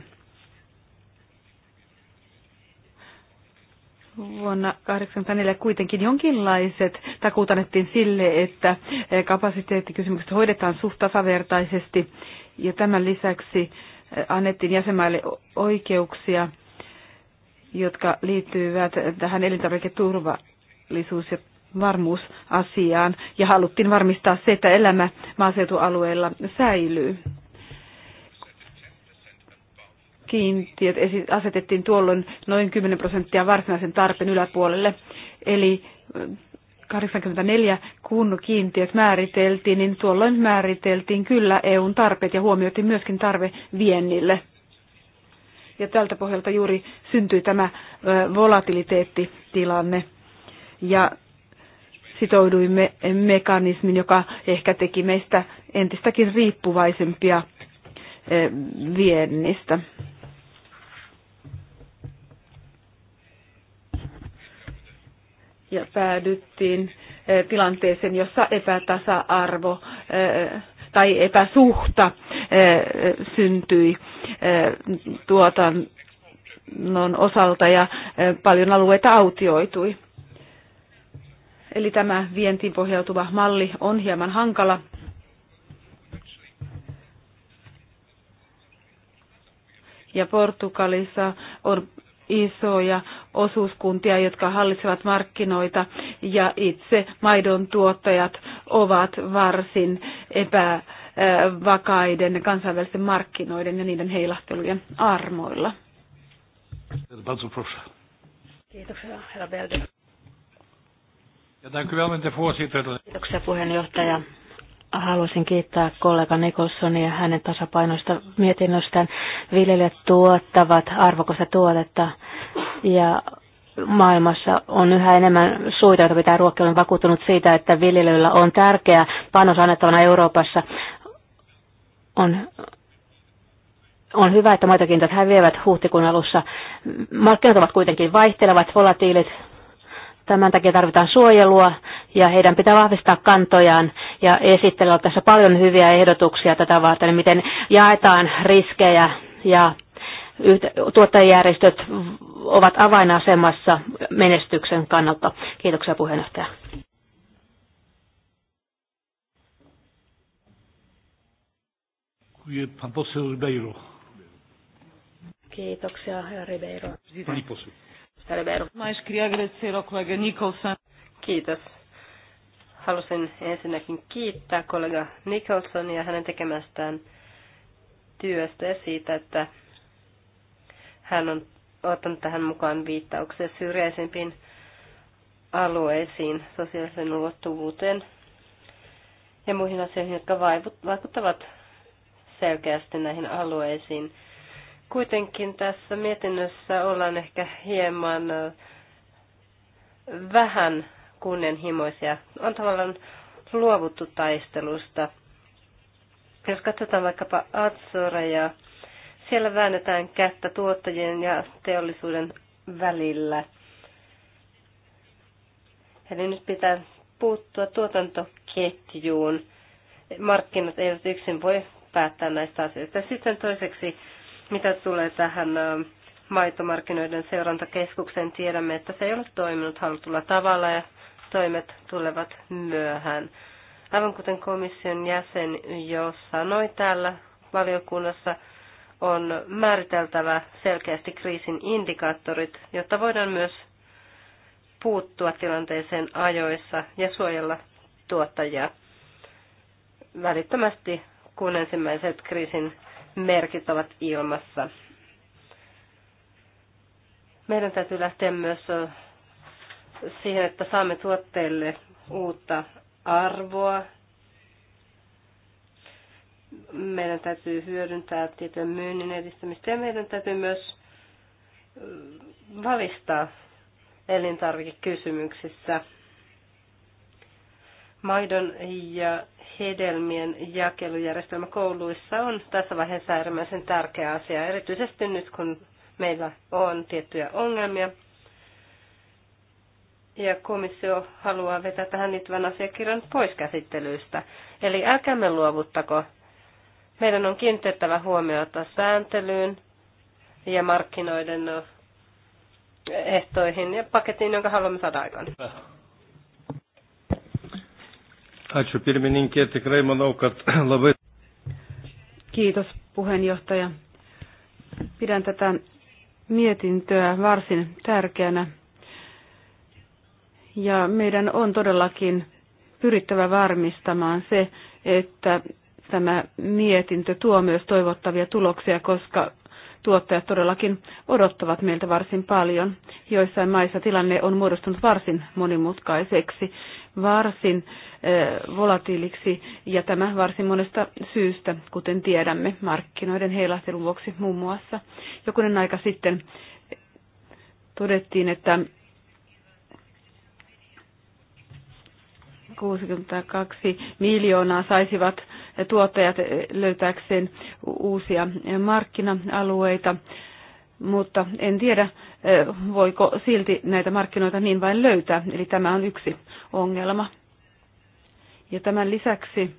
vuonna 1984 kuitenkin jonkinlaiset takuut annettiin sille, että kapasiteettikysymykset hoidetaan suht tasavertaisesti ja tämän lisäksi annettiin jäsenmaille oikeuksia, jotka liittyvät tähän elintarviketurvallisuus- ja varmuusasiaan ja haluttiin varmistaa se, että elämä maaseutualueella säilyy. Kiintiöt asetettiin tuolloin noin 10 prosenttia varsinaisen tarpeen yläpuolelle, eli 84, eh, kun kiintiöt määriteltiin, niin tuolloin määriteltiin kyllä EUn tarpeet ja huomioitiin myöskin tarve viennille. Ja tältä pohjalta juuri syntyi tämä eh, volatiliteettitilanne. Ja sitouduimme mekanismin, joka ehkä teki meistä entistäkin riippuvaisempia eh, viennistä. Ja päädyttiin eh, tilanteeseen, jossa epätasa-arvo eh, tai epäsuhta syntyi tuotannon osalta ja paljon alueita autioitui. Eli tämä vientiin pohjautuva malli on hieman hankala. Ja Portugalissa on isoja osuuskuntia, jotka hallitsevat markkinoita ja itse maidon tuottajat ovat varsin epävakaiden kansainvälisten markkinoiden ja niiden heilahtelujen armoilla. Kiitoksia, herra Belden. Kiitoksia puheenjohtaja. Haluaisin kiittää kollega Nikolsonia ja hänen tasapainoista mietinnöstään. Viljelijät tuottavat arvokasta tuotetta ja maailmassa on yhä enemmän suita, joita pitää ruokkia. Olen vakuuttunut siitä, että viljelyllä on tärkeä panos annettavana Euroopassa. On, on hyvä, että maitokintat häviävät huhtikuun alussa. Markkinat ovat kuitenkin vaihtelevat, volatiilit, Tämän takia tarvitaan suojelua ja heidän pitää vahvistaa kantojaan ja esitellä tässä paljon hyviä ehdotuksia tätä varten, miten jaetaan riskejä ja tuottajajärjestöt ovat avainasemassa menestyksen kannalta. Kiitoksia puheenjohtaja. Kiitoksia, herra Ribeiro. Nicholson. Kiitos. Halusin ensinnäkin kiittää kollega Nicholsonia hänen tekemästään työstä ja siitä, että hän on ottanut tähän mukaan viittauksia syrjäisempiin alueisiin, sosiaalisen ulottuvuuteen ja muihin asioihin, jotka vaikuttavat selkeästi näihin alueisiin. Kuitenkin tässä mietinnössä ollaan ehkä hieman vähän kunnianhimoisia. On tavallaan luovuttu taistelusta. Jos katsotaan vaikkapa Atsoreja, siellä väännetään kättä tuottajien ja teollisuuden välillä. Eli nyt pitää puuttua tuotantoketjuun. Markkinat eivät yksin voi päättää näistä asioista. Sitten toiseksi mitä tulee tähän maitomarkkinoiden seurantakeskukseen, tiedämme, että se ei ole toiminut halutulla tavalla ja toimet tulevat myöhään. Aivan kuten komission jäsen jo sanoi täällä valiokunnassa, on määriteltävä selkeästi kriisin indikaattorit, jotta voidaan myös puuttua tilanteeseen ajoissa ja suojella tuottajia välittömästi, kun ensimmäiset kriisin merkit ovat ilmassa. Meidän täytyy lähteä myös siihen, että saamme tuotteille uutta arvoa. Meidän täytyy hyödyntää tietojen myynnin edistämistä ja meidän täytyy myös valistaa elintarvikekysymyksissä. Maidon ja hedelmien jakelujärjestelmä kouluissa on tässä vaiheessa äärimmäisen tärkeä asia, erityisesti nyt kun meillä on tiettyjä ongelmia. Ja komissio haluaa vetää tähän liittyvän asiakirjan pois käsittelyistä. Eli älkäämme luovuttako. Meidän on kiinnitettävä huomiota sääntelyyn ja markkinoiden ehtoihin ja pakettiin, jonka haluamme saada aikaan. Ačiū pirmininkė, tikrai manau, kad labai. Kiitos puheenjohtaja. Pidän tätä mietintöä varsin tärkeänä. Ja meidän on todellakin pyrittävä varmistamaan se, että tämä mietintö tuo myös toivottavia tuloksia, koska tuottajat todellakin odottavat meiltä varsin paljon. Joissain maissa tilanne on muodostunut varsin monimutkaiseksi varsin eh, volatiiliksi ja tämä varsin monesta syystä, kuten tiedämme, markkinoiden heilahtelun vuoksi muun muassa. Jokunen aika sitten todettiin, että 62 miljoonaa saisivat tuottajat löytääkseen uusia markkina-alueita mutta en tiedä, eh, voiko silti näitä markkinoita niin vain löytää. Eli tämä on yksi ongelma. Ja tämän lisäksi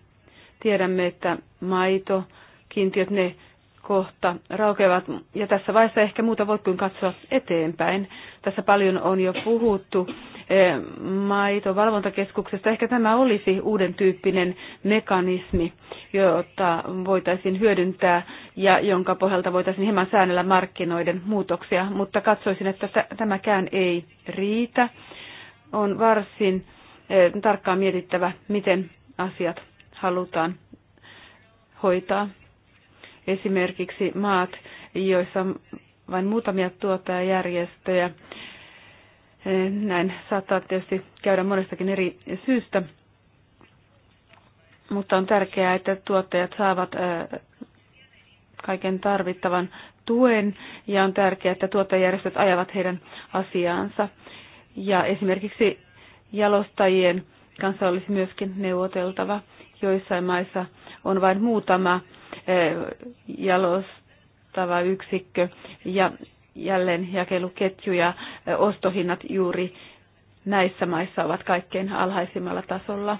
tiedämme, että maito, kiintiöt, ne kohta raukeavat. Ja tässä vaiheessa ehkä muuta voit kuin katsoa eteenpäin. Tässä paljon on jo puhuttu eh, maitovalvontakeskuksesta. Ehkä tämä olisi uuden tyyppinen mekanismi, jota voitaisiin hyödyntää ja jonka pohjalta voitaisiin hieman säännellä markkinoiden muutoksia. Mutta katsoisin, että tämäkään ei riitä. On varsin eh, tarkkaan mietittävä, miten asiat halutaan hoitaa esimerkiksi maat, joissa on vain muutamia tuottajajärjestöjä. Näin saattaa tietysti käydä monestakin eri syystä, mutta on tärkeää, että tuottajat saavat kaiken tarvittavan tuen ja on tärkeää, että tuottajajärjestöt ajavat heidän asiaansa. Ja esimerkiksi jalostajien kanssa olisi myöskin neuvoteltava. Joissain maissa on vain muutama jalostava yksikkö ja jälleen jakeluketjuja. Ostohinnat juuri näissä maissa ovat kaikkein alhaisimmalla tasolla.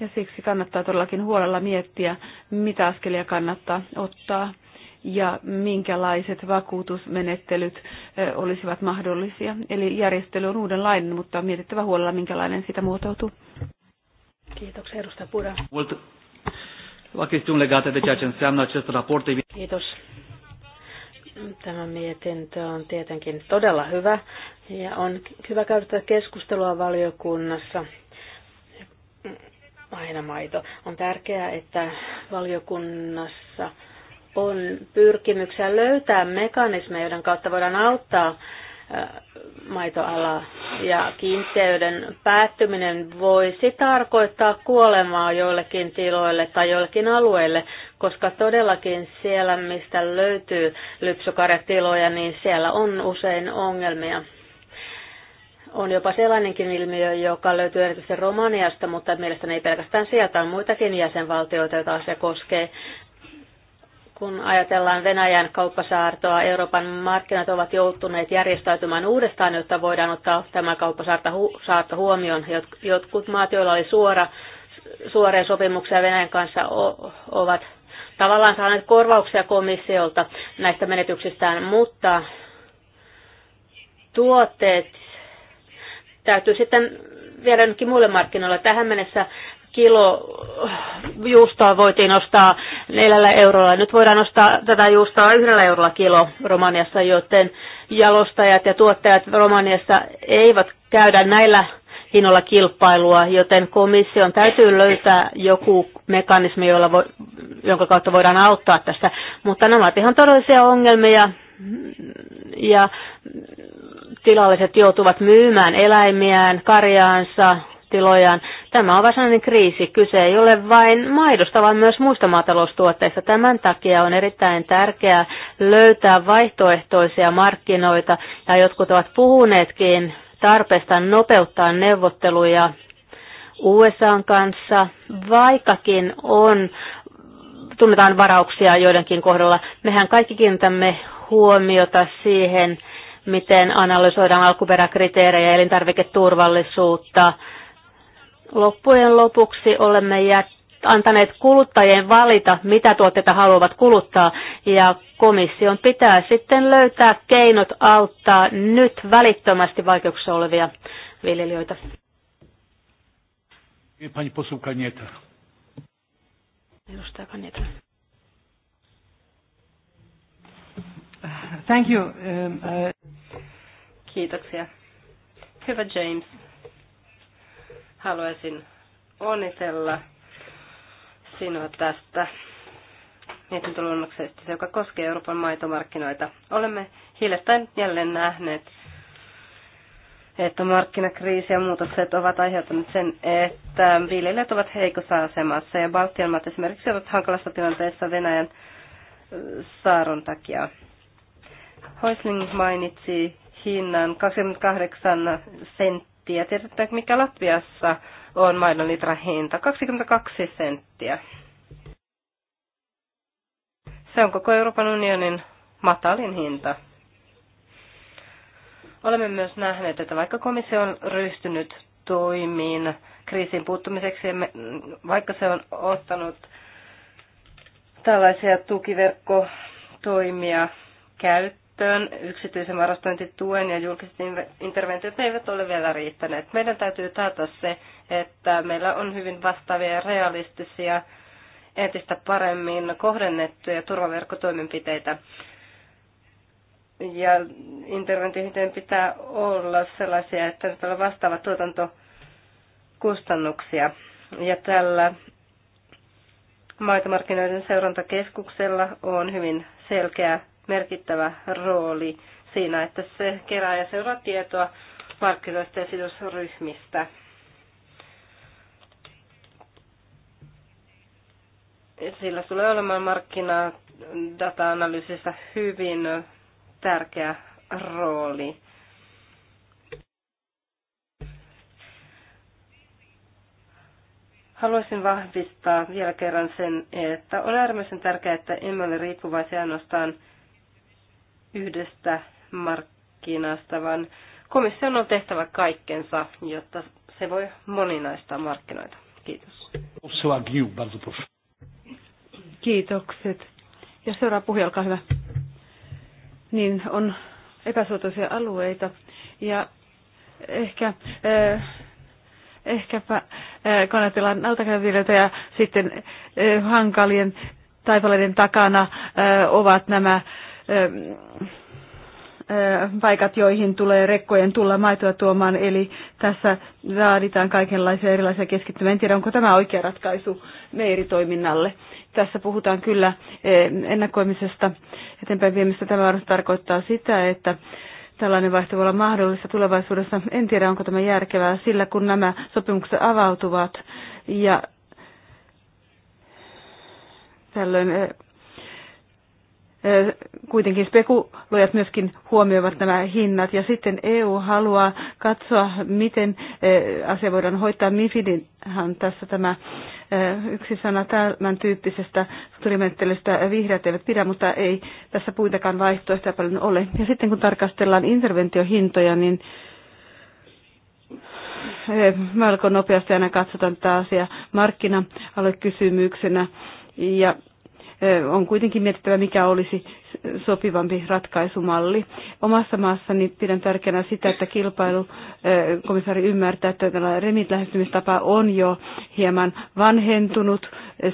Ja siksi kannattaa todellakin huolella miettiä, mitä askelia kannattaa ottaa ja minkälaiset vakuutusmenettelyt olisivat mahdollisia. Eli järjestely on uudenlainen, mutta on mietittävä huolella, minkälainen sitä muotoutuu. Kiitoksia, edustaja Pura la chestiuni legate de ceea ce înseamnă acest raport. Kiitos. Tämä mietintö on tietenkin todella hyvä ja on hyvä käydä keskustelua valiokunnassa. Aina maito. On tärkeää, että valiokunnassa on pyrkimyksiä löytää mekanismeja, joiden kautta voidaan auttaa maitoala Ja kiinteyden päättyminen voisi tarkoittaa kuolemaa joillekin tiloille tai joillekin alueille, koska todellakin siellä, mistä löytyy lypsykarjatiloja, niin siellä on usein ongelmia. On jopa sellainenkin ilmiö, joka löytyy erityisesti Romaniasta, mutta mielestäni ei pelkästään sieltä, on muitakin jäsenvaltioita, joita asia koskee kun ajatellaan Venäjän kauppasaartoa, Euroopan markkinat ovat joutuneet järjestäytymään uudestaan, jotta voidaan ottaa tämä kauppasaarto huomioon. Jotkut maat, joilla oli suora, suoria sopimuksia Venäjän kanssa, ovat tavallaan saaneet korvauksia komissiolta näistä menetyksistään, mutta tuotteet täytyy sitten viedä muille markkinoille. Tähän mennessä kilo juustoa voitiin ostaa neljällä eurolla. Nyt voidaan ostaa tätä juustoa yhdellä eurolla kilo Romaniassa, joten jalostajat ja tuottajat Romaniassa eivät käydä näillä hinnoilla kilpailua, joten komission täytyy löytää joku mekanismi, jolla voi, jonka kautta voidaan auttaa tässä. Mutta nämä ovat ihan todellisia ongelmia ja tilalliset joutuvat myymään eläimiään, karjaansa, tilojaan. Tämä on varsinainen kriisi. Kyse ei ole vain maidosta, vaan myös muista maataloustuotteista. Tämän takia on erittäin tärkeää löytää vaihtoehtoisia markkinoita, ja jotkut ovat puhuneetkin tarpeesta nopeuttaa neuvotteluja USAn kanssa, vaikkakin on tunnetaan varauksia joidenkin kohdalla. Mehän kaikki kiinnitämme huomiota siihen, miten analysoidaan alkuperäkriteerejä, elintarviketurvallisuutta, Loppujen lopuksi olemme jättäneet antaneet kuluttajien valita, mitä tuotteita haluavat kuluttaa, ja komission pitää sitten löytää keinot auttaa nyt välittömästi vaikeuksissa olevia viljelijöitä. Pani poseł Kanieta. Edustaja Kanieta. Thank you. Um, uh, Kiitoksia. Hyvä James Haluaisin onnitella sinua tästä mietintöluonnoksesta, joka koskee Euroopan maitomarkkinoita. Olemme hiljattain jälleen nähneet, että markkinakriisi ja muutokset ovat aiheuttaneet sen, että viljelijät ovat heikossa asemassa ja Baltian maat esimerkiksi ovat hankalassa tilanteessa Venäjän saaron takia. Hoisling mainitsi hinnan 28 senttiä senttiä. Tiedättekö, mikä Latviassa on maidon litra hinta? 22 senttiä. Se on koko Euroopan unionin matalin hinta. Olemme myös nähneet, että vaikka komissio on ryhtynyt toimiin kriisin puuttumiseksi, vaikka se on ottanut tällaisia tukiverkkotoimia käyttöön, käyttöön. Yksityisen varastointituen ja julkiset interventiot eivät ole vielä riittäneet. Meidän täytyy taata se, että meillä on hyvin vastaavia ja realistisia, entistä paremmin kohdennettuja turvaverkkotoimenpiteitä. Ja interventioiden pitää olla sellaisia, että nyt on vastaava tuotantokustannuksia. Ja tällä maitomarkkinoiden seurantakeskuksella on hyvin selkeä merkittävä rooli siinä, että se kerää ja seuraa tietoa markkinoista ja sidosryhmistä. Sillä tulee olemaan markkinadata-analyysissä hyvin tärkeä rooli. Haluaisin vahvistaa vielä kerran sen, että on äärimmäisen tärkeää, että emme ole riippuvaisia ainoastaan yhdestä markkinasta, vaan komission on tehtävä kaikkensa, jotta se voi moninaistaa markkinoita. Kiitos. Kiitokset. Ja seuraava puhe, olkaa hyvä. Niin, on epäsuotoisia alueita ja ehkä... Eh, ehkäpä eh, kannatellaan nautakäyviljelijöitä ja sitten eh, hankalien taipaleiden takana eh, ovat nämä Ähm, äh, paikat, joihin tulee rekkojen tulla maitoa tuomaan, eli tässä vaaditaan kaikenlaisia erilaisia keskittymiä. En tiedä, onko tämä oikea ratkaisu meiritoiminnalle. Tässä puhutaan kyllä äh, ennakoimisesta eteenpäin viemistä. Tämä varmasti tarkoittaa sitä, että tällainen vaihto voi olla mahdollista tulevaisuudessa. En tiedä, onko tämä järkevää, sillä kun nämä sopimukset avautuvat ja tällöin äh, kuitenkin spekuloijat myöskin huomioivat nämä hinnat. Ja sitten EU haluaa katsoa, miten asia voidaan hoitaa. Mifidinhan tässä tämä yksi sana tämän tyyppisestä tulimenettelystä vihreät eivät pidä, mutta ei tässä puitakaan vaihtoehtoja paljon ole. Ja sitten kun tarkastellaan interventiohintoja, niin melko nopeasti aina katsotaan tätä asiaa markkina-alekysymyksenä. Ja on kuitenkin mietittävä, mikä olisi sopivampi ratkaisumalli. Omassa maassani pidän tärkeänä sitä, että kilpailukomissaari ymmärtää, että tällä remit lähestymistapa on jo hieman vanhentunut.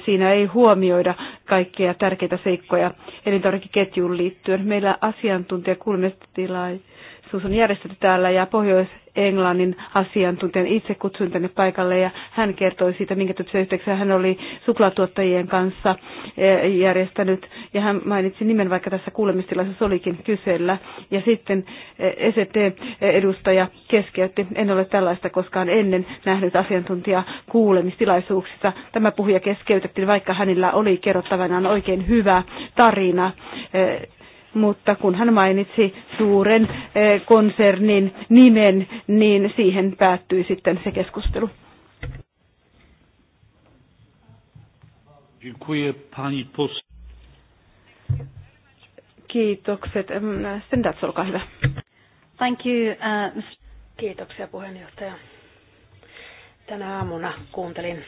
Siinä ei huomioida kaikkia tärkeitä seikkoja elintarvikeketjuun liittyen. Meillä asiantuntijakuulemistilaisuus tilaisuus on järjestetty täällä ja Pohjois-Englannin asiantuntijan itse kutsuin tänne paikalle ja hän kertoi siitä, minkä tyyppisen yhteyksiä hän oli suklaatuottajien kanssa eh, järjestänyt ja hän mainitsi nimen, vaikka tässä kuulemistilaisessa olikin kysellä. Ja sitten eh, SED-edustaja keskeytti, en ole tällaista koskaan ennen nähnyt asiantuntijaa kuulemistilaisuuksissa. Tämä puhuja keskeytettiin, vaikka hänellä oli kerrottavanaan oikein hyvä tarina eh, mutta kun hän mainitsi suuren eh, konsernin nimen, niin siihen päättyi sitten se keskustelu. Kiitokset. Sen Dats, olkaa hyvä. Thank you. Uh, Kiitoksia puheenjohtaja. Tänä aamuna kuuntelin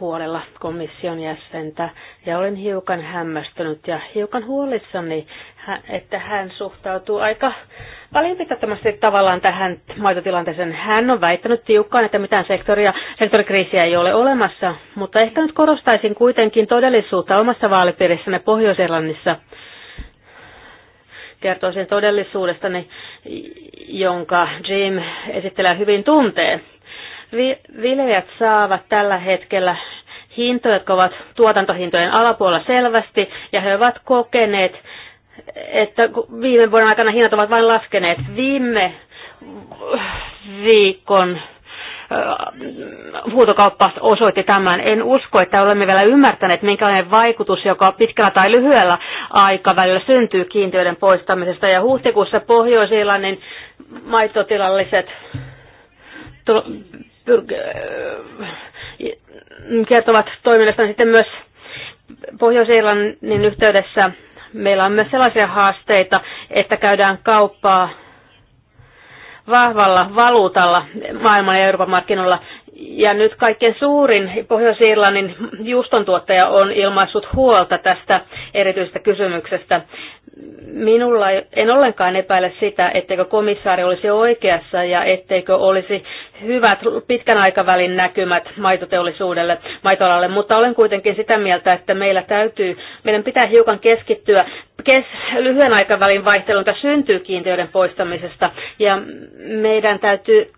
huolella komission jäsentä ja olen hiukan hämmästynyt ja hiukan huolissani, että hän suhtautuu aika valinpitattomasti tavallaan tähän maitotilanteeseen. Hän on väittänyt tiukkaan, että mitään sektoria, sektorikriisiä ei ole olemassa, mutta ehkä nyt korostaisin kuitenkin todellisuutta omassa vaalipiirissäni Pohjois-Irlannissa. Kertoisin todellisuudestani, jonka Jim esittelee hyvin tuntee Viljelijät saavat tällä hetkellä hintoja, jotka ovat tuotantohintojen alapuolella selvästi, ja he ovat kokeneet, että viime vuoden aikana hinnat ovat vain laskeneet. Viime viikon äh, huutokauppa osoitti tämän. En usko, että olemme vielä ymmärtäneet, minkälainen vaikutus, joka pitkällä tai lyhyellä aikavälillä syntyy kiintiöiden poistamisesta. Ja huhtikuussa Pohjois-Irlannin maitotilalliset Äh, kertovat toiminnastaan sitten myös Pohjois-Irlannin yhteydessä meillä on myös sellaisia haasteita, että käydään kauppaa vahvalla valuutalla maailman ja Euroopan markkinoilla. Ja nyt kaikkein suurin Pohjois-Irlannin juuston tuottaja on ilmaissut huolta tästä erityisestä kysymyksestä minulla en ollenkaan epäile sitä, etteikö komissaari olisi oikeassa ja etteikö olisi hyvät pitkän aikavälin näkymät maitoteollisuudelle, maitoalalle, mutta olen kuitenkin sitä mieltä, että meillä täytyy, meidän pitää hiukan keskittyä kes, lyhyen aikavälin vaihteluun, jota syntyy kiintiöiden poistamisesta ja meidän täytyy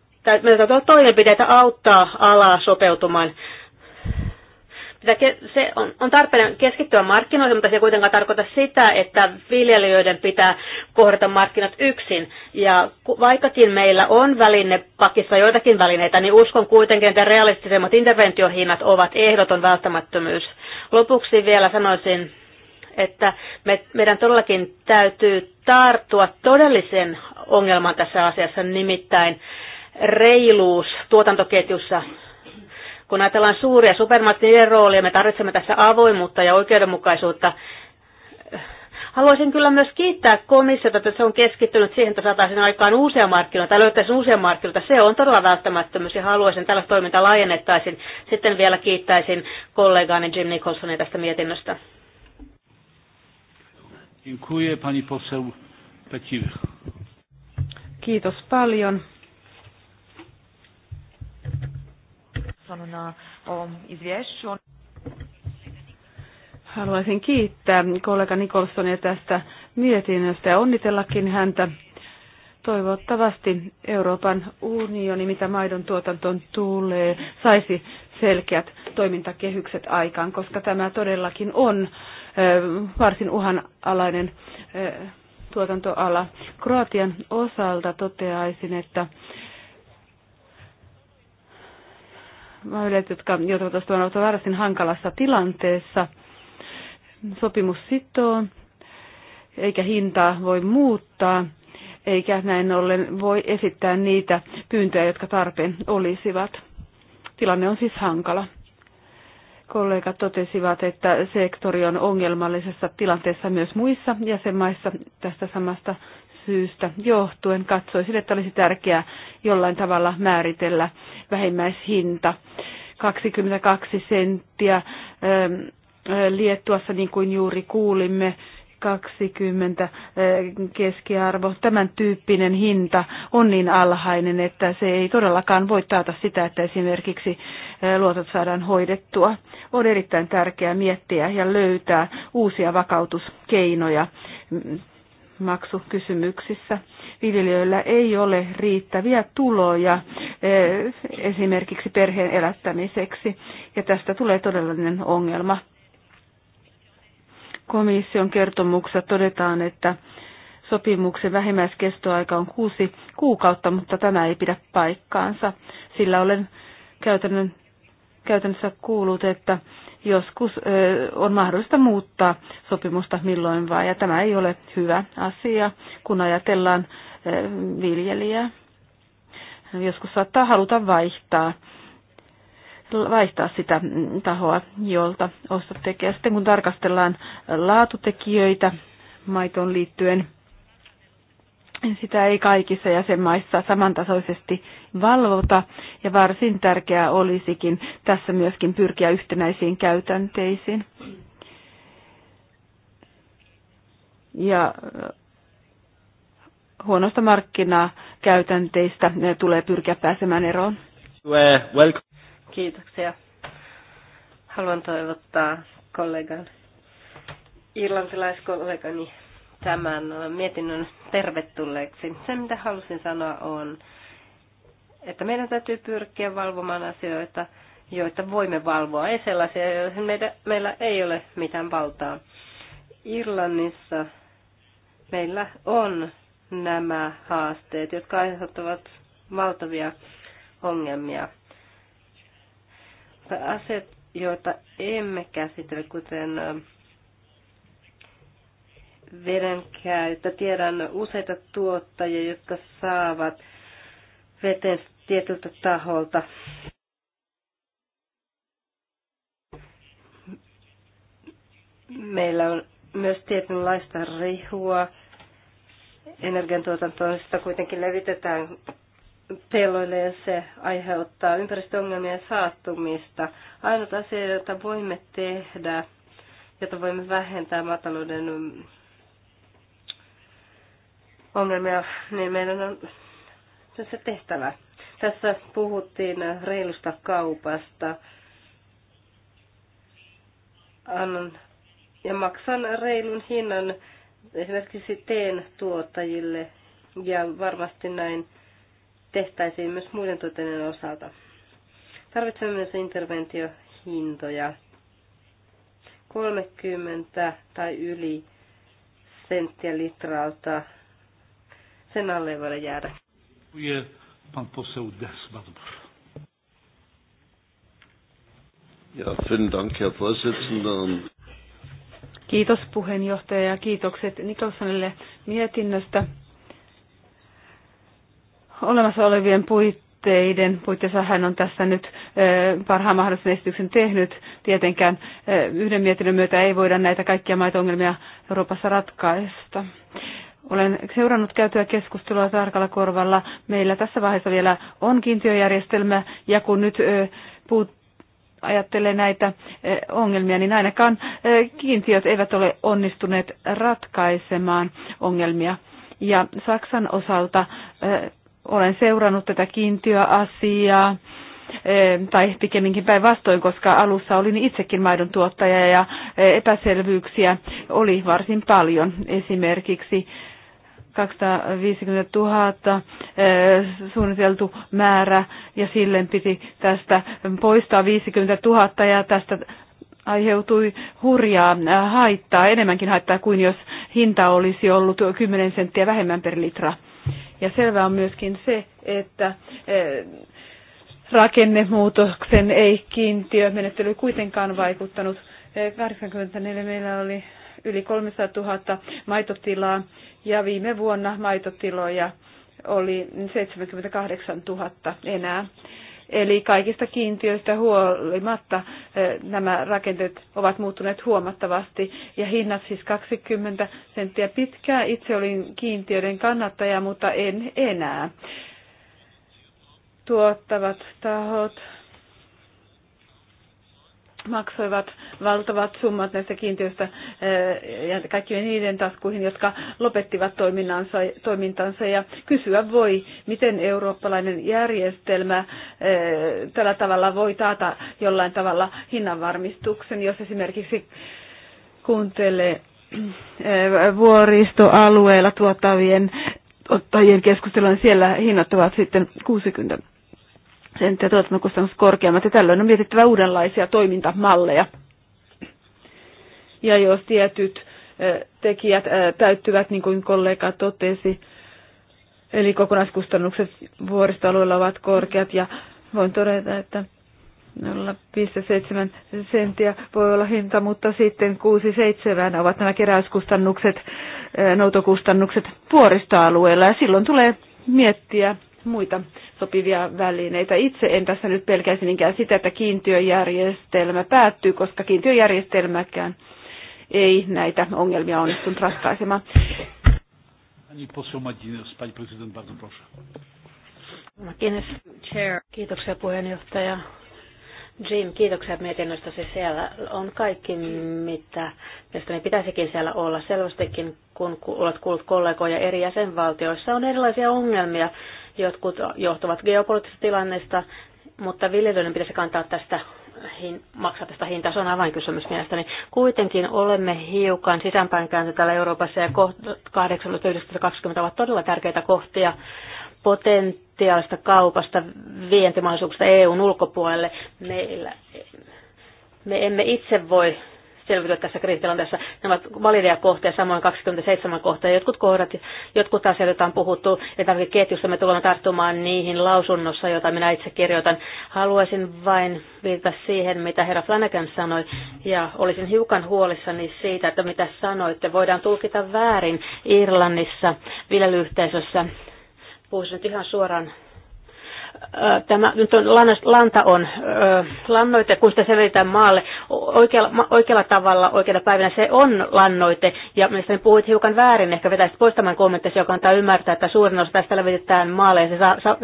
meidän täytyy olla toimenpiteitä auttaa alaa sopeutumaan se on, on tarpeen keskittyä markkinoihin, mutta se ei kuitenkaan tarkoita sitä, että viljelijöiden pitää kohdata markkinat yksin. Ja vaikkakin meillä on väline pakissa joitakin välineitä, niin uskon kuitenkin, että realistisemmat interventiohinnat ovat ehdoton välttämättömyys. Lopuksi vielä sanoisin, että me, meidän todellakin täytyy tarttua todellisen ongelman tässä asiassa, nimittäin reiluus tuotantoketjussa kun ajatellaan suuria supermarkkinoiden roolia, me tarvitsemme tässä avoimuutta ja oikeudenmukaisuutta. Haluaisin kyllä myös kiittää komissiota, että se on keskittynyt siihen, että saataisiin aikaan uusia markkinoita tai löytäisiin uusia markkinoita. Se on todella välttämättömyys ja haluaisin tällaista toimintaa laajennettaisiin. Sitten vielä kiittäisin kollegaani Jim Nicholsonia tästä mietinnöstä. pani Kiitos paljon. Johanssonu na ovom izvješću. Haluaisin kiittää kollega Nikolsonia tästä mietinnöstä ja onnitellakin häntä. Toivottavasti Euroopan unioni, mitä maidon tuotantoon tulee, saisi selkeät toimintakehykset aikaan, koska tämä todellakin on varsin uhanalainen tuotantoala. Kroatian osalta toteaisin, että väylät, jotka joutuvat ostamaan autoa varsin hankalassa tilanteessa. Sopimus sitoo, eikä hintaa voi muuttaa, eikä näin ollen voi esittää niitä pyyntöjä, jotka tarpeen olisivat. Tilanne on siis hankala kollegat totesivat, että sektori on ongelmallisessa tilanteessa myös muissa jäsenmaissa tästä samasta syystä johtuen sille, että olisi tärkeää jollain tavalla määritellä vähimmäishinta. 22 senttiä ähm, äh, Liettuassa, niin kuin juuri kuulimme, 20 äh, keskiarvo. Tämän tyyppinen hinta on niin alhainen, että se ei todellakaan voi taata sitä, että esimerkiksi äh, luotot saadaan hoidettua. On erittäin tärkeää miettiä ja löytää uusia vakautuskeinoja mm, maksukysymyksissä. Viljelijöillä ei ole riittäviä tuloja eh, esimerkiksi perheen elättämiseksi, ja tästä tulee todellinen ongelma. Komission kertomuksessa todetaan, että sopimuksen vähimmäiskestoaika on kuusi kuukautta, mutta tämä ei pidä paikkaansa, sillä olen käytännössä kuullut, että joskus on mahdollista muuttaa sopimusta milloin vaan, ja tämä ei ole hyvä asia, kun ajatellaan viljelijää. Joskus saattaa haluta vaihtaa vaihtaa sitä tahoa, jolta ostot tekee. Sitten kun tarkastellaan laatutekijöitä maitoon liittyen, sitä ei kaikissa jäsenmaissa samantasoisesti valvota ja varsin tärkeää olisikin tässä myöskin pyrkiä yhtenäisiin käytänteisiin. Ja äh, huonosta markkinakäytänteistä äh, tulee pyrkiä pääsemään eroon. Kiitoksia. Haluan toivottaa kollegan, irlantilaiskollegani tämän mietinnön tervetulleeksi. Se, mitä halusin sanoa, on, että meidän täytyy pyrkiä valvomaan asioita, joita voimme valvoa, ei sellaisia, joihin meillä ei ole mitään valtaa. Irlannissa meillä on nämä haasteet, jotka aiheuttavat valtavia ongelmia. Asiat, joita emme käsitele, kuten vedenkäyttö. Tiedän useita tuottajia, jotka saavat veten tietyltä taholta. Meillä on myös tietynlaista rihua. Energiantuotantoon sitä kuitenkin levitetään pelloille ja se aiheuttaa ympäristöongelmia ja saattumista. Ainut asia, jota voimme tehdä, jota voimme vähentää maatalouden ongelmia, niin meidän on tässä tehtävä. Tässä puhuttiin reilusta kaupasta. Annan ja maksan reilun hinnan esimerkiksi teen tuottajille ja varmasti näin tehtäisiin myös muiden tuotteiden osalta. Tarvitsemme myös interventiohintoja 30 tai yli senttiä litralta sen alle ei voida jäädä. Ja, vielen Dank, Herr Kiitos puheenjohtaja ja kiitokset Nikolsonille mietinnöstä. Olemassa olevien puitteiden puitteissa hän on tässä nyt parhaan mahdollisen esityksen tehnyt. Tietenkään yhden mietinnön myötä ei voida näitä kaikkia maita ongelmia Euroopassa ratkaista. Olen seurannut käytyä keskustelua tarkalla korvalla. Meillä tässä vaiheessa vielä on kiintiöjärjestelmä, ja kun nyt puut, ajattelee näitä ongelmia, niin ainakaan kiintiöt eivät ole onnistuneet ratkaisemaan ongelmia. Ja Saksan osalta olen seurannut tätä kiintiöasiaa, tai pikemminkin päinvastoin, koska alussa olin itsekin maidon tuottaja ja epäselvyyksiä oli varsin paljon. Esimerkiksi 250 000 eh, suunniteltu määrä ja sille piti tästä poistaa 50 000 ja tästä aiheutui hurjaa eh, haittaa, enemmänkin haittaa kuin jos hinta olisi ollut 10 senttiä vähemmän per litra. Ja selvää on myöskin se, että eh, rakennemuutoksen ei kiintiömenettely kuitenkaan vaikuttanut. 84 meillä oli yli 300 000 maitotilaa ja viime vuonna maitotiloja oli 78 000 enää. Eli kaikista kiintiöistä huolimatta eh, nämä rakenteet ovat muuttuneet huomattavasti ja hinnat siis 20 senttiä pitkään. Itse olin kiintiöiden kannattaja, mutta en enää. Tuottavat tahot maksoivat valtavat summat näistä kiintiöistä eh, ja kaikkien niiden taskuihin, jotka lopettivat toimintansa, toimintansa. Ja kysyä voi, miten eurooppalainen järjestelmä eh, tällä tavalla voi taata jollain tavalla hinnanvarmistuksen, jos esimerkiksi kuuntelee eh, vuoristoalueilla tuottavien ottajien keskustelun, niin siellä hinnat ovat sitten 60 sen tuotantokustannus korkeammat, ja tällöin on mietittävä uudenlaisia toimintamalleja. Ja jos tietyt tekijät täyttyvät, niin kuin kollega totesi, eli kokonaiskustannukset vuoristoalueella ovat korkeat, ja voin todeta, että 0,7 senttiä voi olla hinta, mutta sitten 6,7 ovat nämä keräyskustannukset, noutokustannukset vuoristoalueella ja silloin tulee miettiä muita sopivia välineitä. Itse en tässä nyt pelkäisi niinkään sitä, että kiintiöjärjestelmä päättyy, koska kiintiöjärjestelmäkään ei näitä ongelmia onnistunut ratkaisemaan. Kiitoksia puheenjohtaja. Jim, kiitoksia mietinnöstäsi. Siellä on kaikki, mitä mielestäni pitäisikin siellä olla. Selvästikin, kun olet kuullut kollegoja eri jäsenvaltioissa, on erilaisia ongelmia, Jotkut johtuvat geopoliittisesta tilanneesta, mutta viljelijöiden pitäisi kantaa tästä maksaa tästä hintaa, se on avainkysymys mielestäni. Kuitenkin olemme hiukan sisäänpäin kääntä täällä Euroopassa ja 18-20 ovat todella tärkeitä kohtia potentiaalista kaupasta, vientimahdollisuuksista EUn ulkopuolelle. Meillä, me emme itse voi selvitä tässä kriisitilanteessa. Ne ovat valideja kohteja, samoin 27 kohtaa. Jotkut kohdat, jotkut asiat, joita on puhuttu, ja ketjussa me tulemme tarttumaan niihin lausunnossa, jota minä itse kirjoitan. Haluaisin vain viitata siihen, mitä herra Flanagan sanoi, ja olisin hiukan huolissani siitä, että mitä sanoitte. Voidaan tulkita väärin Irlannissa viljelyyhteisössä. Puhuisin nyt ihan suoraan tämä, nyt on, lanta on lannoite, kun sitä selitetään maalle oikealla, oikealla tavalla, oikealla päivänä se on lannoite. Ja mielestäni puhuit hiukan väärin, ehkä vetäisit pois tämän kommenttisi, joka antaa ymmärtää, että suurin osa tästä levitetään maalle ja se sa, sa,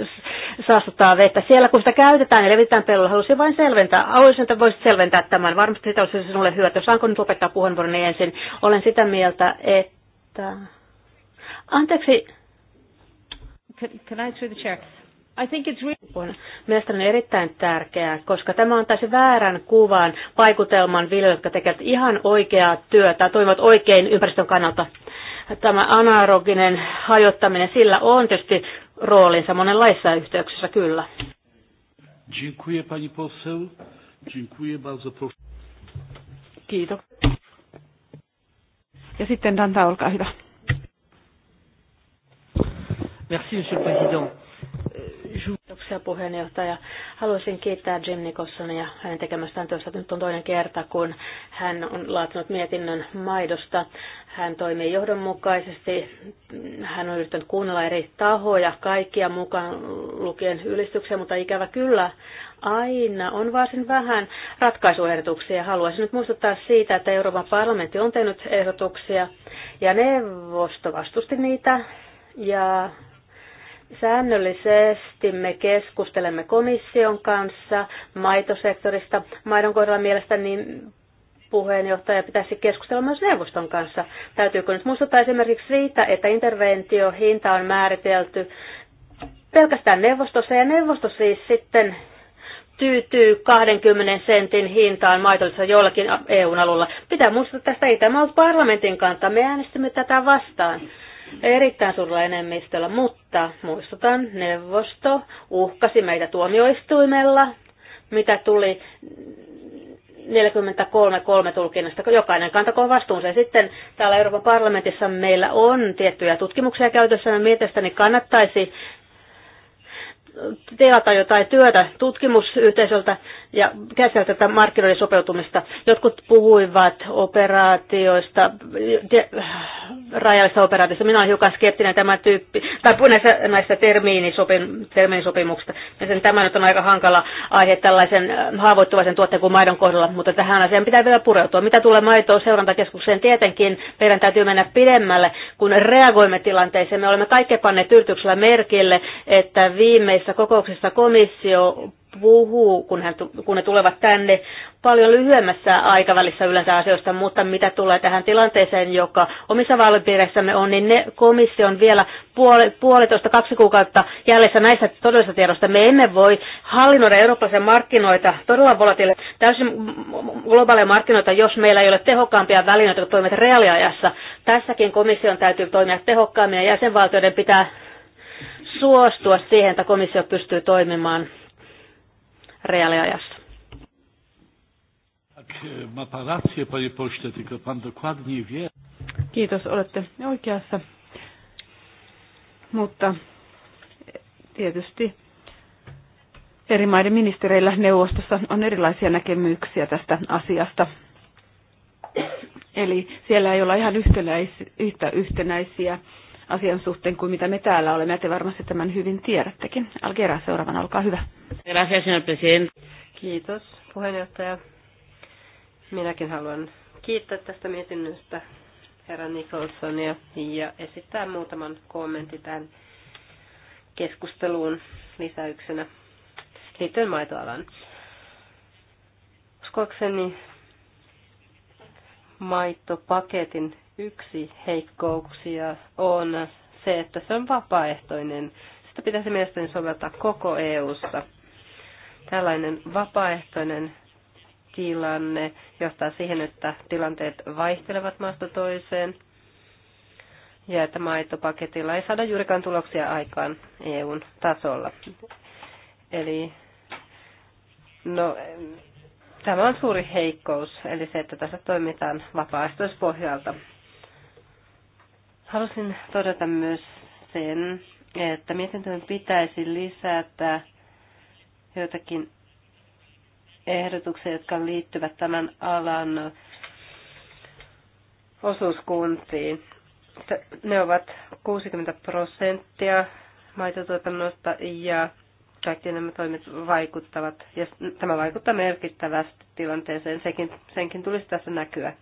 saastuttaa vettä. Siellä kun sitä käytetään ja niin levitetään pellolla, halusin vain selventää. Haluaisin, että voisit selventää tämän. Varmasti sitä olisi sinulle että Saanko nyt lopettaa puheenvuoroni ensin? Olen sitä mieltä, että... Anteeksi, can, can I through the chair? I think it's really... Mielestäni on erittäin tärkeää, koska tämä on täysin väärän kuvan, vaikutelman viljelijöille, jotka tekevät ihan oikeaa työtä, toimivat oikein ympäristön kannalta. Tämä anaeroginen hajottaminen, sillä on tietysti roolinsa monenlaisissa yhteyksissä, kyllä. Dziękuję pani poseł. Dziękuję bardzo proszę. Kiitos. Ja sitten Danta, olkaa hyvä. Merci, monsieur le président euh, Kiitoksia puheenjohtaja. Haluaisin kiittää Jim Nicholsonia ja hänen tekemästään työstä. Nyt on toinen kerta, kun hän on laatinut mietinnön maidosta. Hän toimii johdonmukaisesti. Hän on yrittänyt kuunnella eri tahoja, kaikkia mukaan lukien ylistyksiä, mutta ikävä kyllä aina on varsin vähän ratkaisuehdotuksia. Haluaisin nyt muistuttaa siitä, että Euroopan parlamentti on tehnyt ehdotuksia ja neuvosto vastusti niitä ja Säännöllisesti me keskustelemme komission kanssa maitosektorista. Maidon kohdalla mielestäni niin puheenjohtaja pitäisi keskustella myös neuvoston kanssa. Täytyykö nyt muistuttaa esimerkiksi siitä, että interventiohinta on määritelty pelkästään neuvostossa, ja neuvosto siis sitten tyytyy 20 sentin hintaan maitolissa jollakin eu alulla. Pitää muistaa tästä ei parlamentin kantaa. me äänestimme tätä vastaan erittäin suurella enemmistöllä, mutta muistutan, neuvosto uhkasi meitä tuomioistuimella, mitä tuli 43.3 tulkinnasta. Jokainen kantakoon vastuunsa. Ja sitten täällä Euroopan parlamentissa meillä on tiettyjä tutkimuksia käytössä. Ja mielestäni kannattaisi tilata jotain työtä tutkimusyhteisöltä ja käsitellä tätä markkinoiden sopeutumista. Jotkut puhuivat operaatioista, rajallisista operaatioista. Minä olen hiukan skeptinen tämä tyyppi, tai näistä, näistä termiinisopim, termiinisopimuksista. Sen tämä nyt on aika hankala aihe tällaisen äh, haavoittuvaisen tuotteen kuin maidon kohdalla, mutta tähän asiaan pitää vielä pureutua. Mitä tulee maitoon seurantakeskukseen, tietenkin meidän täytyy mennä pidemmälle, kun reagoimme tilanteeseen. Me olemme kaikki panneet yrityksellä merkille, että viimeisessä kokouksessa komissio puhuu, kun, hän, kun ne tulevat tänne paljon lyhyemmässä aikavälissä yleensä asioista, mutta mitä tulee tähän tilanteeseen, joka omissa vaalipiireissämme on, niin ne komissio on vielä puoli, puolitoista, kaksi kuukautta jäljessä näistä todellisista tiedosta. Me emme voi hallinnoida eurooppalaisia markkinoita todella volatiilisia, täysin globaaleja markkinoita, jos meillä ei ole tehokkaampia välineitä, jotka toimivat reaaliajassa. Tässäkin komission täytyy toimia tehokkaammin ja jäsenvaltioiden pitää suostua siihen, että komissio pystyy toimimaan reaaliajassa. E, Kiitos, olette oikeassa. Mutta e, tietysti eri maiden ministereillä neuvostossa on erilaisia näkemyksiä tästä asiasta. Eli siellä ei olla ihan yhtä yhtenäisiä asian suhteen kuin mitä me täällä olemme. Ja te varmasti tämän hyvin tiedättekin. Algera, seuraavana, olkaa hyvä. Kiitos, puheenjohtaja. Minäkin haluan kiittää tästä mietinnöstä herra Nicholsonia ja esittää muutaman kommentin tähän keskusteluun lisäyksenä liittyen maitoalan. Uskoakseni maitopaketin Yksi heikkouksia on se, että se on vapaaehtoinen. Sitä pitäisi mielestäni soveltaa koko EU-ssa. Tällainen vapaaehtoinen tilanne johtaa siihen, että tilanteet vaihtelevat maasta toiseen ja että maitopaketilla ei saada juurikaan tuloksia aikaan EUn tasolla. Eli no, tämä on suuri heikkous, eli se, että tässä toimitaan vapaaehtoispohjalta. Halusin todeta myös sen, että mietintöön pitäisi lisätä joitakin ehdotuksia, jotka liittyvät tämän alan osuuskuntiin. Ne ovat 60 prosenttia maitotuotannosta ja kaikki nämä toimet vaikuttavat, ja tämä vaikuttaa merkittävästi tilanteeseen, Senkin, senkin tulisi tässä näkyä.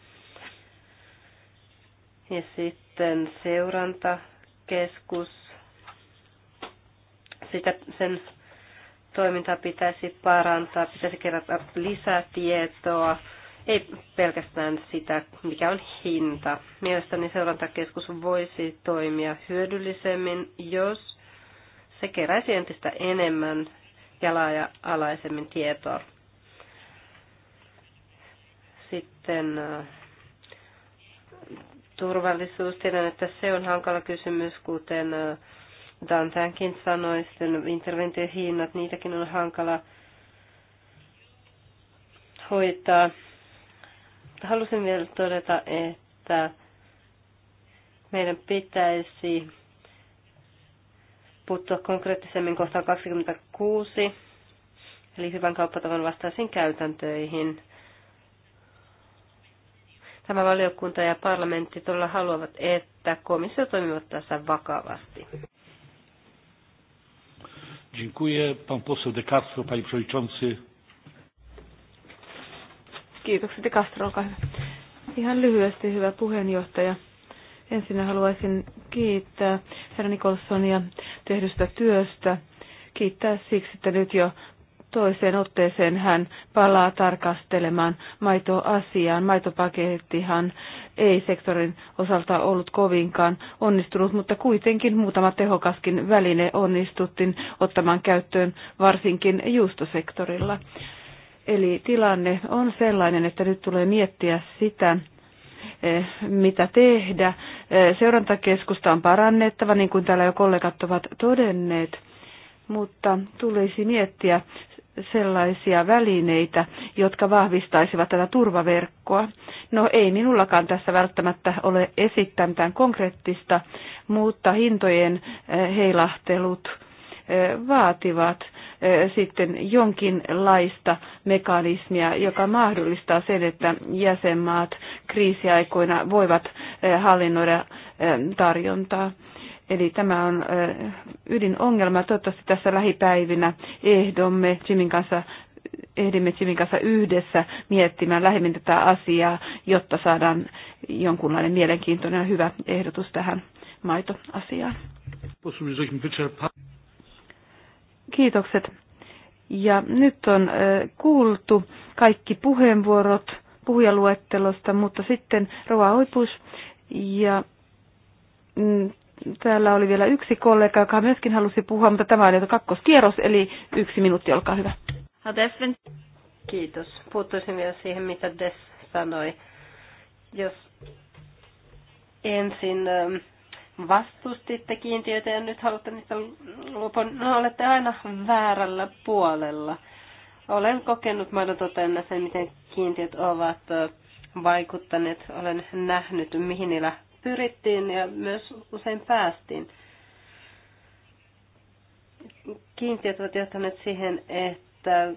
Ja sitten sitten seurantakeskus. Sitä, sen toiminta pitäisi parantaa, pitäisi kerätä lisää tietoa, ei pelkästään sitä, mikä on hinta. Mielestäni seurantakeskus voisi toimia hyödyllisemmin, jos se keräisi entistä enemmän ja laaja-alaisemmin tietoa. Sitten äh, turvallisuustilanne, että se on hankala kysymys, kuten Dantankin sanoi, sitten hinnat, niitäkin on hankala hoitaa. Halusin vielä todeta, että meidän pitäisi puuttua konkreettisemmin kohtaan 26, eli hyvän kauppatavan vastaisiin käytäntöihin. Tämä valiokunta ja parlamentti todella haluavat, että komissio toimivat tässä vakavasti. Dziękuję. Pan poseł De Castro, panie przewodniczący. Kiitos, De Castro, olkaa hyvä. Ihan lyhyesti, hyvä puheenjohtaja. Ensin haluaisin kiittää herra Nikolsonia tehdystä työstä. Kiittää siksi, että nyt jo toiseen otteeseen hän palaa tarkastelemaan maitoasiaan. Maitopakettihan ei sektorin osalta ollut kovinkaan onnistunut, mutta kuitenkin muutama tehokaskin väline onnistuttiin ottamaan käyttöön varsinkin juustosektorilla. Eli tilanne on sellainen, että nyt tulee miettiä sitä, eh, mitä tehdä. Eh, seurantakeskusta on parannettava, niin kuin täällä jo kollegat ovat todenneet mutta tulisi miettiä sellaisia välineitä, jotka vahvistaisivat tätä turvaverkkoa. No ei minullakaan tässä välttämättä ole esittää mitään konkreettista, mutta hintojen eh, heilahtelut eh, vaativat eh, sitten jonkinlaista mekanismia, joka mahdollistaa sen, että jäsenmaat kriisiaikoina voivat hallinnoida tarjontaa. Eli tämä on ydinongelma. Toivottavasti tässä lähipäivinä ehdomme Jimin kanssa ehdimme Jimin kanssa yhdessä miettimään lähemmin tätä asiaa, jotta saadaan jonkunlainen mielenkiintoinen ja hyvä ehdotus tähän maitoasiaan. Kiitokset. Ja nyt on kuultu kaikki puheenvuorot puhujaluettelosta, mutta sitten Rova Oipus ja mm, Täällä oli vielä yksi kollega, joka myöskin halusi puhua, mutta tämä on jo kakkoskierros, eli yksi minuutti, olkaa hyvä. Kiitos. Puuttuisin vielä siihen, mitä Des sanoi. Jos ensin ähm, vastustitte kiintiöitä ja nyt haluatte niistä lupon, no olette aina väärällä puolella. Olen kokenut maidontuottajana sen, miten kiintiöt ovat äh, vaikuttaneet. Olen nähnyt, mihin niillä pyrittiin ja myös usein päästiin. Kiintiöt ovat johtaneet siihen, että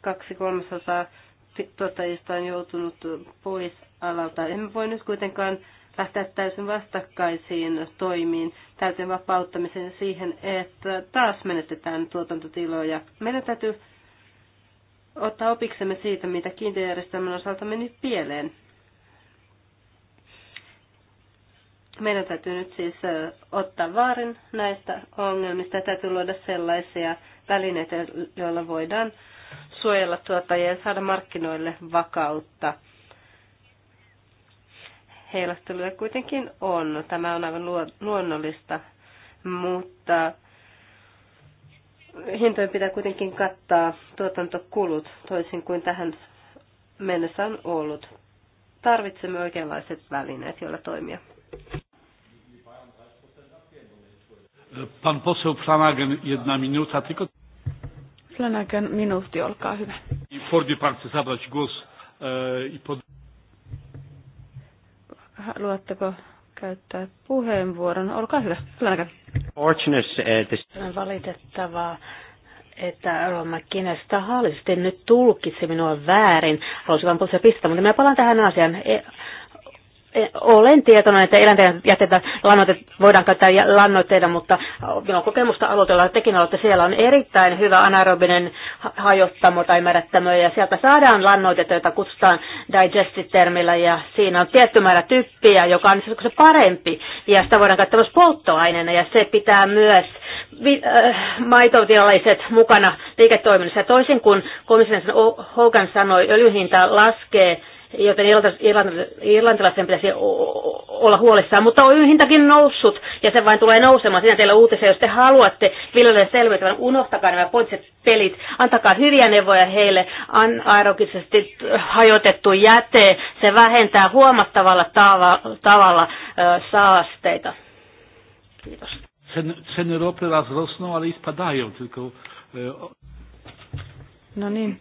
kaksi kolmasosaa tuottajista on joutunut pois alalta. Emme voi nyt kuitenkaan lähteä täysin vastakkaisiin toimiin, täyteen vapauttamiseen siihen, että taas menetetään tuotantotiloja. Meidän täytyy ottaa opiksemme siitä, mitä kiintiöjärjestelmän osalta meni pieleen. Meidän täytyy nyt siis ottaa vaarin näistä ongelmista ja täytyy luoda sellaisia välineitä, joilla voidaan suojella tuottajia ja saada markkinoille vakautta. Heilasteluja kuitenkin on. Tämä on aivan luonnollista, mutta hintojen pitää kuitenkin kattaa tuotantokulut toisin kuin tähän mennessä on ollut. Tarvitsemme oikeanlaiset välineet, joilla toimia. Pan poseł Flanagen, jedna minuta, tylko... Flanagan, minuutti, olkaa hyvä. Fordi Party zabrać głos e, i pod... Haluatteko käyttää puheenvuoron? Olkaa hyvä, Flanagan. Eh, On valitettavaa, että Roma Kinesta tahallisesti nyt tulkitsi minua väärin. Haluaisin vain puhua pistää, mutta minä palaan tähän asiaan. E- Eh, olen tietoinen, että eläinten jätettä lannoite, voidaan käyttää lannoitteina, mutta minulla on kokemusta aloitella, tekin aloitte, siellä on erittäin hyvä anaerobinen hajottamo tai määrättämö, ja sieltä saadaan lannoitetta, jota kutsutaan digestitermillä, termillä ja siinä on tietty määrä typpiä, joka on siis se parempi, ja sitä voidaan käyttää myös polttoaineena, ja se pitää myös vi- äh, mukana liiketoiminnassa. Ja toisin kuin komissio Hogan sanoi, öljyhinta laskee joten irlantilaisten pitäisi olla huolissaan. Mutta on hintakin noussut, ja se vain tulee nousemaan. Siinä teillä uutisia, jos te haluatte viljelijöille selviytyä, unohtakaa nämä poliittiset pelit. Antakaa hyviä neuvoja heille. anaerokisesti hajotettu jäte, se vähentää huomattavalla tava- tavalla ö, saasteita. Kiitos. Ceny ropy raz rosną, ale i spadają, tylko... E, no niin,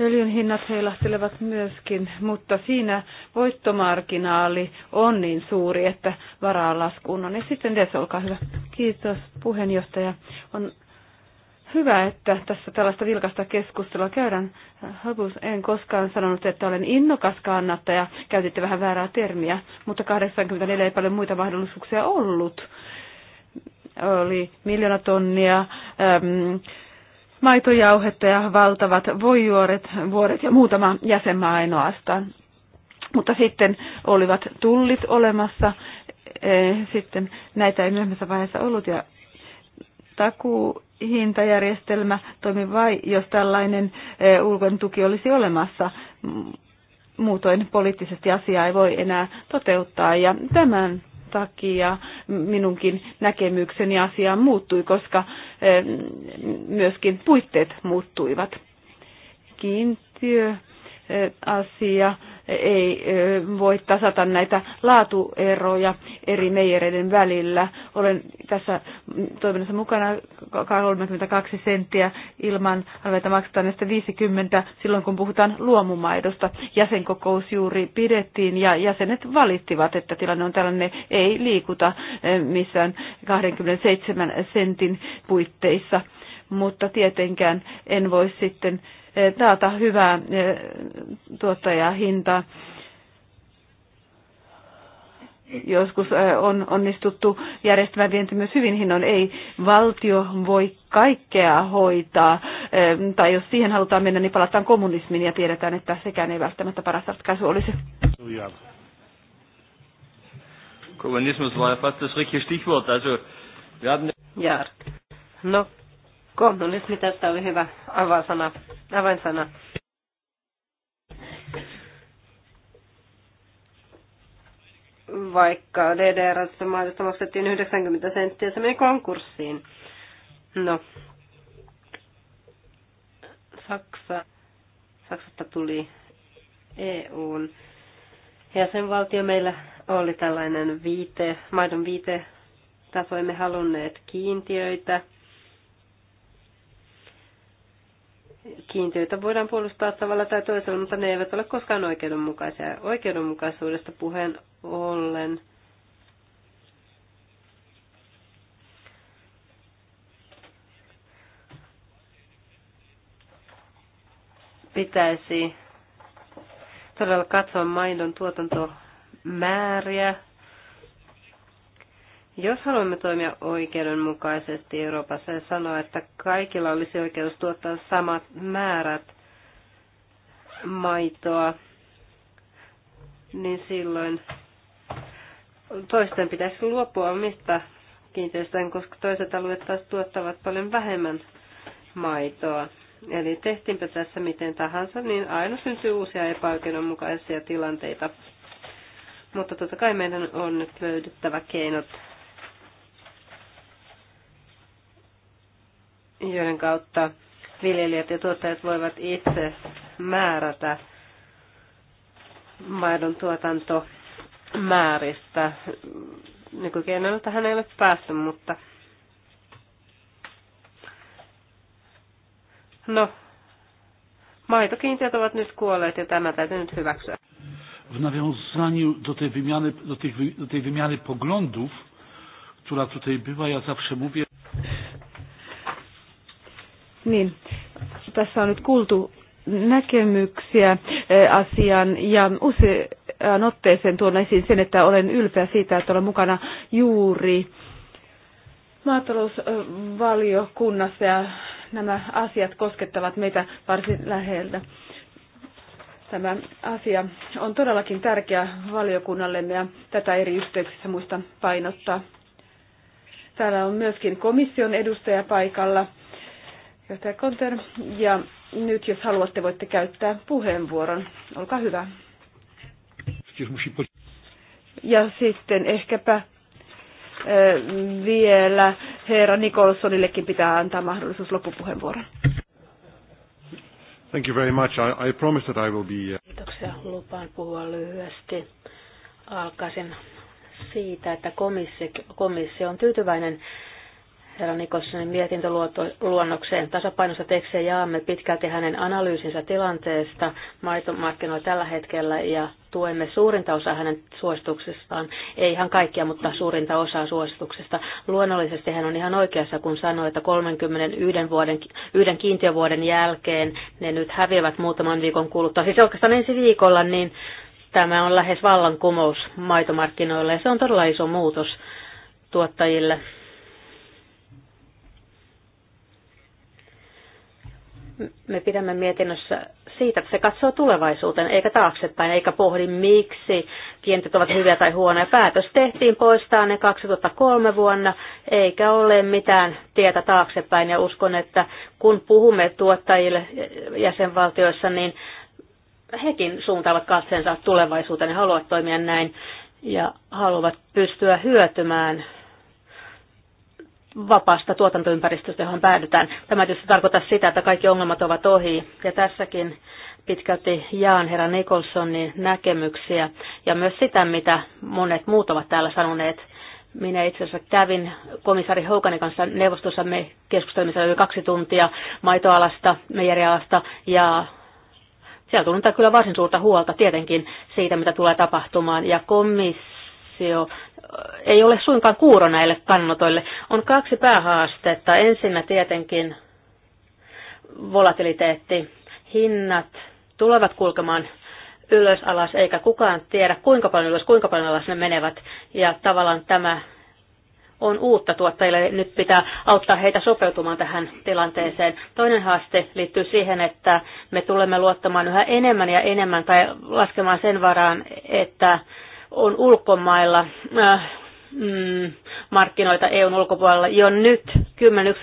Öljyn hinnat heilahtelevat myöskin, mutta siinä voittomarginaali on niin suuri, että varaa laskuun on. Ja sitten Des, olkaa hyvä. Kiitos puheenjohtaja. On hyvä, että tässä tällaista vilkasta keskustelua käydään. en koskaan sanonut, että olen innokas kannattaja. Käytitte vähän väärää termiä, mutta 84 ei paljon muita mahdollisuuksia ollut. Oli miljoona tonnia. Ähm, maitojauhetta ja valtavat voijuoret vuoret ja muutama jäsenmaa ainoastaan. Mutta sitten olivat tullit olemassa, e, sitten näitä ei myöhemmässä vaiheessa ollut ja takuuhintajärjestelmä toimi vain, jos tällainen e, ulkoinen tuki olisi olemassa. Muutoin poliittisesti asiaa ei voi enää toteuttaa ja tämän takia minunkin näkemykseni asiaan muuttui, koska eh, myöskin puitteet muuttuivat. Kiintiö asia ei voi tasata näitä laatueroja eri meijereiden välillä. Olen tässä toiminnassa mukana 32 senttiä ilman alveita maksetaan näistä 50 silloin, kun puhutaan luomumaidosta. Jäsenkokous juuri pidettiin ja jäsenet valittivat, että tilanne on tällainen, ei liikuta missään 27 sentin puitteissa, mutta tietenkään en voi sitten taata hyvää eh, tuottajahintaa. Joskus eh, on onnistuttu järjestämään vienti myös hyvin hinnoin. Ei valtio voi kaikkea hoitaa, eh, tai jos siihen halutaan mennä, niin palataan kommunismiin ja tiedetään, että sekään ei välttämättä paras ratkaisu olisi. Kommunismus war ja fast das richtige Stichwort. Also, wir Ja. No, mitä tämä oli hyvä avainsana. avainsana. Vaikka DDR-ssä maitosta maksettiin 90 senttiä, se meni konkurssiin. No, Saksa, Saksasta tuli EUn jäsenvaltio. Meillä oli tällainen viite, maidon viite Tässä olemme halunneet kiintiöitä – kiintiöitä voidaan puolustaa tavalla tai toisella, mutta ne eivät ole koskaan oikeudenmukaisia. Oikeudenmukaisuudesta puheen ollen pitäisi todella katsoa maidon tuotantomääriä jos haluamme toimia oikeudenmukaisesti Euroopassa ja sanoa, että kaikilla olisi oikeus tuottaa samat määrät maitoa, niin silloin toisten pitäisi luopua omista kiinteistöistä, koska toiset alueet taas tuottavat paljon vähemmän maitoa. Eli tehtiinpä tässä miten tahansa, niin aina syntyy uusia epäoikeudenmukaisia tilanteita. Mutta totta kai meidän on nyt löydettävä keinot joiden kautta viljelijät ja tuottajat voivat itse määrätä maidon tuotantomääristä. Nykykeinoilla tähän ei ole päästy, mutta no, maitokiintiöt ovat nyt kuolleet ja tämä täytyy nyt hyväksyä. W nawiązaniu do tej wymiany, do tej, do tej wymiany poglądów, która tutaj była, ja zawsze mówię, niin, tässä on nyt kuultu näkemyksiä e, asiaan ja useaan otteeseen tuon esiin sen, että olen ylpeä siitä, että olen mukana juuri maatalousvaliokunnassa ja nämä asiat koskettavat meitä varsin läheltä. Tämä asia on todellakin tärkeä valiokunnallemme ja tätä eri yhteyksissä muista painottaa. Täällä on myöskin komission edustaja paikalla johtaja Konter. Ja nyt, jos haluatte, voitte käyttää puheenvuoron. Olkaa hyvä. Ja sitten ehkäpä e, vielä herra Nikolsonillekin pitää antaa mahdollisuus loppupuheenvuoron. Thank you very much. I, I promise that I will be... Uh, Kiitoksia. Lupaan puhua lyhyesti. Alkaisin siitä, että komissio, komissio on tyytyväinen herra Nikolsonin mietintöluonnokseen tasapainossa tekstiä jaamme pitkälti hänen analyysinsä tilanteesta maitomarkkinoilla tällä hetkellä ja tuemme suurinta osaa hänen suosituksestaan, ei ihan kaikkia, mutta suurinta osaa suosituksesta. Luonnollisesti hän on ihan oikeassa, kun sanoi, että 31 vuoden, yhden kiintiövuoden jälkeen ne nyt häviävät muutaman viikon kuluttua. Siis oikeastaan ensi viikolla, niin tämä on lähes vallankumous maitomarkkinoille ja se on todella iso muutos tuottajille me pidämme mietinnössä siitä, että se katsoo tulevaisuuteen eikä taaksepäin, eikä pohdi miksi kiinteät ovat hyviä tai huonoja. Päätös tehtiin poistaa ne 2003 vuonna, eikä ole mitään tietä taaksepäin. Ja uskon, että kun puhumme tuottajille jäsenvaltioissa, niin hekin suuntaavat katseensa tulevaisuuteen ja haluavat toimia näin ja haluavat pystyä hyötymään vapaasta tuotantoympäristöstä, johon päädytään. Tämä tietysti tarkoittaa sitä, että kaikki ongelmat ovat ohi. Ja tässäkin pitkälti jaan herra Nicholsonin näkemyksiä ja myös sitä, mitä monet muut ovat täällä sanoneet. Minä itse asiassa kävin komissaari Houkanin kanssa neuvostossa, me keskustelimme yli kaksi tuntia maitoalasta, meijerialasta ja siellä tunnetaan kyllä varsin suurta huolta tietenkin siitä, mitä tulee tapahtumaan. Ja komissio ei ole suinkaan kuuro näille kannatoille. On kaksi päähaastetta. Ensinnä tietenkin volatiliteetti. Hinnat tulevat kulkemaan ylös alas, eikä kukaan tiedä kuinka paljon ylös, kuinka paljon alas ne menevät. Ja tavallaan tämä on uutta tuottajille. Nyt pitää auttaa heitä sopeutumaan tähän tilanteeseen. Toinen haaste liittyy siihen, että me tulemme luottamaan yhä enemmän ja enemmän tai laskemaan sen varaan, että on ulkomailla äh, mm, markkinoita EUn ulkopuolella. Jo nyt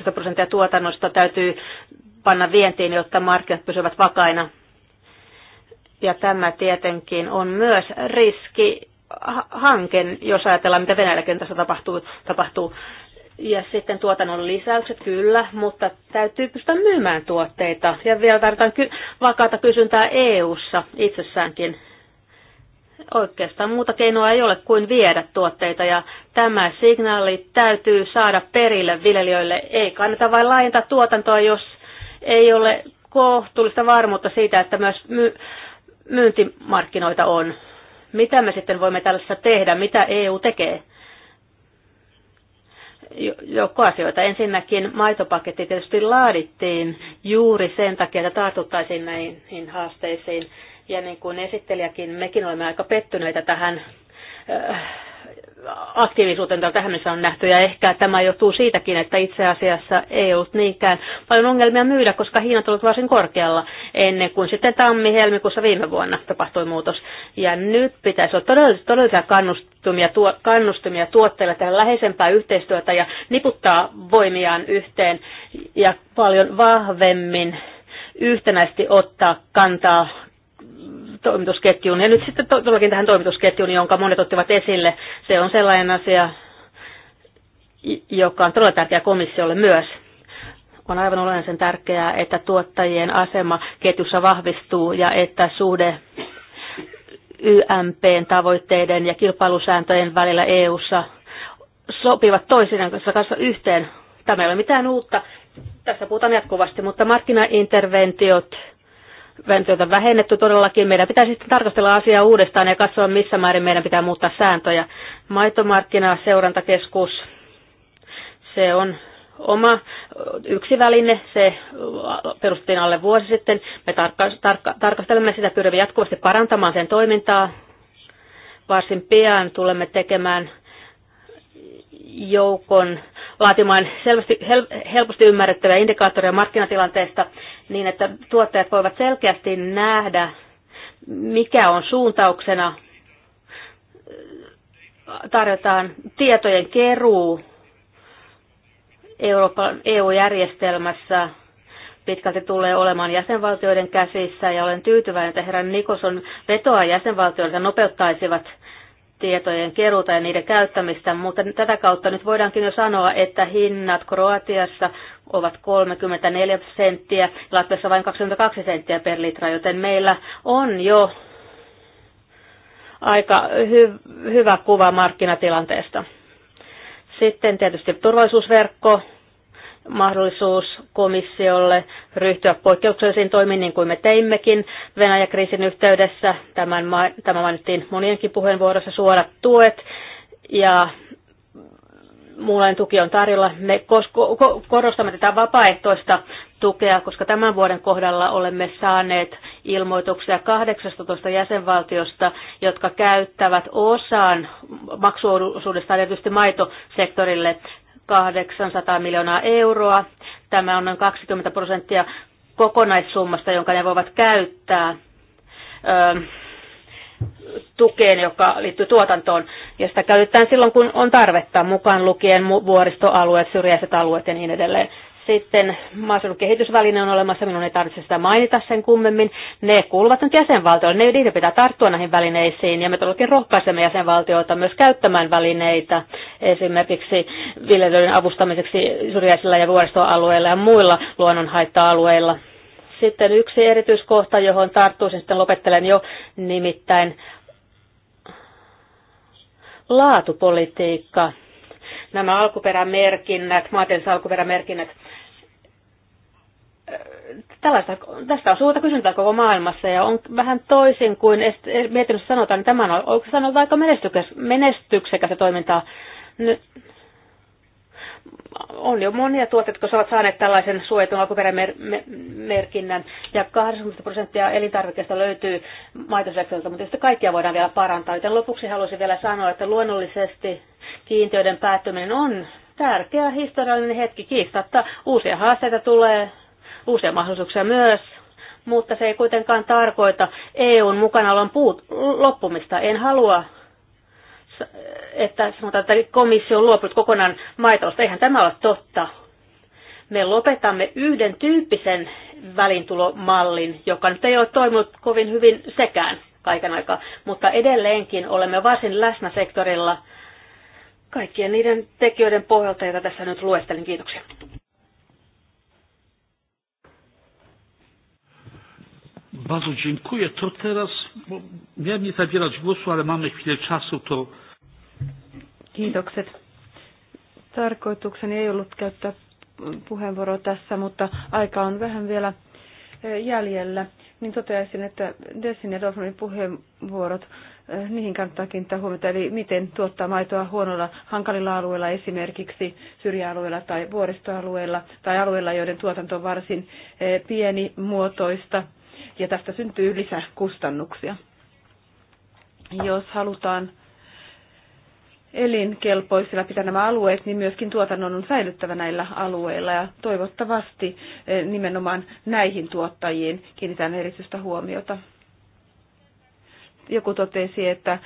10-11 prosenttia tuotannosta täytyy panna vientiin, jotta markkinat pysyvät vakaina. Ja tämä tietenkin on myös riski hanken, jos ajatellaan, mitä Venäjällä kentässä tapahtuu, tapahtuu. Ja sitten tuotannon lisäykset, kyllä, mutta täytyy pystyä myymään tuotteita. Ja vielä tarvitaan ky- vakaata kysyntää EU-ssa itsessäänkin. Oikeastaan muuta keinoa ei ole kuin viedä tuotteita ja tämä signaali täytyy saada perille viljelijöille. Ei kannata vain laajentaa tuotantoa, jos ei ole kohtuullista varmuutta siitä, että myös my- myyntimarkkinoita on. Mitä me sitten voimme tällaisessa tehdä? Mitä EU tekee? joukko asioita. Ensinnäkin maitopaketti tietysti laadittiin juuri sen takia, että tartuttaisiin näihin haasteisiin. Ja niin kuin esittelijäkin, mekin olemme aika pettyneitä tähän äh, aktiivisuuteen, mitä tähän on nähty, ja ehkä tämä johtuu siitäkin, että itse asiassa ei ollut niinkään paljon ongelmia myydä, koska hinnat olivat varsin korkealla ennen kuin sitten tammi-helmikuussa viime vuonna tapahtui muutos. Ja nyt pitäisi olla todellisia, todellisia kannustumia, tuo, kannustumia tuotteilla tehdä läheisempää yhteistyötä ja niputtaa voimiaan yhteen ja paljon vahvemmin yhtenäisesti ottaa kantaa toimitusketjuun. Ja nyt sitten to- todellakin tähän toimitusketjuun, jonka monet ottivat esille, se on sellainen asia, joka on todella tärkeä komissiolle myös. On aivan olennaisen tärkeää, että tuottajien asema ketjussa vahvistuu ja että suhde YMPn tavoitteiden ja kilpailusääntöjen välillä EU:ssa sopivat toisinaan kanssa yhteen. Tämä ei ole mitään uutta. Tässä puhutaan jatkuvasti, mutta markkinainterventiot ventyötä vähennetty todellakin. Meidän pitää sitten tarkastella asiaa uudestaan ja katsoa, missä määrin meidän pitää muuttaa sääntöjä. seurantakeskus se on oma yksi väline, se perustettiin alle vuosi sitten. Me tarkka, tarkka, tarkastelemme sitä, pyrimme jatkuvasti parantamaan sen toimintaa. Varsin pian tulemme tekemään joukon laatimaan selvästi, hel, helposti ymmärrettäviä indikaattoreja markkinatilanteesta niin, että tuottajat voivat selkeästi nähdä, mikä on suuntauksena. Tarjotaan tietojen keruu Euroopan EU-järjestelmässä pitkälti tulee olemaan jäsenvaltioiden käsissä ja olen tyytyväinen, että herran Nikoson vetoa jäsenvaltioilta nopeuttaisivat tietojen keruuta ja niiden käyttämistä, mutta tätä kautta nyt voidaankin jo sanoa, että hinnat Kroatiassa ovat 34 senttiä, Latviassa vain 22 senttiä per litra, joten meillä on jo aika hy- hyvä kuva markkinatilanteesta. Sitten tietysti turvallisuusverkko, mahdollisuus komissiolle ryhtyä poikkeuksellisiin toimiin, niin kuin me teimmekin Venäjäkriisin yhteydessä. Tämän, tämä mainittiin monienkin puheenvuorossa suorat tuet ja muunlainen tuki on tarjolla. Me korostamme tätä vapaaehtoista tukea, koska tämän vuoden kohdalla olemme saaneet ilmoituksia 18 jäsenvaltiosta, jotka käyttävät osan maksuosuudesta erityisesti maitosektorille. 800 miljoonaa euroa. Tämä on noin 20 prosenttia kokonaissummasta, jonka ne voivat käyttää tukeen, joka liittyy tuotantoon, ja sitä käytetään silloin, kun on tarvetta, mukaan lukien vuoristoalueet, syrjäiset alueet ja niin edelleen. Sitten maaseudun kehitysväline on olemassa, minun ei tarvitse sitä mainita sen kummemmin. Ne kuuluvat nyt jäsenvaltioille, ne, niitä pitää tarttua näihin välineisiin ja me todellakin rohkaisemme jäsenvaltioita myös käyttämään välineitä esimerkiksi viljelijöiden avustamiseksi syrjäisillä ja vuoristoalueilla ja muilla luonnonhaitta-alueilla. Sitten yksi erityiskohta, johon tarttuisin, sitten lopettelen jo, nimittäin laatupolitiikka nämä alkuperämerkinnät, maantieteelliset alkuperämerkinnät, Äh, tällaista, tästä on suurta kysyntää koko maailmassa ja on vähän toisin kuin e- mietinnössä sanotaan, niin tämä on oikeastaan aika menestyksekästä toimintaa. Nyt, on jo monia tuotteita, jotka ovat saaneet tällaisen suojatun alkuperämerkinnän, ja 80 prosenttia elintarvikkeista löytyy maitosektorilta, mutta tietysti kaikkia voidaan vielä parantaa. Joten lopuksi haluaisin vielä sanoa, että luonnollisesti kiintiöiden päättyminen on tärkeä historiallinen hetki kiistatta. Uusia haasteita tulee uusia mahdollisuuksia myös, mutta se ei kuitenkaan tarkoita EUn mukanaolon puut, loppumista. En halua, että sanotaan, että komissio on luopunut kokonaan maitosta. Eihän tämä ole totta. Me lopetamme yhden tyyppisen välintulomallin, joka nyt ei ole toiminut kovin hyvin sekään kaiken aikaa, mutta edelleenkin olemme varsin läsnä sektorilla kaikkien niiden tekijöiden pohjalta, joita tässä nyt luestelin. Kiitoksia. Bardzo dziękuję. To teraz, bo miałem nie zabierać głosu, ale mamy chwilę czasu, to... Kiitokset. Tarkoitukseni ei ollut käyttää puheenvuoroa tässä, mutta aika on vähän vielä e, jäljellä. Niin toteaisin, että Dessin ja Dolphinin puheenvuorot, e, niihin kannattaa kiinnittää huomiota, eli miten tuottaa maitoa huonolla, hankalilla alueilla, esimerkiksi syrjäalueilla tai vuoristoalueilla, tai alueilla, joiden tuotanto on varsin e, pienimuotoista ja tästä syntyy lisäkustannuksia. Jos halutaan elinkelpoisilla pitää nämä alueet, niin myöskin tuotannon on säilyttävä näillä alueilla ja toivottavasti eh, nimenomaan näihin tuottajiin kiinnitään erityistä huomiota. Joku totesi, että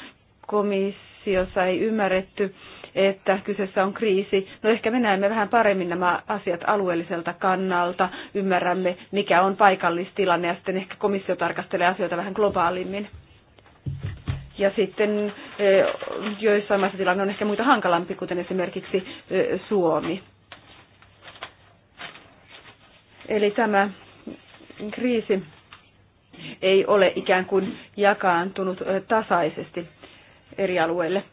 komissio komissiossa ei ymmärretty, että kyseessä on kriisi. No ehkä me näemme vähän paremmin nämä asiat alueelliselta kannalta, ymmärrämme mikä on paikallistilanne ja sitten ehkä komissio tarkastelee asioita vähän globaalimmin. Ja sitten joissain maissa tilanne on ehkä muita hankalampi, kuten esimerkiksi Suomi. Eli tämä kriisi ei ole ikään kuin jakaantunut tasaisesti eri alueille.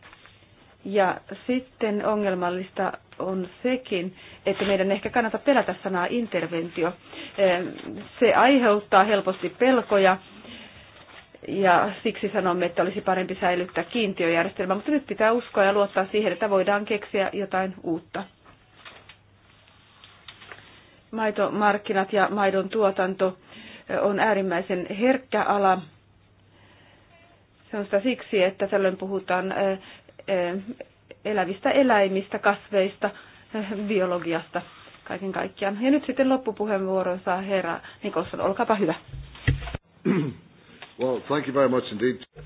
Ja sitten ongelmallista on sekin, että meidän ehkä kannata pelätä sanaa interventio. Ehm, se aiheuttaa helposti pelkoja ja siksi sanomme, että olisi parempi säilyttää kiintiöjärjestelmä, mutta nyt pitää uskoa ja luottaa siihen, että voidaan keksiä jotain uutta. Maitomarkkinat ja maidon tuotanto eh, on äärimmäisen herkkä ala se on sitä siksi, että tällöin puhutaan elävistä eläimistä, kasveista, biologiasta kaiken kaikkiaan. Ja nyt sitten loppupuheenvuoron saa herra Nikolson. Olkaapa hyvä. Well, thank you very much indeed.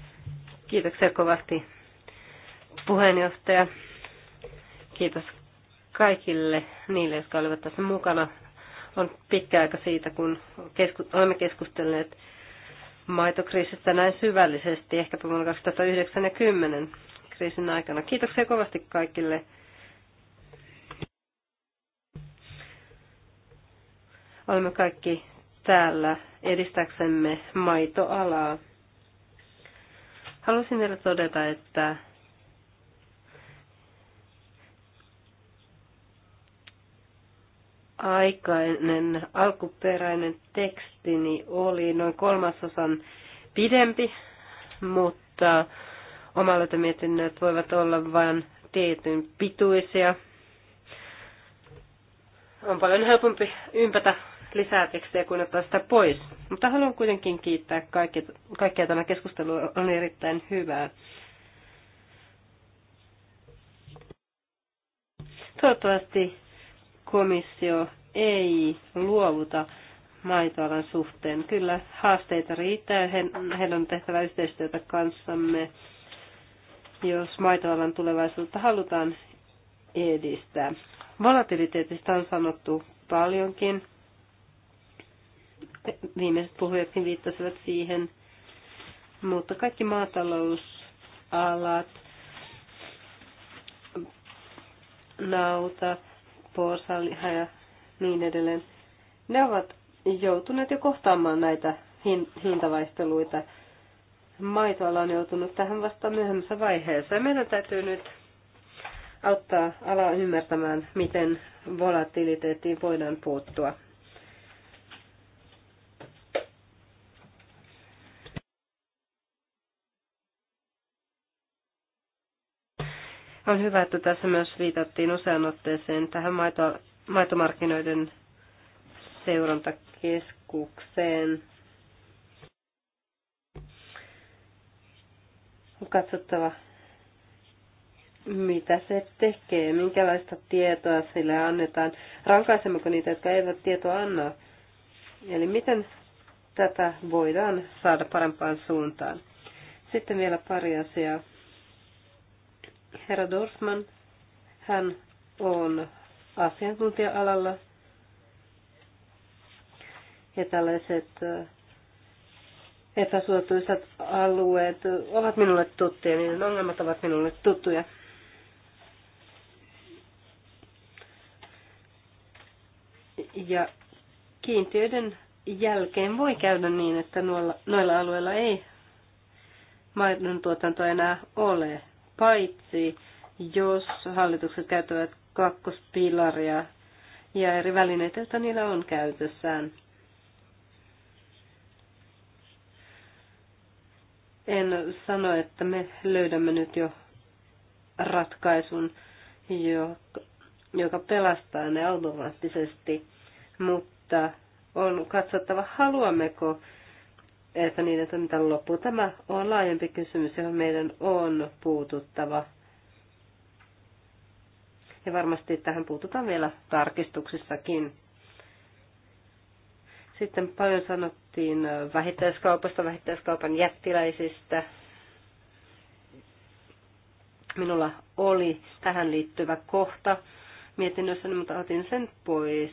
Kiitoksia kovasti puheenjohtaja. Kiitos kaikille niille, jotka olivat tässä mukana. On pitkä aika siitä, kun kesku- olemme keskustelleet maitokriisistä näin syvällisesti, ehkä vuonna 2009 ja 2010 kriisin aikana. Kiitoksia kovasti kaikille. Olemme kaikki täällä edistäksemme maitoalaa. Haluaisin vielä todeta, että aikainen alkuperäinen tekstini oli noin kolmasosan pidempi, mutta omalla mietinnöt voivat olla vain tietyn pituisia. On paljon helpompi ympätä lisää tekstejä kuin ottaa sitä pois. Mutta haluan kuitenkin kiittää kaikki, kaikkia. Tämä keskustelu on erittäin hyvää. Toivottavasti komissio ei luovuta maitoalan suhteen. Kyllä haasteita riittää, heidän on tehtävä yhteistyötä kanssamme, jos maitoalan tulevaisuutta halutaan edistää. Volatiliteetista on sanottu paljonkin. Viimeiset puhujatkin viittasivat siihen, mutta kaikki maatalousalat, nauta, porsalliha ja niin edelleen. Ne ovat joutuneet jo kohtaamaan näitä hintavaihteluita. Maitoala on joutunut tähän vasta myöhemmässä vaiheessa. Meidän täytyy nyt auttaa alaa ymmärtämään, miten volatiliteettiin voidaan puuttua. On hyvä, että tässä myös viitattiin usean otteeseen tähän maito, maitomarkkinoiden seurantakeskukseen. On katsottava, mitä se tekee, minkälaista tietoa sille annetaan, rankaisemmeko niitä, jotka eivät tietoa anna. Eli miten tätä voidaan saada parempaan suuntaan. Sitten vielä pari asiaa herra Dorfman. Hän on asiantuntija-alalla ja tällaiset äh, epäsuotuisat alueet ovat minulle tuttuja, niiden ongelmat ovat minulle tuttuja. Ja kiintiöiden jälkeen voi käydä niin, että noilla, noilla alueilla ei maidon tuotanto enää ole paitsi jos hallitukset käyttävät kakkospilaria ja eri välineitä, joita niillä on käytössään. En sano, että me löydämme nyt jo ratkaisun, joka pelastaa ne automaattisesti, mutta on katsottava, haluammeko että niiden mitä loppuu. Tämä on laajempi kysymys, johon meidän on puututtava. Ja varmasti tähän puututaan vielä tarkistuksissakin. Sitten paljon sanottiin vähittäiskaupasta, vähittäiskaupan jättiläisistä. Minulla oli tähän liittyvä kohta mietinnössäni, mutta otin sen pois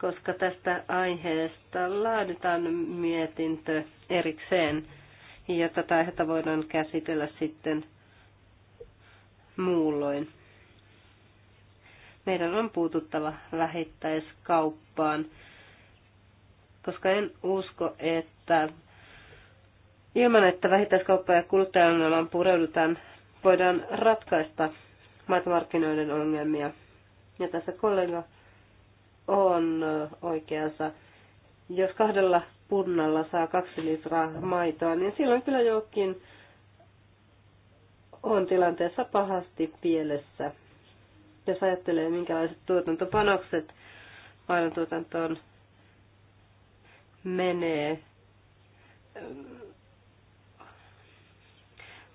koska tästä aiheesta laaditaan mietintö erikseen ja tätä aihetta voidaan käsitellä sitten muulloin. Meidän on puututtava vähittäiskauppaan, koska en usko, että ilman, että vähittäiskauppa ja kuluttajan pureudutaan, voidaan ratkaista maitomarkkinoiden ongelmia. Ja tässä kollega on oikeassa. Jos kahdella punnalla saa kaksi litraa maitoa, niin silloin kyllä jokin on tilanteessa pahasti pielessä. Jos ajattelee, minkälaiset tuotantopanokset painotuotantoon menee.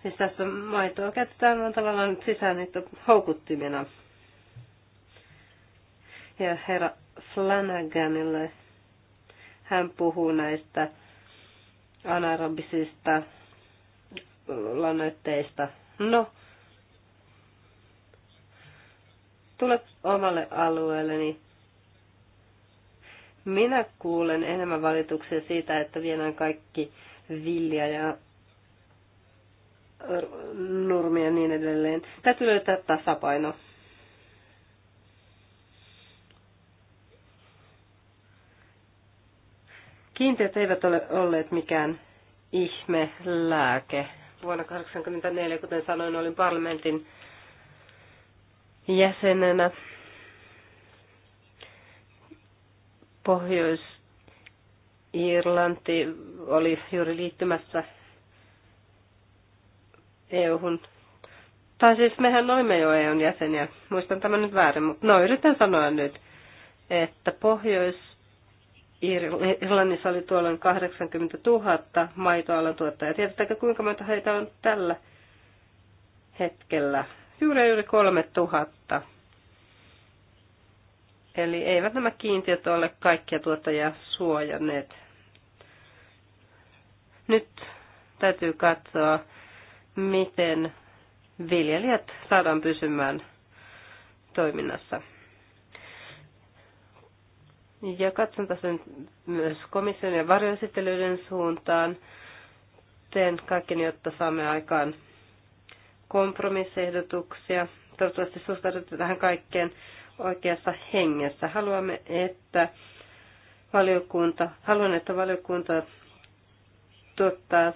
Siis tässä maitoa käytetään on tavallaan sisään niitä houkuttimena. Ja herra Flanaganille. Hän puhuu näistä anaerobisista lannoitteista. No, tule omalle alueelleni. Minä kuulen enemmän valituksia siitä, että viedään kaikki vilja ja nurmia ja niin edelleen. Täytyy löytää tasapaino. Kiinteät eivät ole olleet mikään ihme lääke Vuonna 1984, kuten sanoin, olin parlamentin jäsenenä Pohjois-Irlanti oli juuri liittymässä EU-hun. Tai siis mehän olimme jo eu jäseniä. Muistan tämän nyt väärin. No yritän sanoa nyt, että Pohjois- Irlannissa oli tuolloin 80 000 maitoalan tuottajaa. Tiedättekö, kuinka monta heitä on tällä hetkellä? Juuri yli 3000. Eli eivät nämä kiintiöt ole kaikkia tuottajia suojanneet. Nyt täytyy katsoa, miten viljelijät saadaan pysymään toiminnassa. Ja katson tässä nyt myös komission ja varjoesittelyiden suuntaan. Teen kaikkeni, jotta saamme aikaan kompromissehdotuksia. Toivottavasti suhtaudutte tähän kaikkeen oikeassa hengessä. Haluamme, että valiokunta, haluan, että valiokunta tuottaa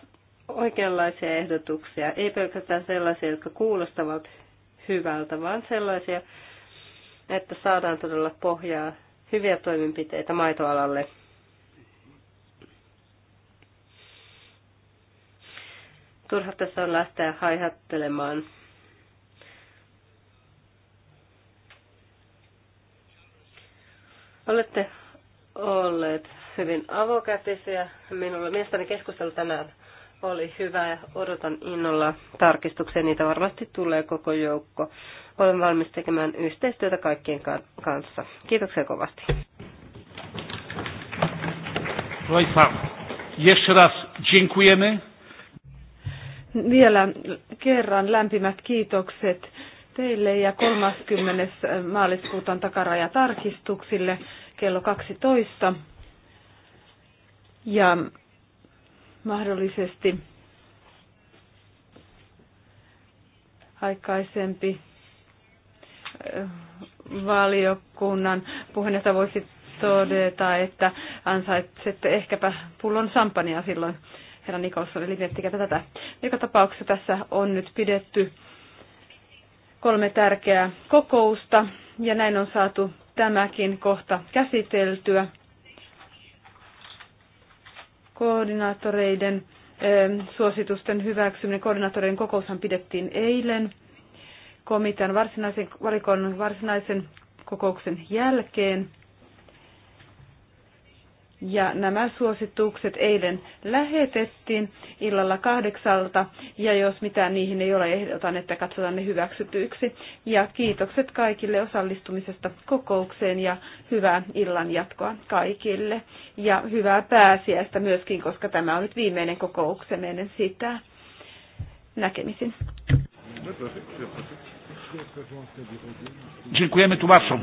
oikeanlaisia ehdotuksia, ei pelkästään sellaisia, jotka kuulostavat hyvältä, vaan sellaisia, että saadaan todella pohjaa hyviä toimenpiteitä maitoalalle. Turha tässä on lähteä haihattelemaan. Olette olleet hyvin avokätisiä. Minulla mielestäni keskustelu tänään oli hyvä ja odotan innolla tarkistuksia. Niitä varmasti tulee koko joukko. Olen valmis tekemään yhteistyötä kaikkien kanssa. Kiitoksia kovasti. Państwa, no jeszcze raz dziękujemy. Vielä kerran lämpimät kiitokset teille ja 30. maaliskuuta on takaraja tarkistuksille kello 12. Ja mahdollisesti aikaisempi valiokunnan puheenjohtaja voisi todeta, että ansaitsette ehkäpä pullon sampania silloin. Herra Nikolson, eli miettikää tätä. Joka tapauksessa tässä on nyt pidetty kolme tärkeää kokousta ja näin on saatu tämäkin kohta käsiteltyä koordinaattoreiden eh, suositusten hyväksyminen. Koordinaattoreiden kokoushan pidettiin eilen komitean varsinaisen valikon varsinaisen kokouksen jälkeen. Ja nämä suositukset eilen lähetettiin illalla kahdeksalta, ja jos mitään niihin ei ole, ehdotan, että katsotaan ne hyväksytyiksi. Ja kiitokset kaikille osallistumisesta kokoukseen, ja hyvää illan jatkoa kaikille. Ja hyvää pääsiäistä myöskin, koska tämä on nyt viimeinen kokouksemme ennen sitä. Näkemisin. Dziękujemy tłumaczom.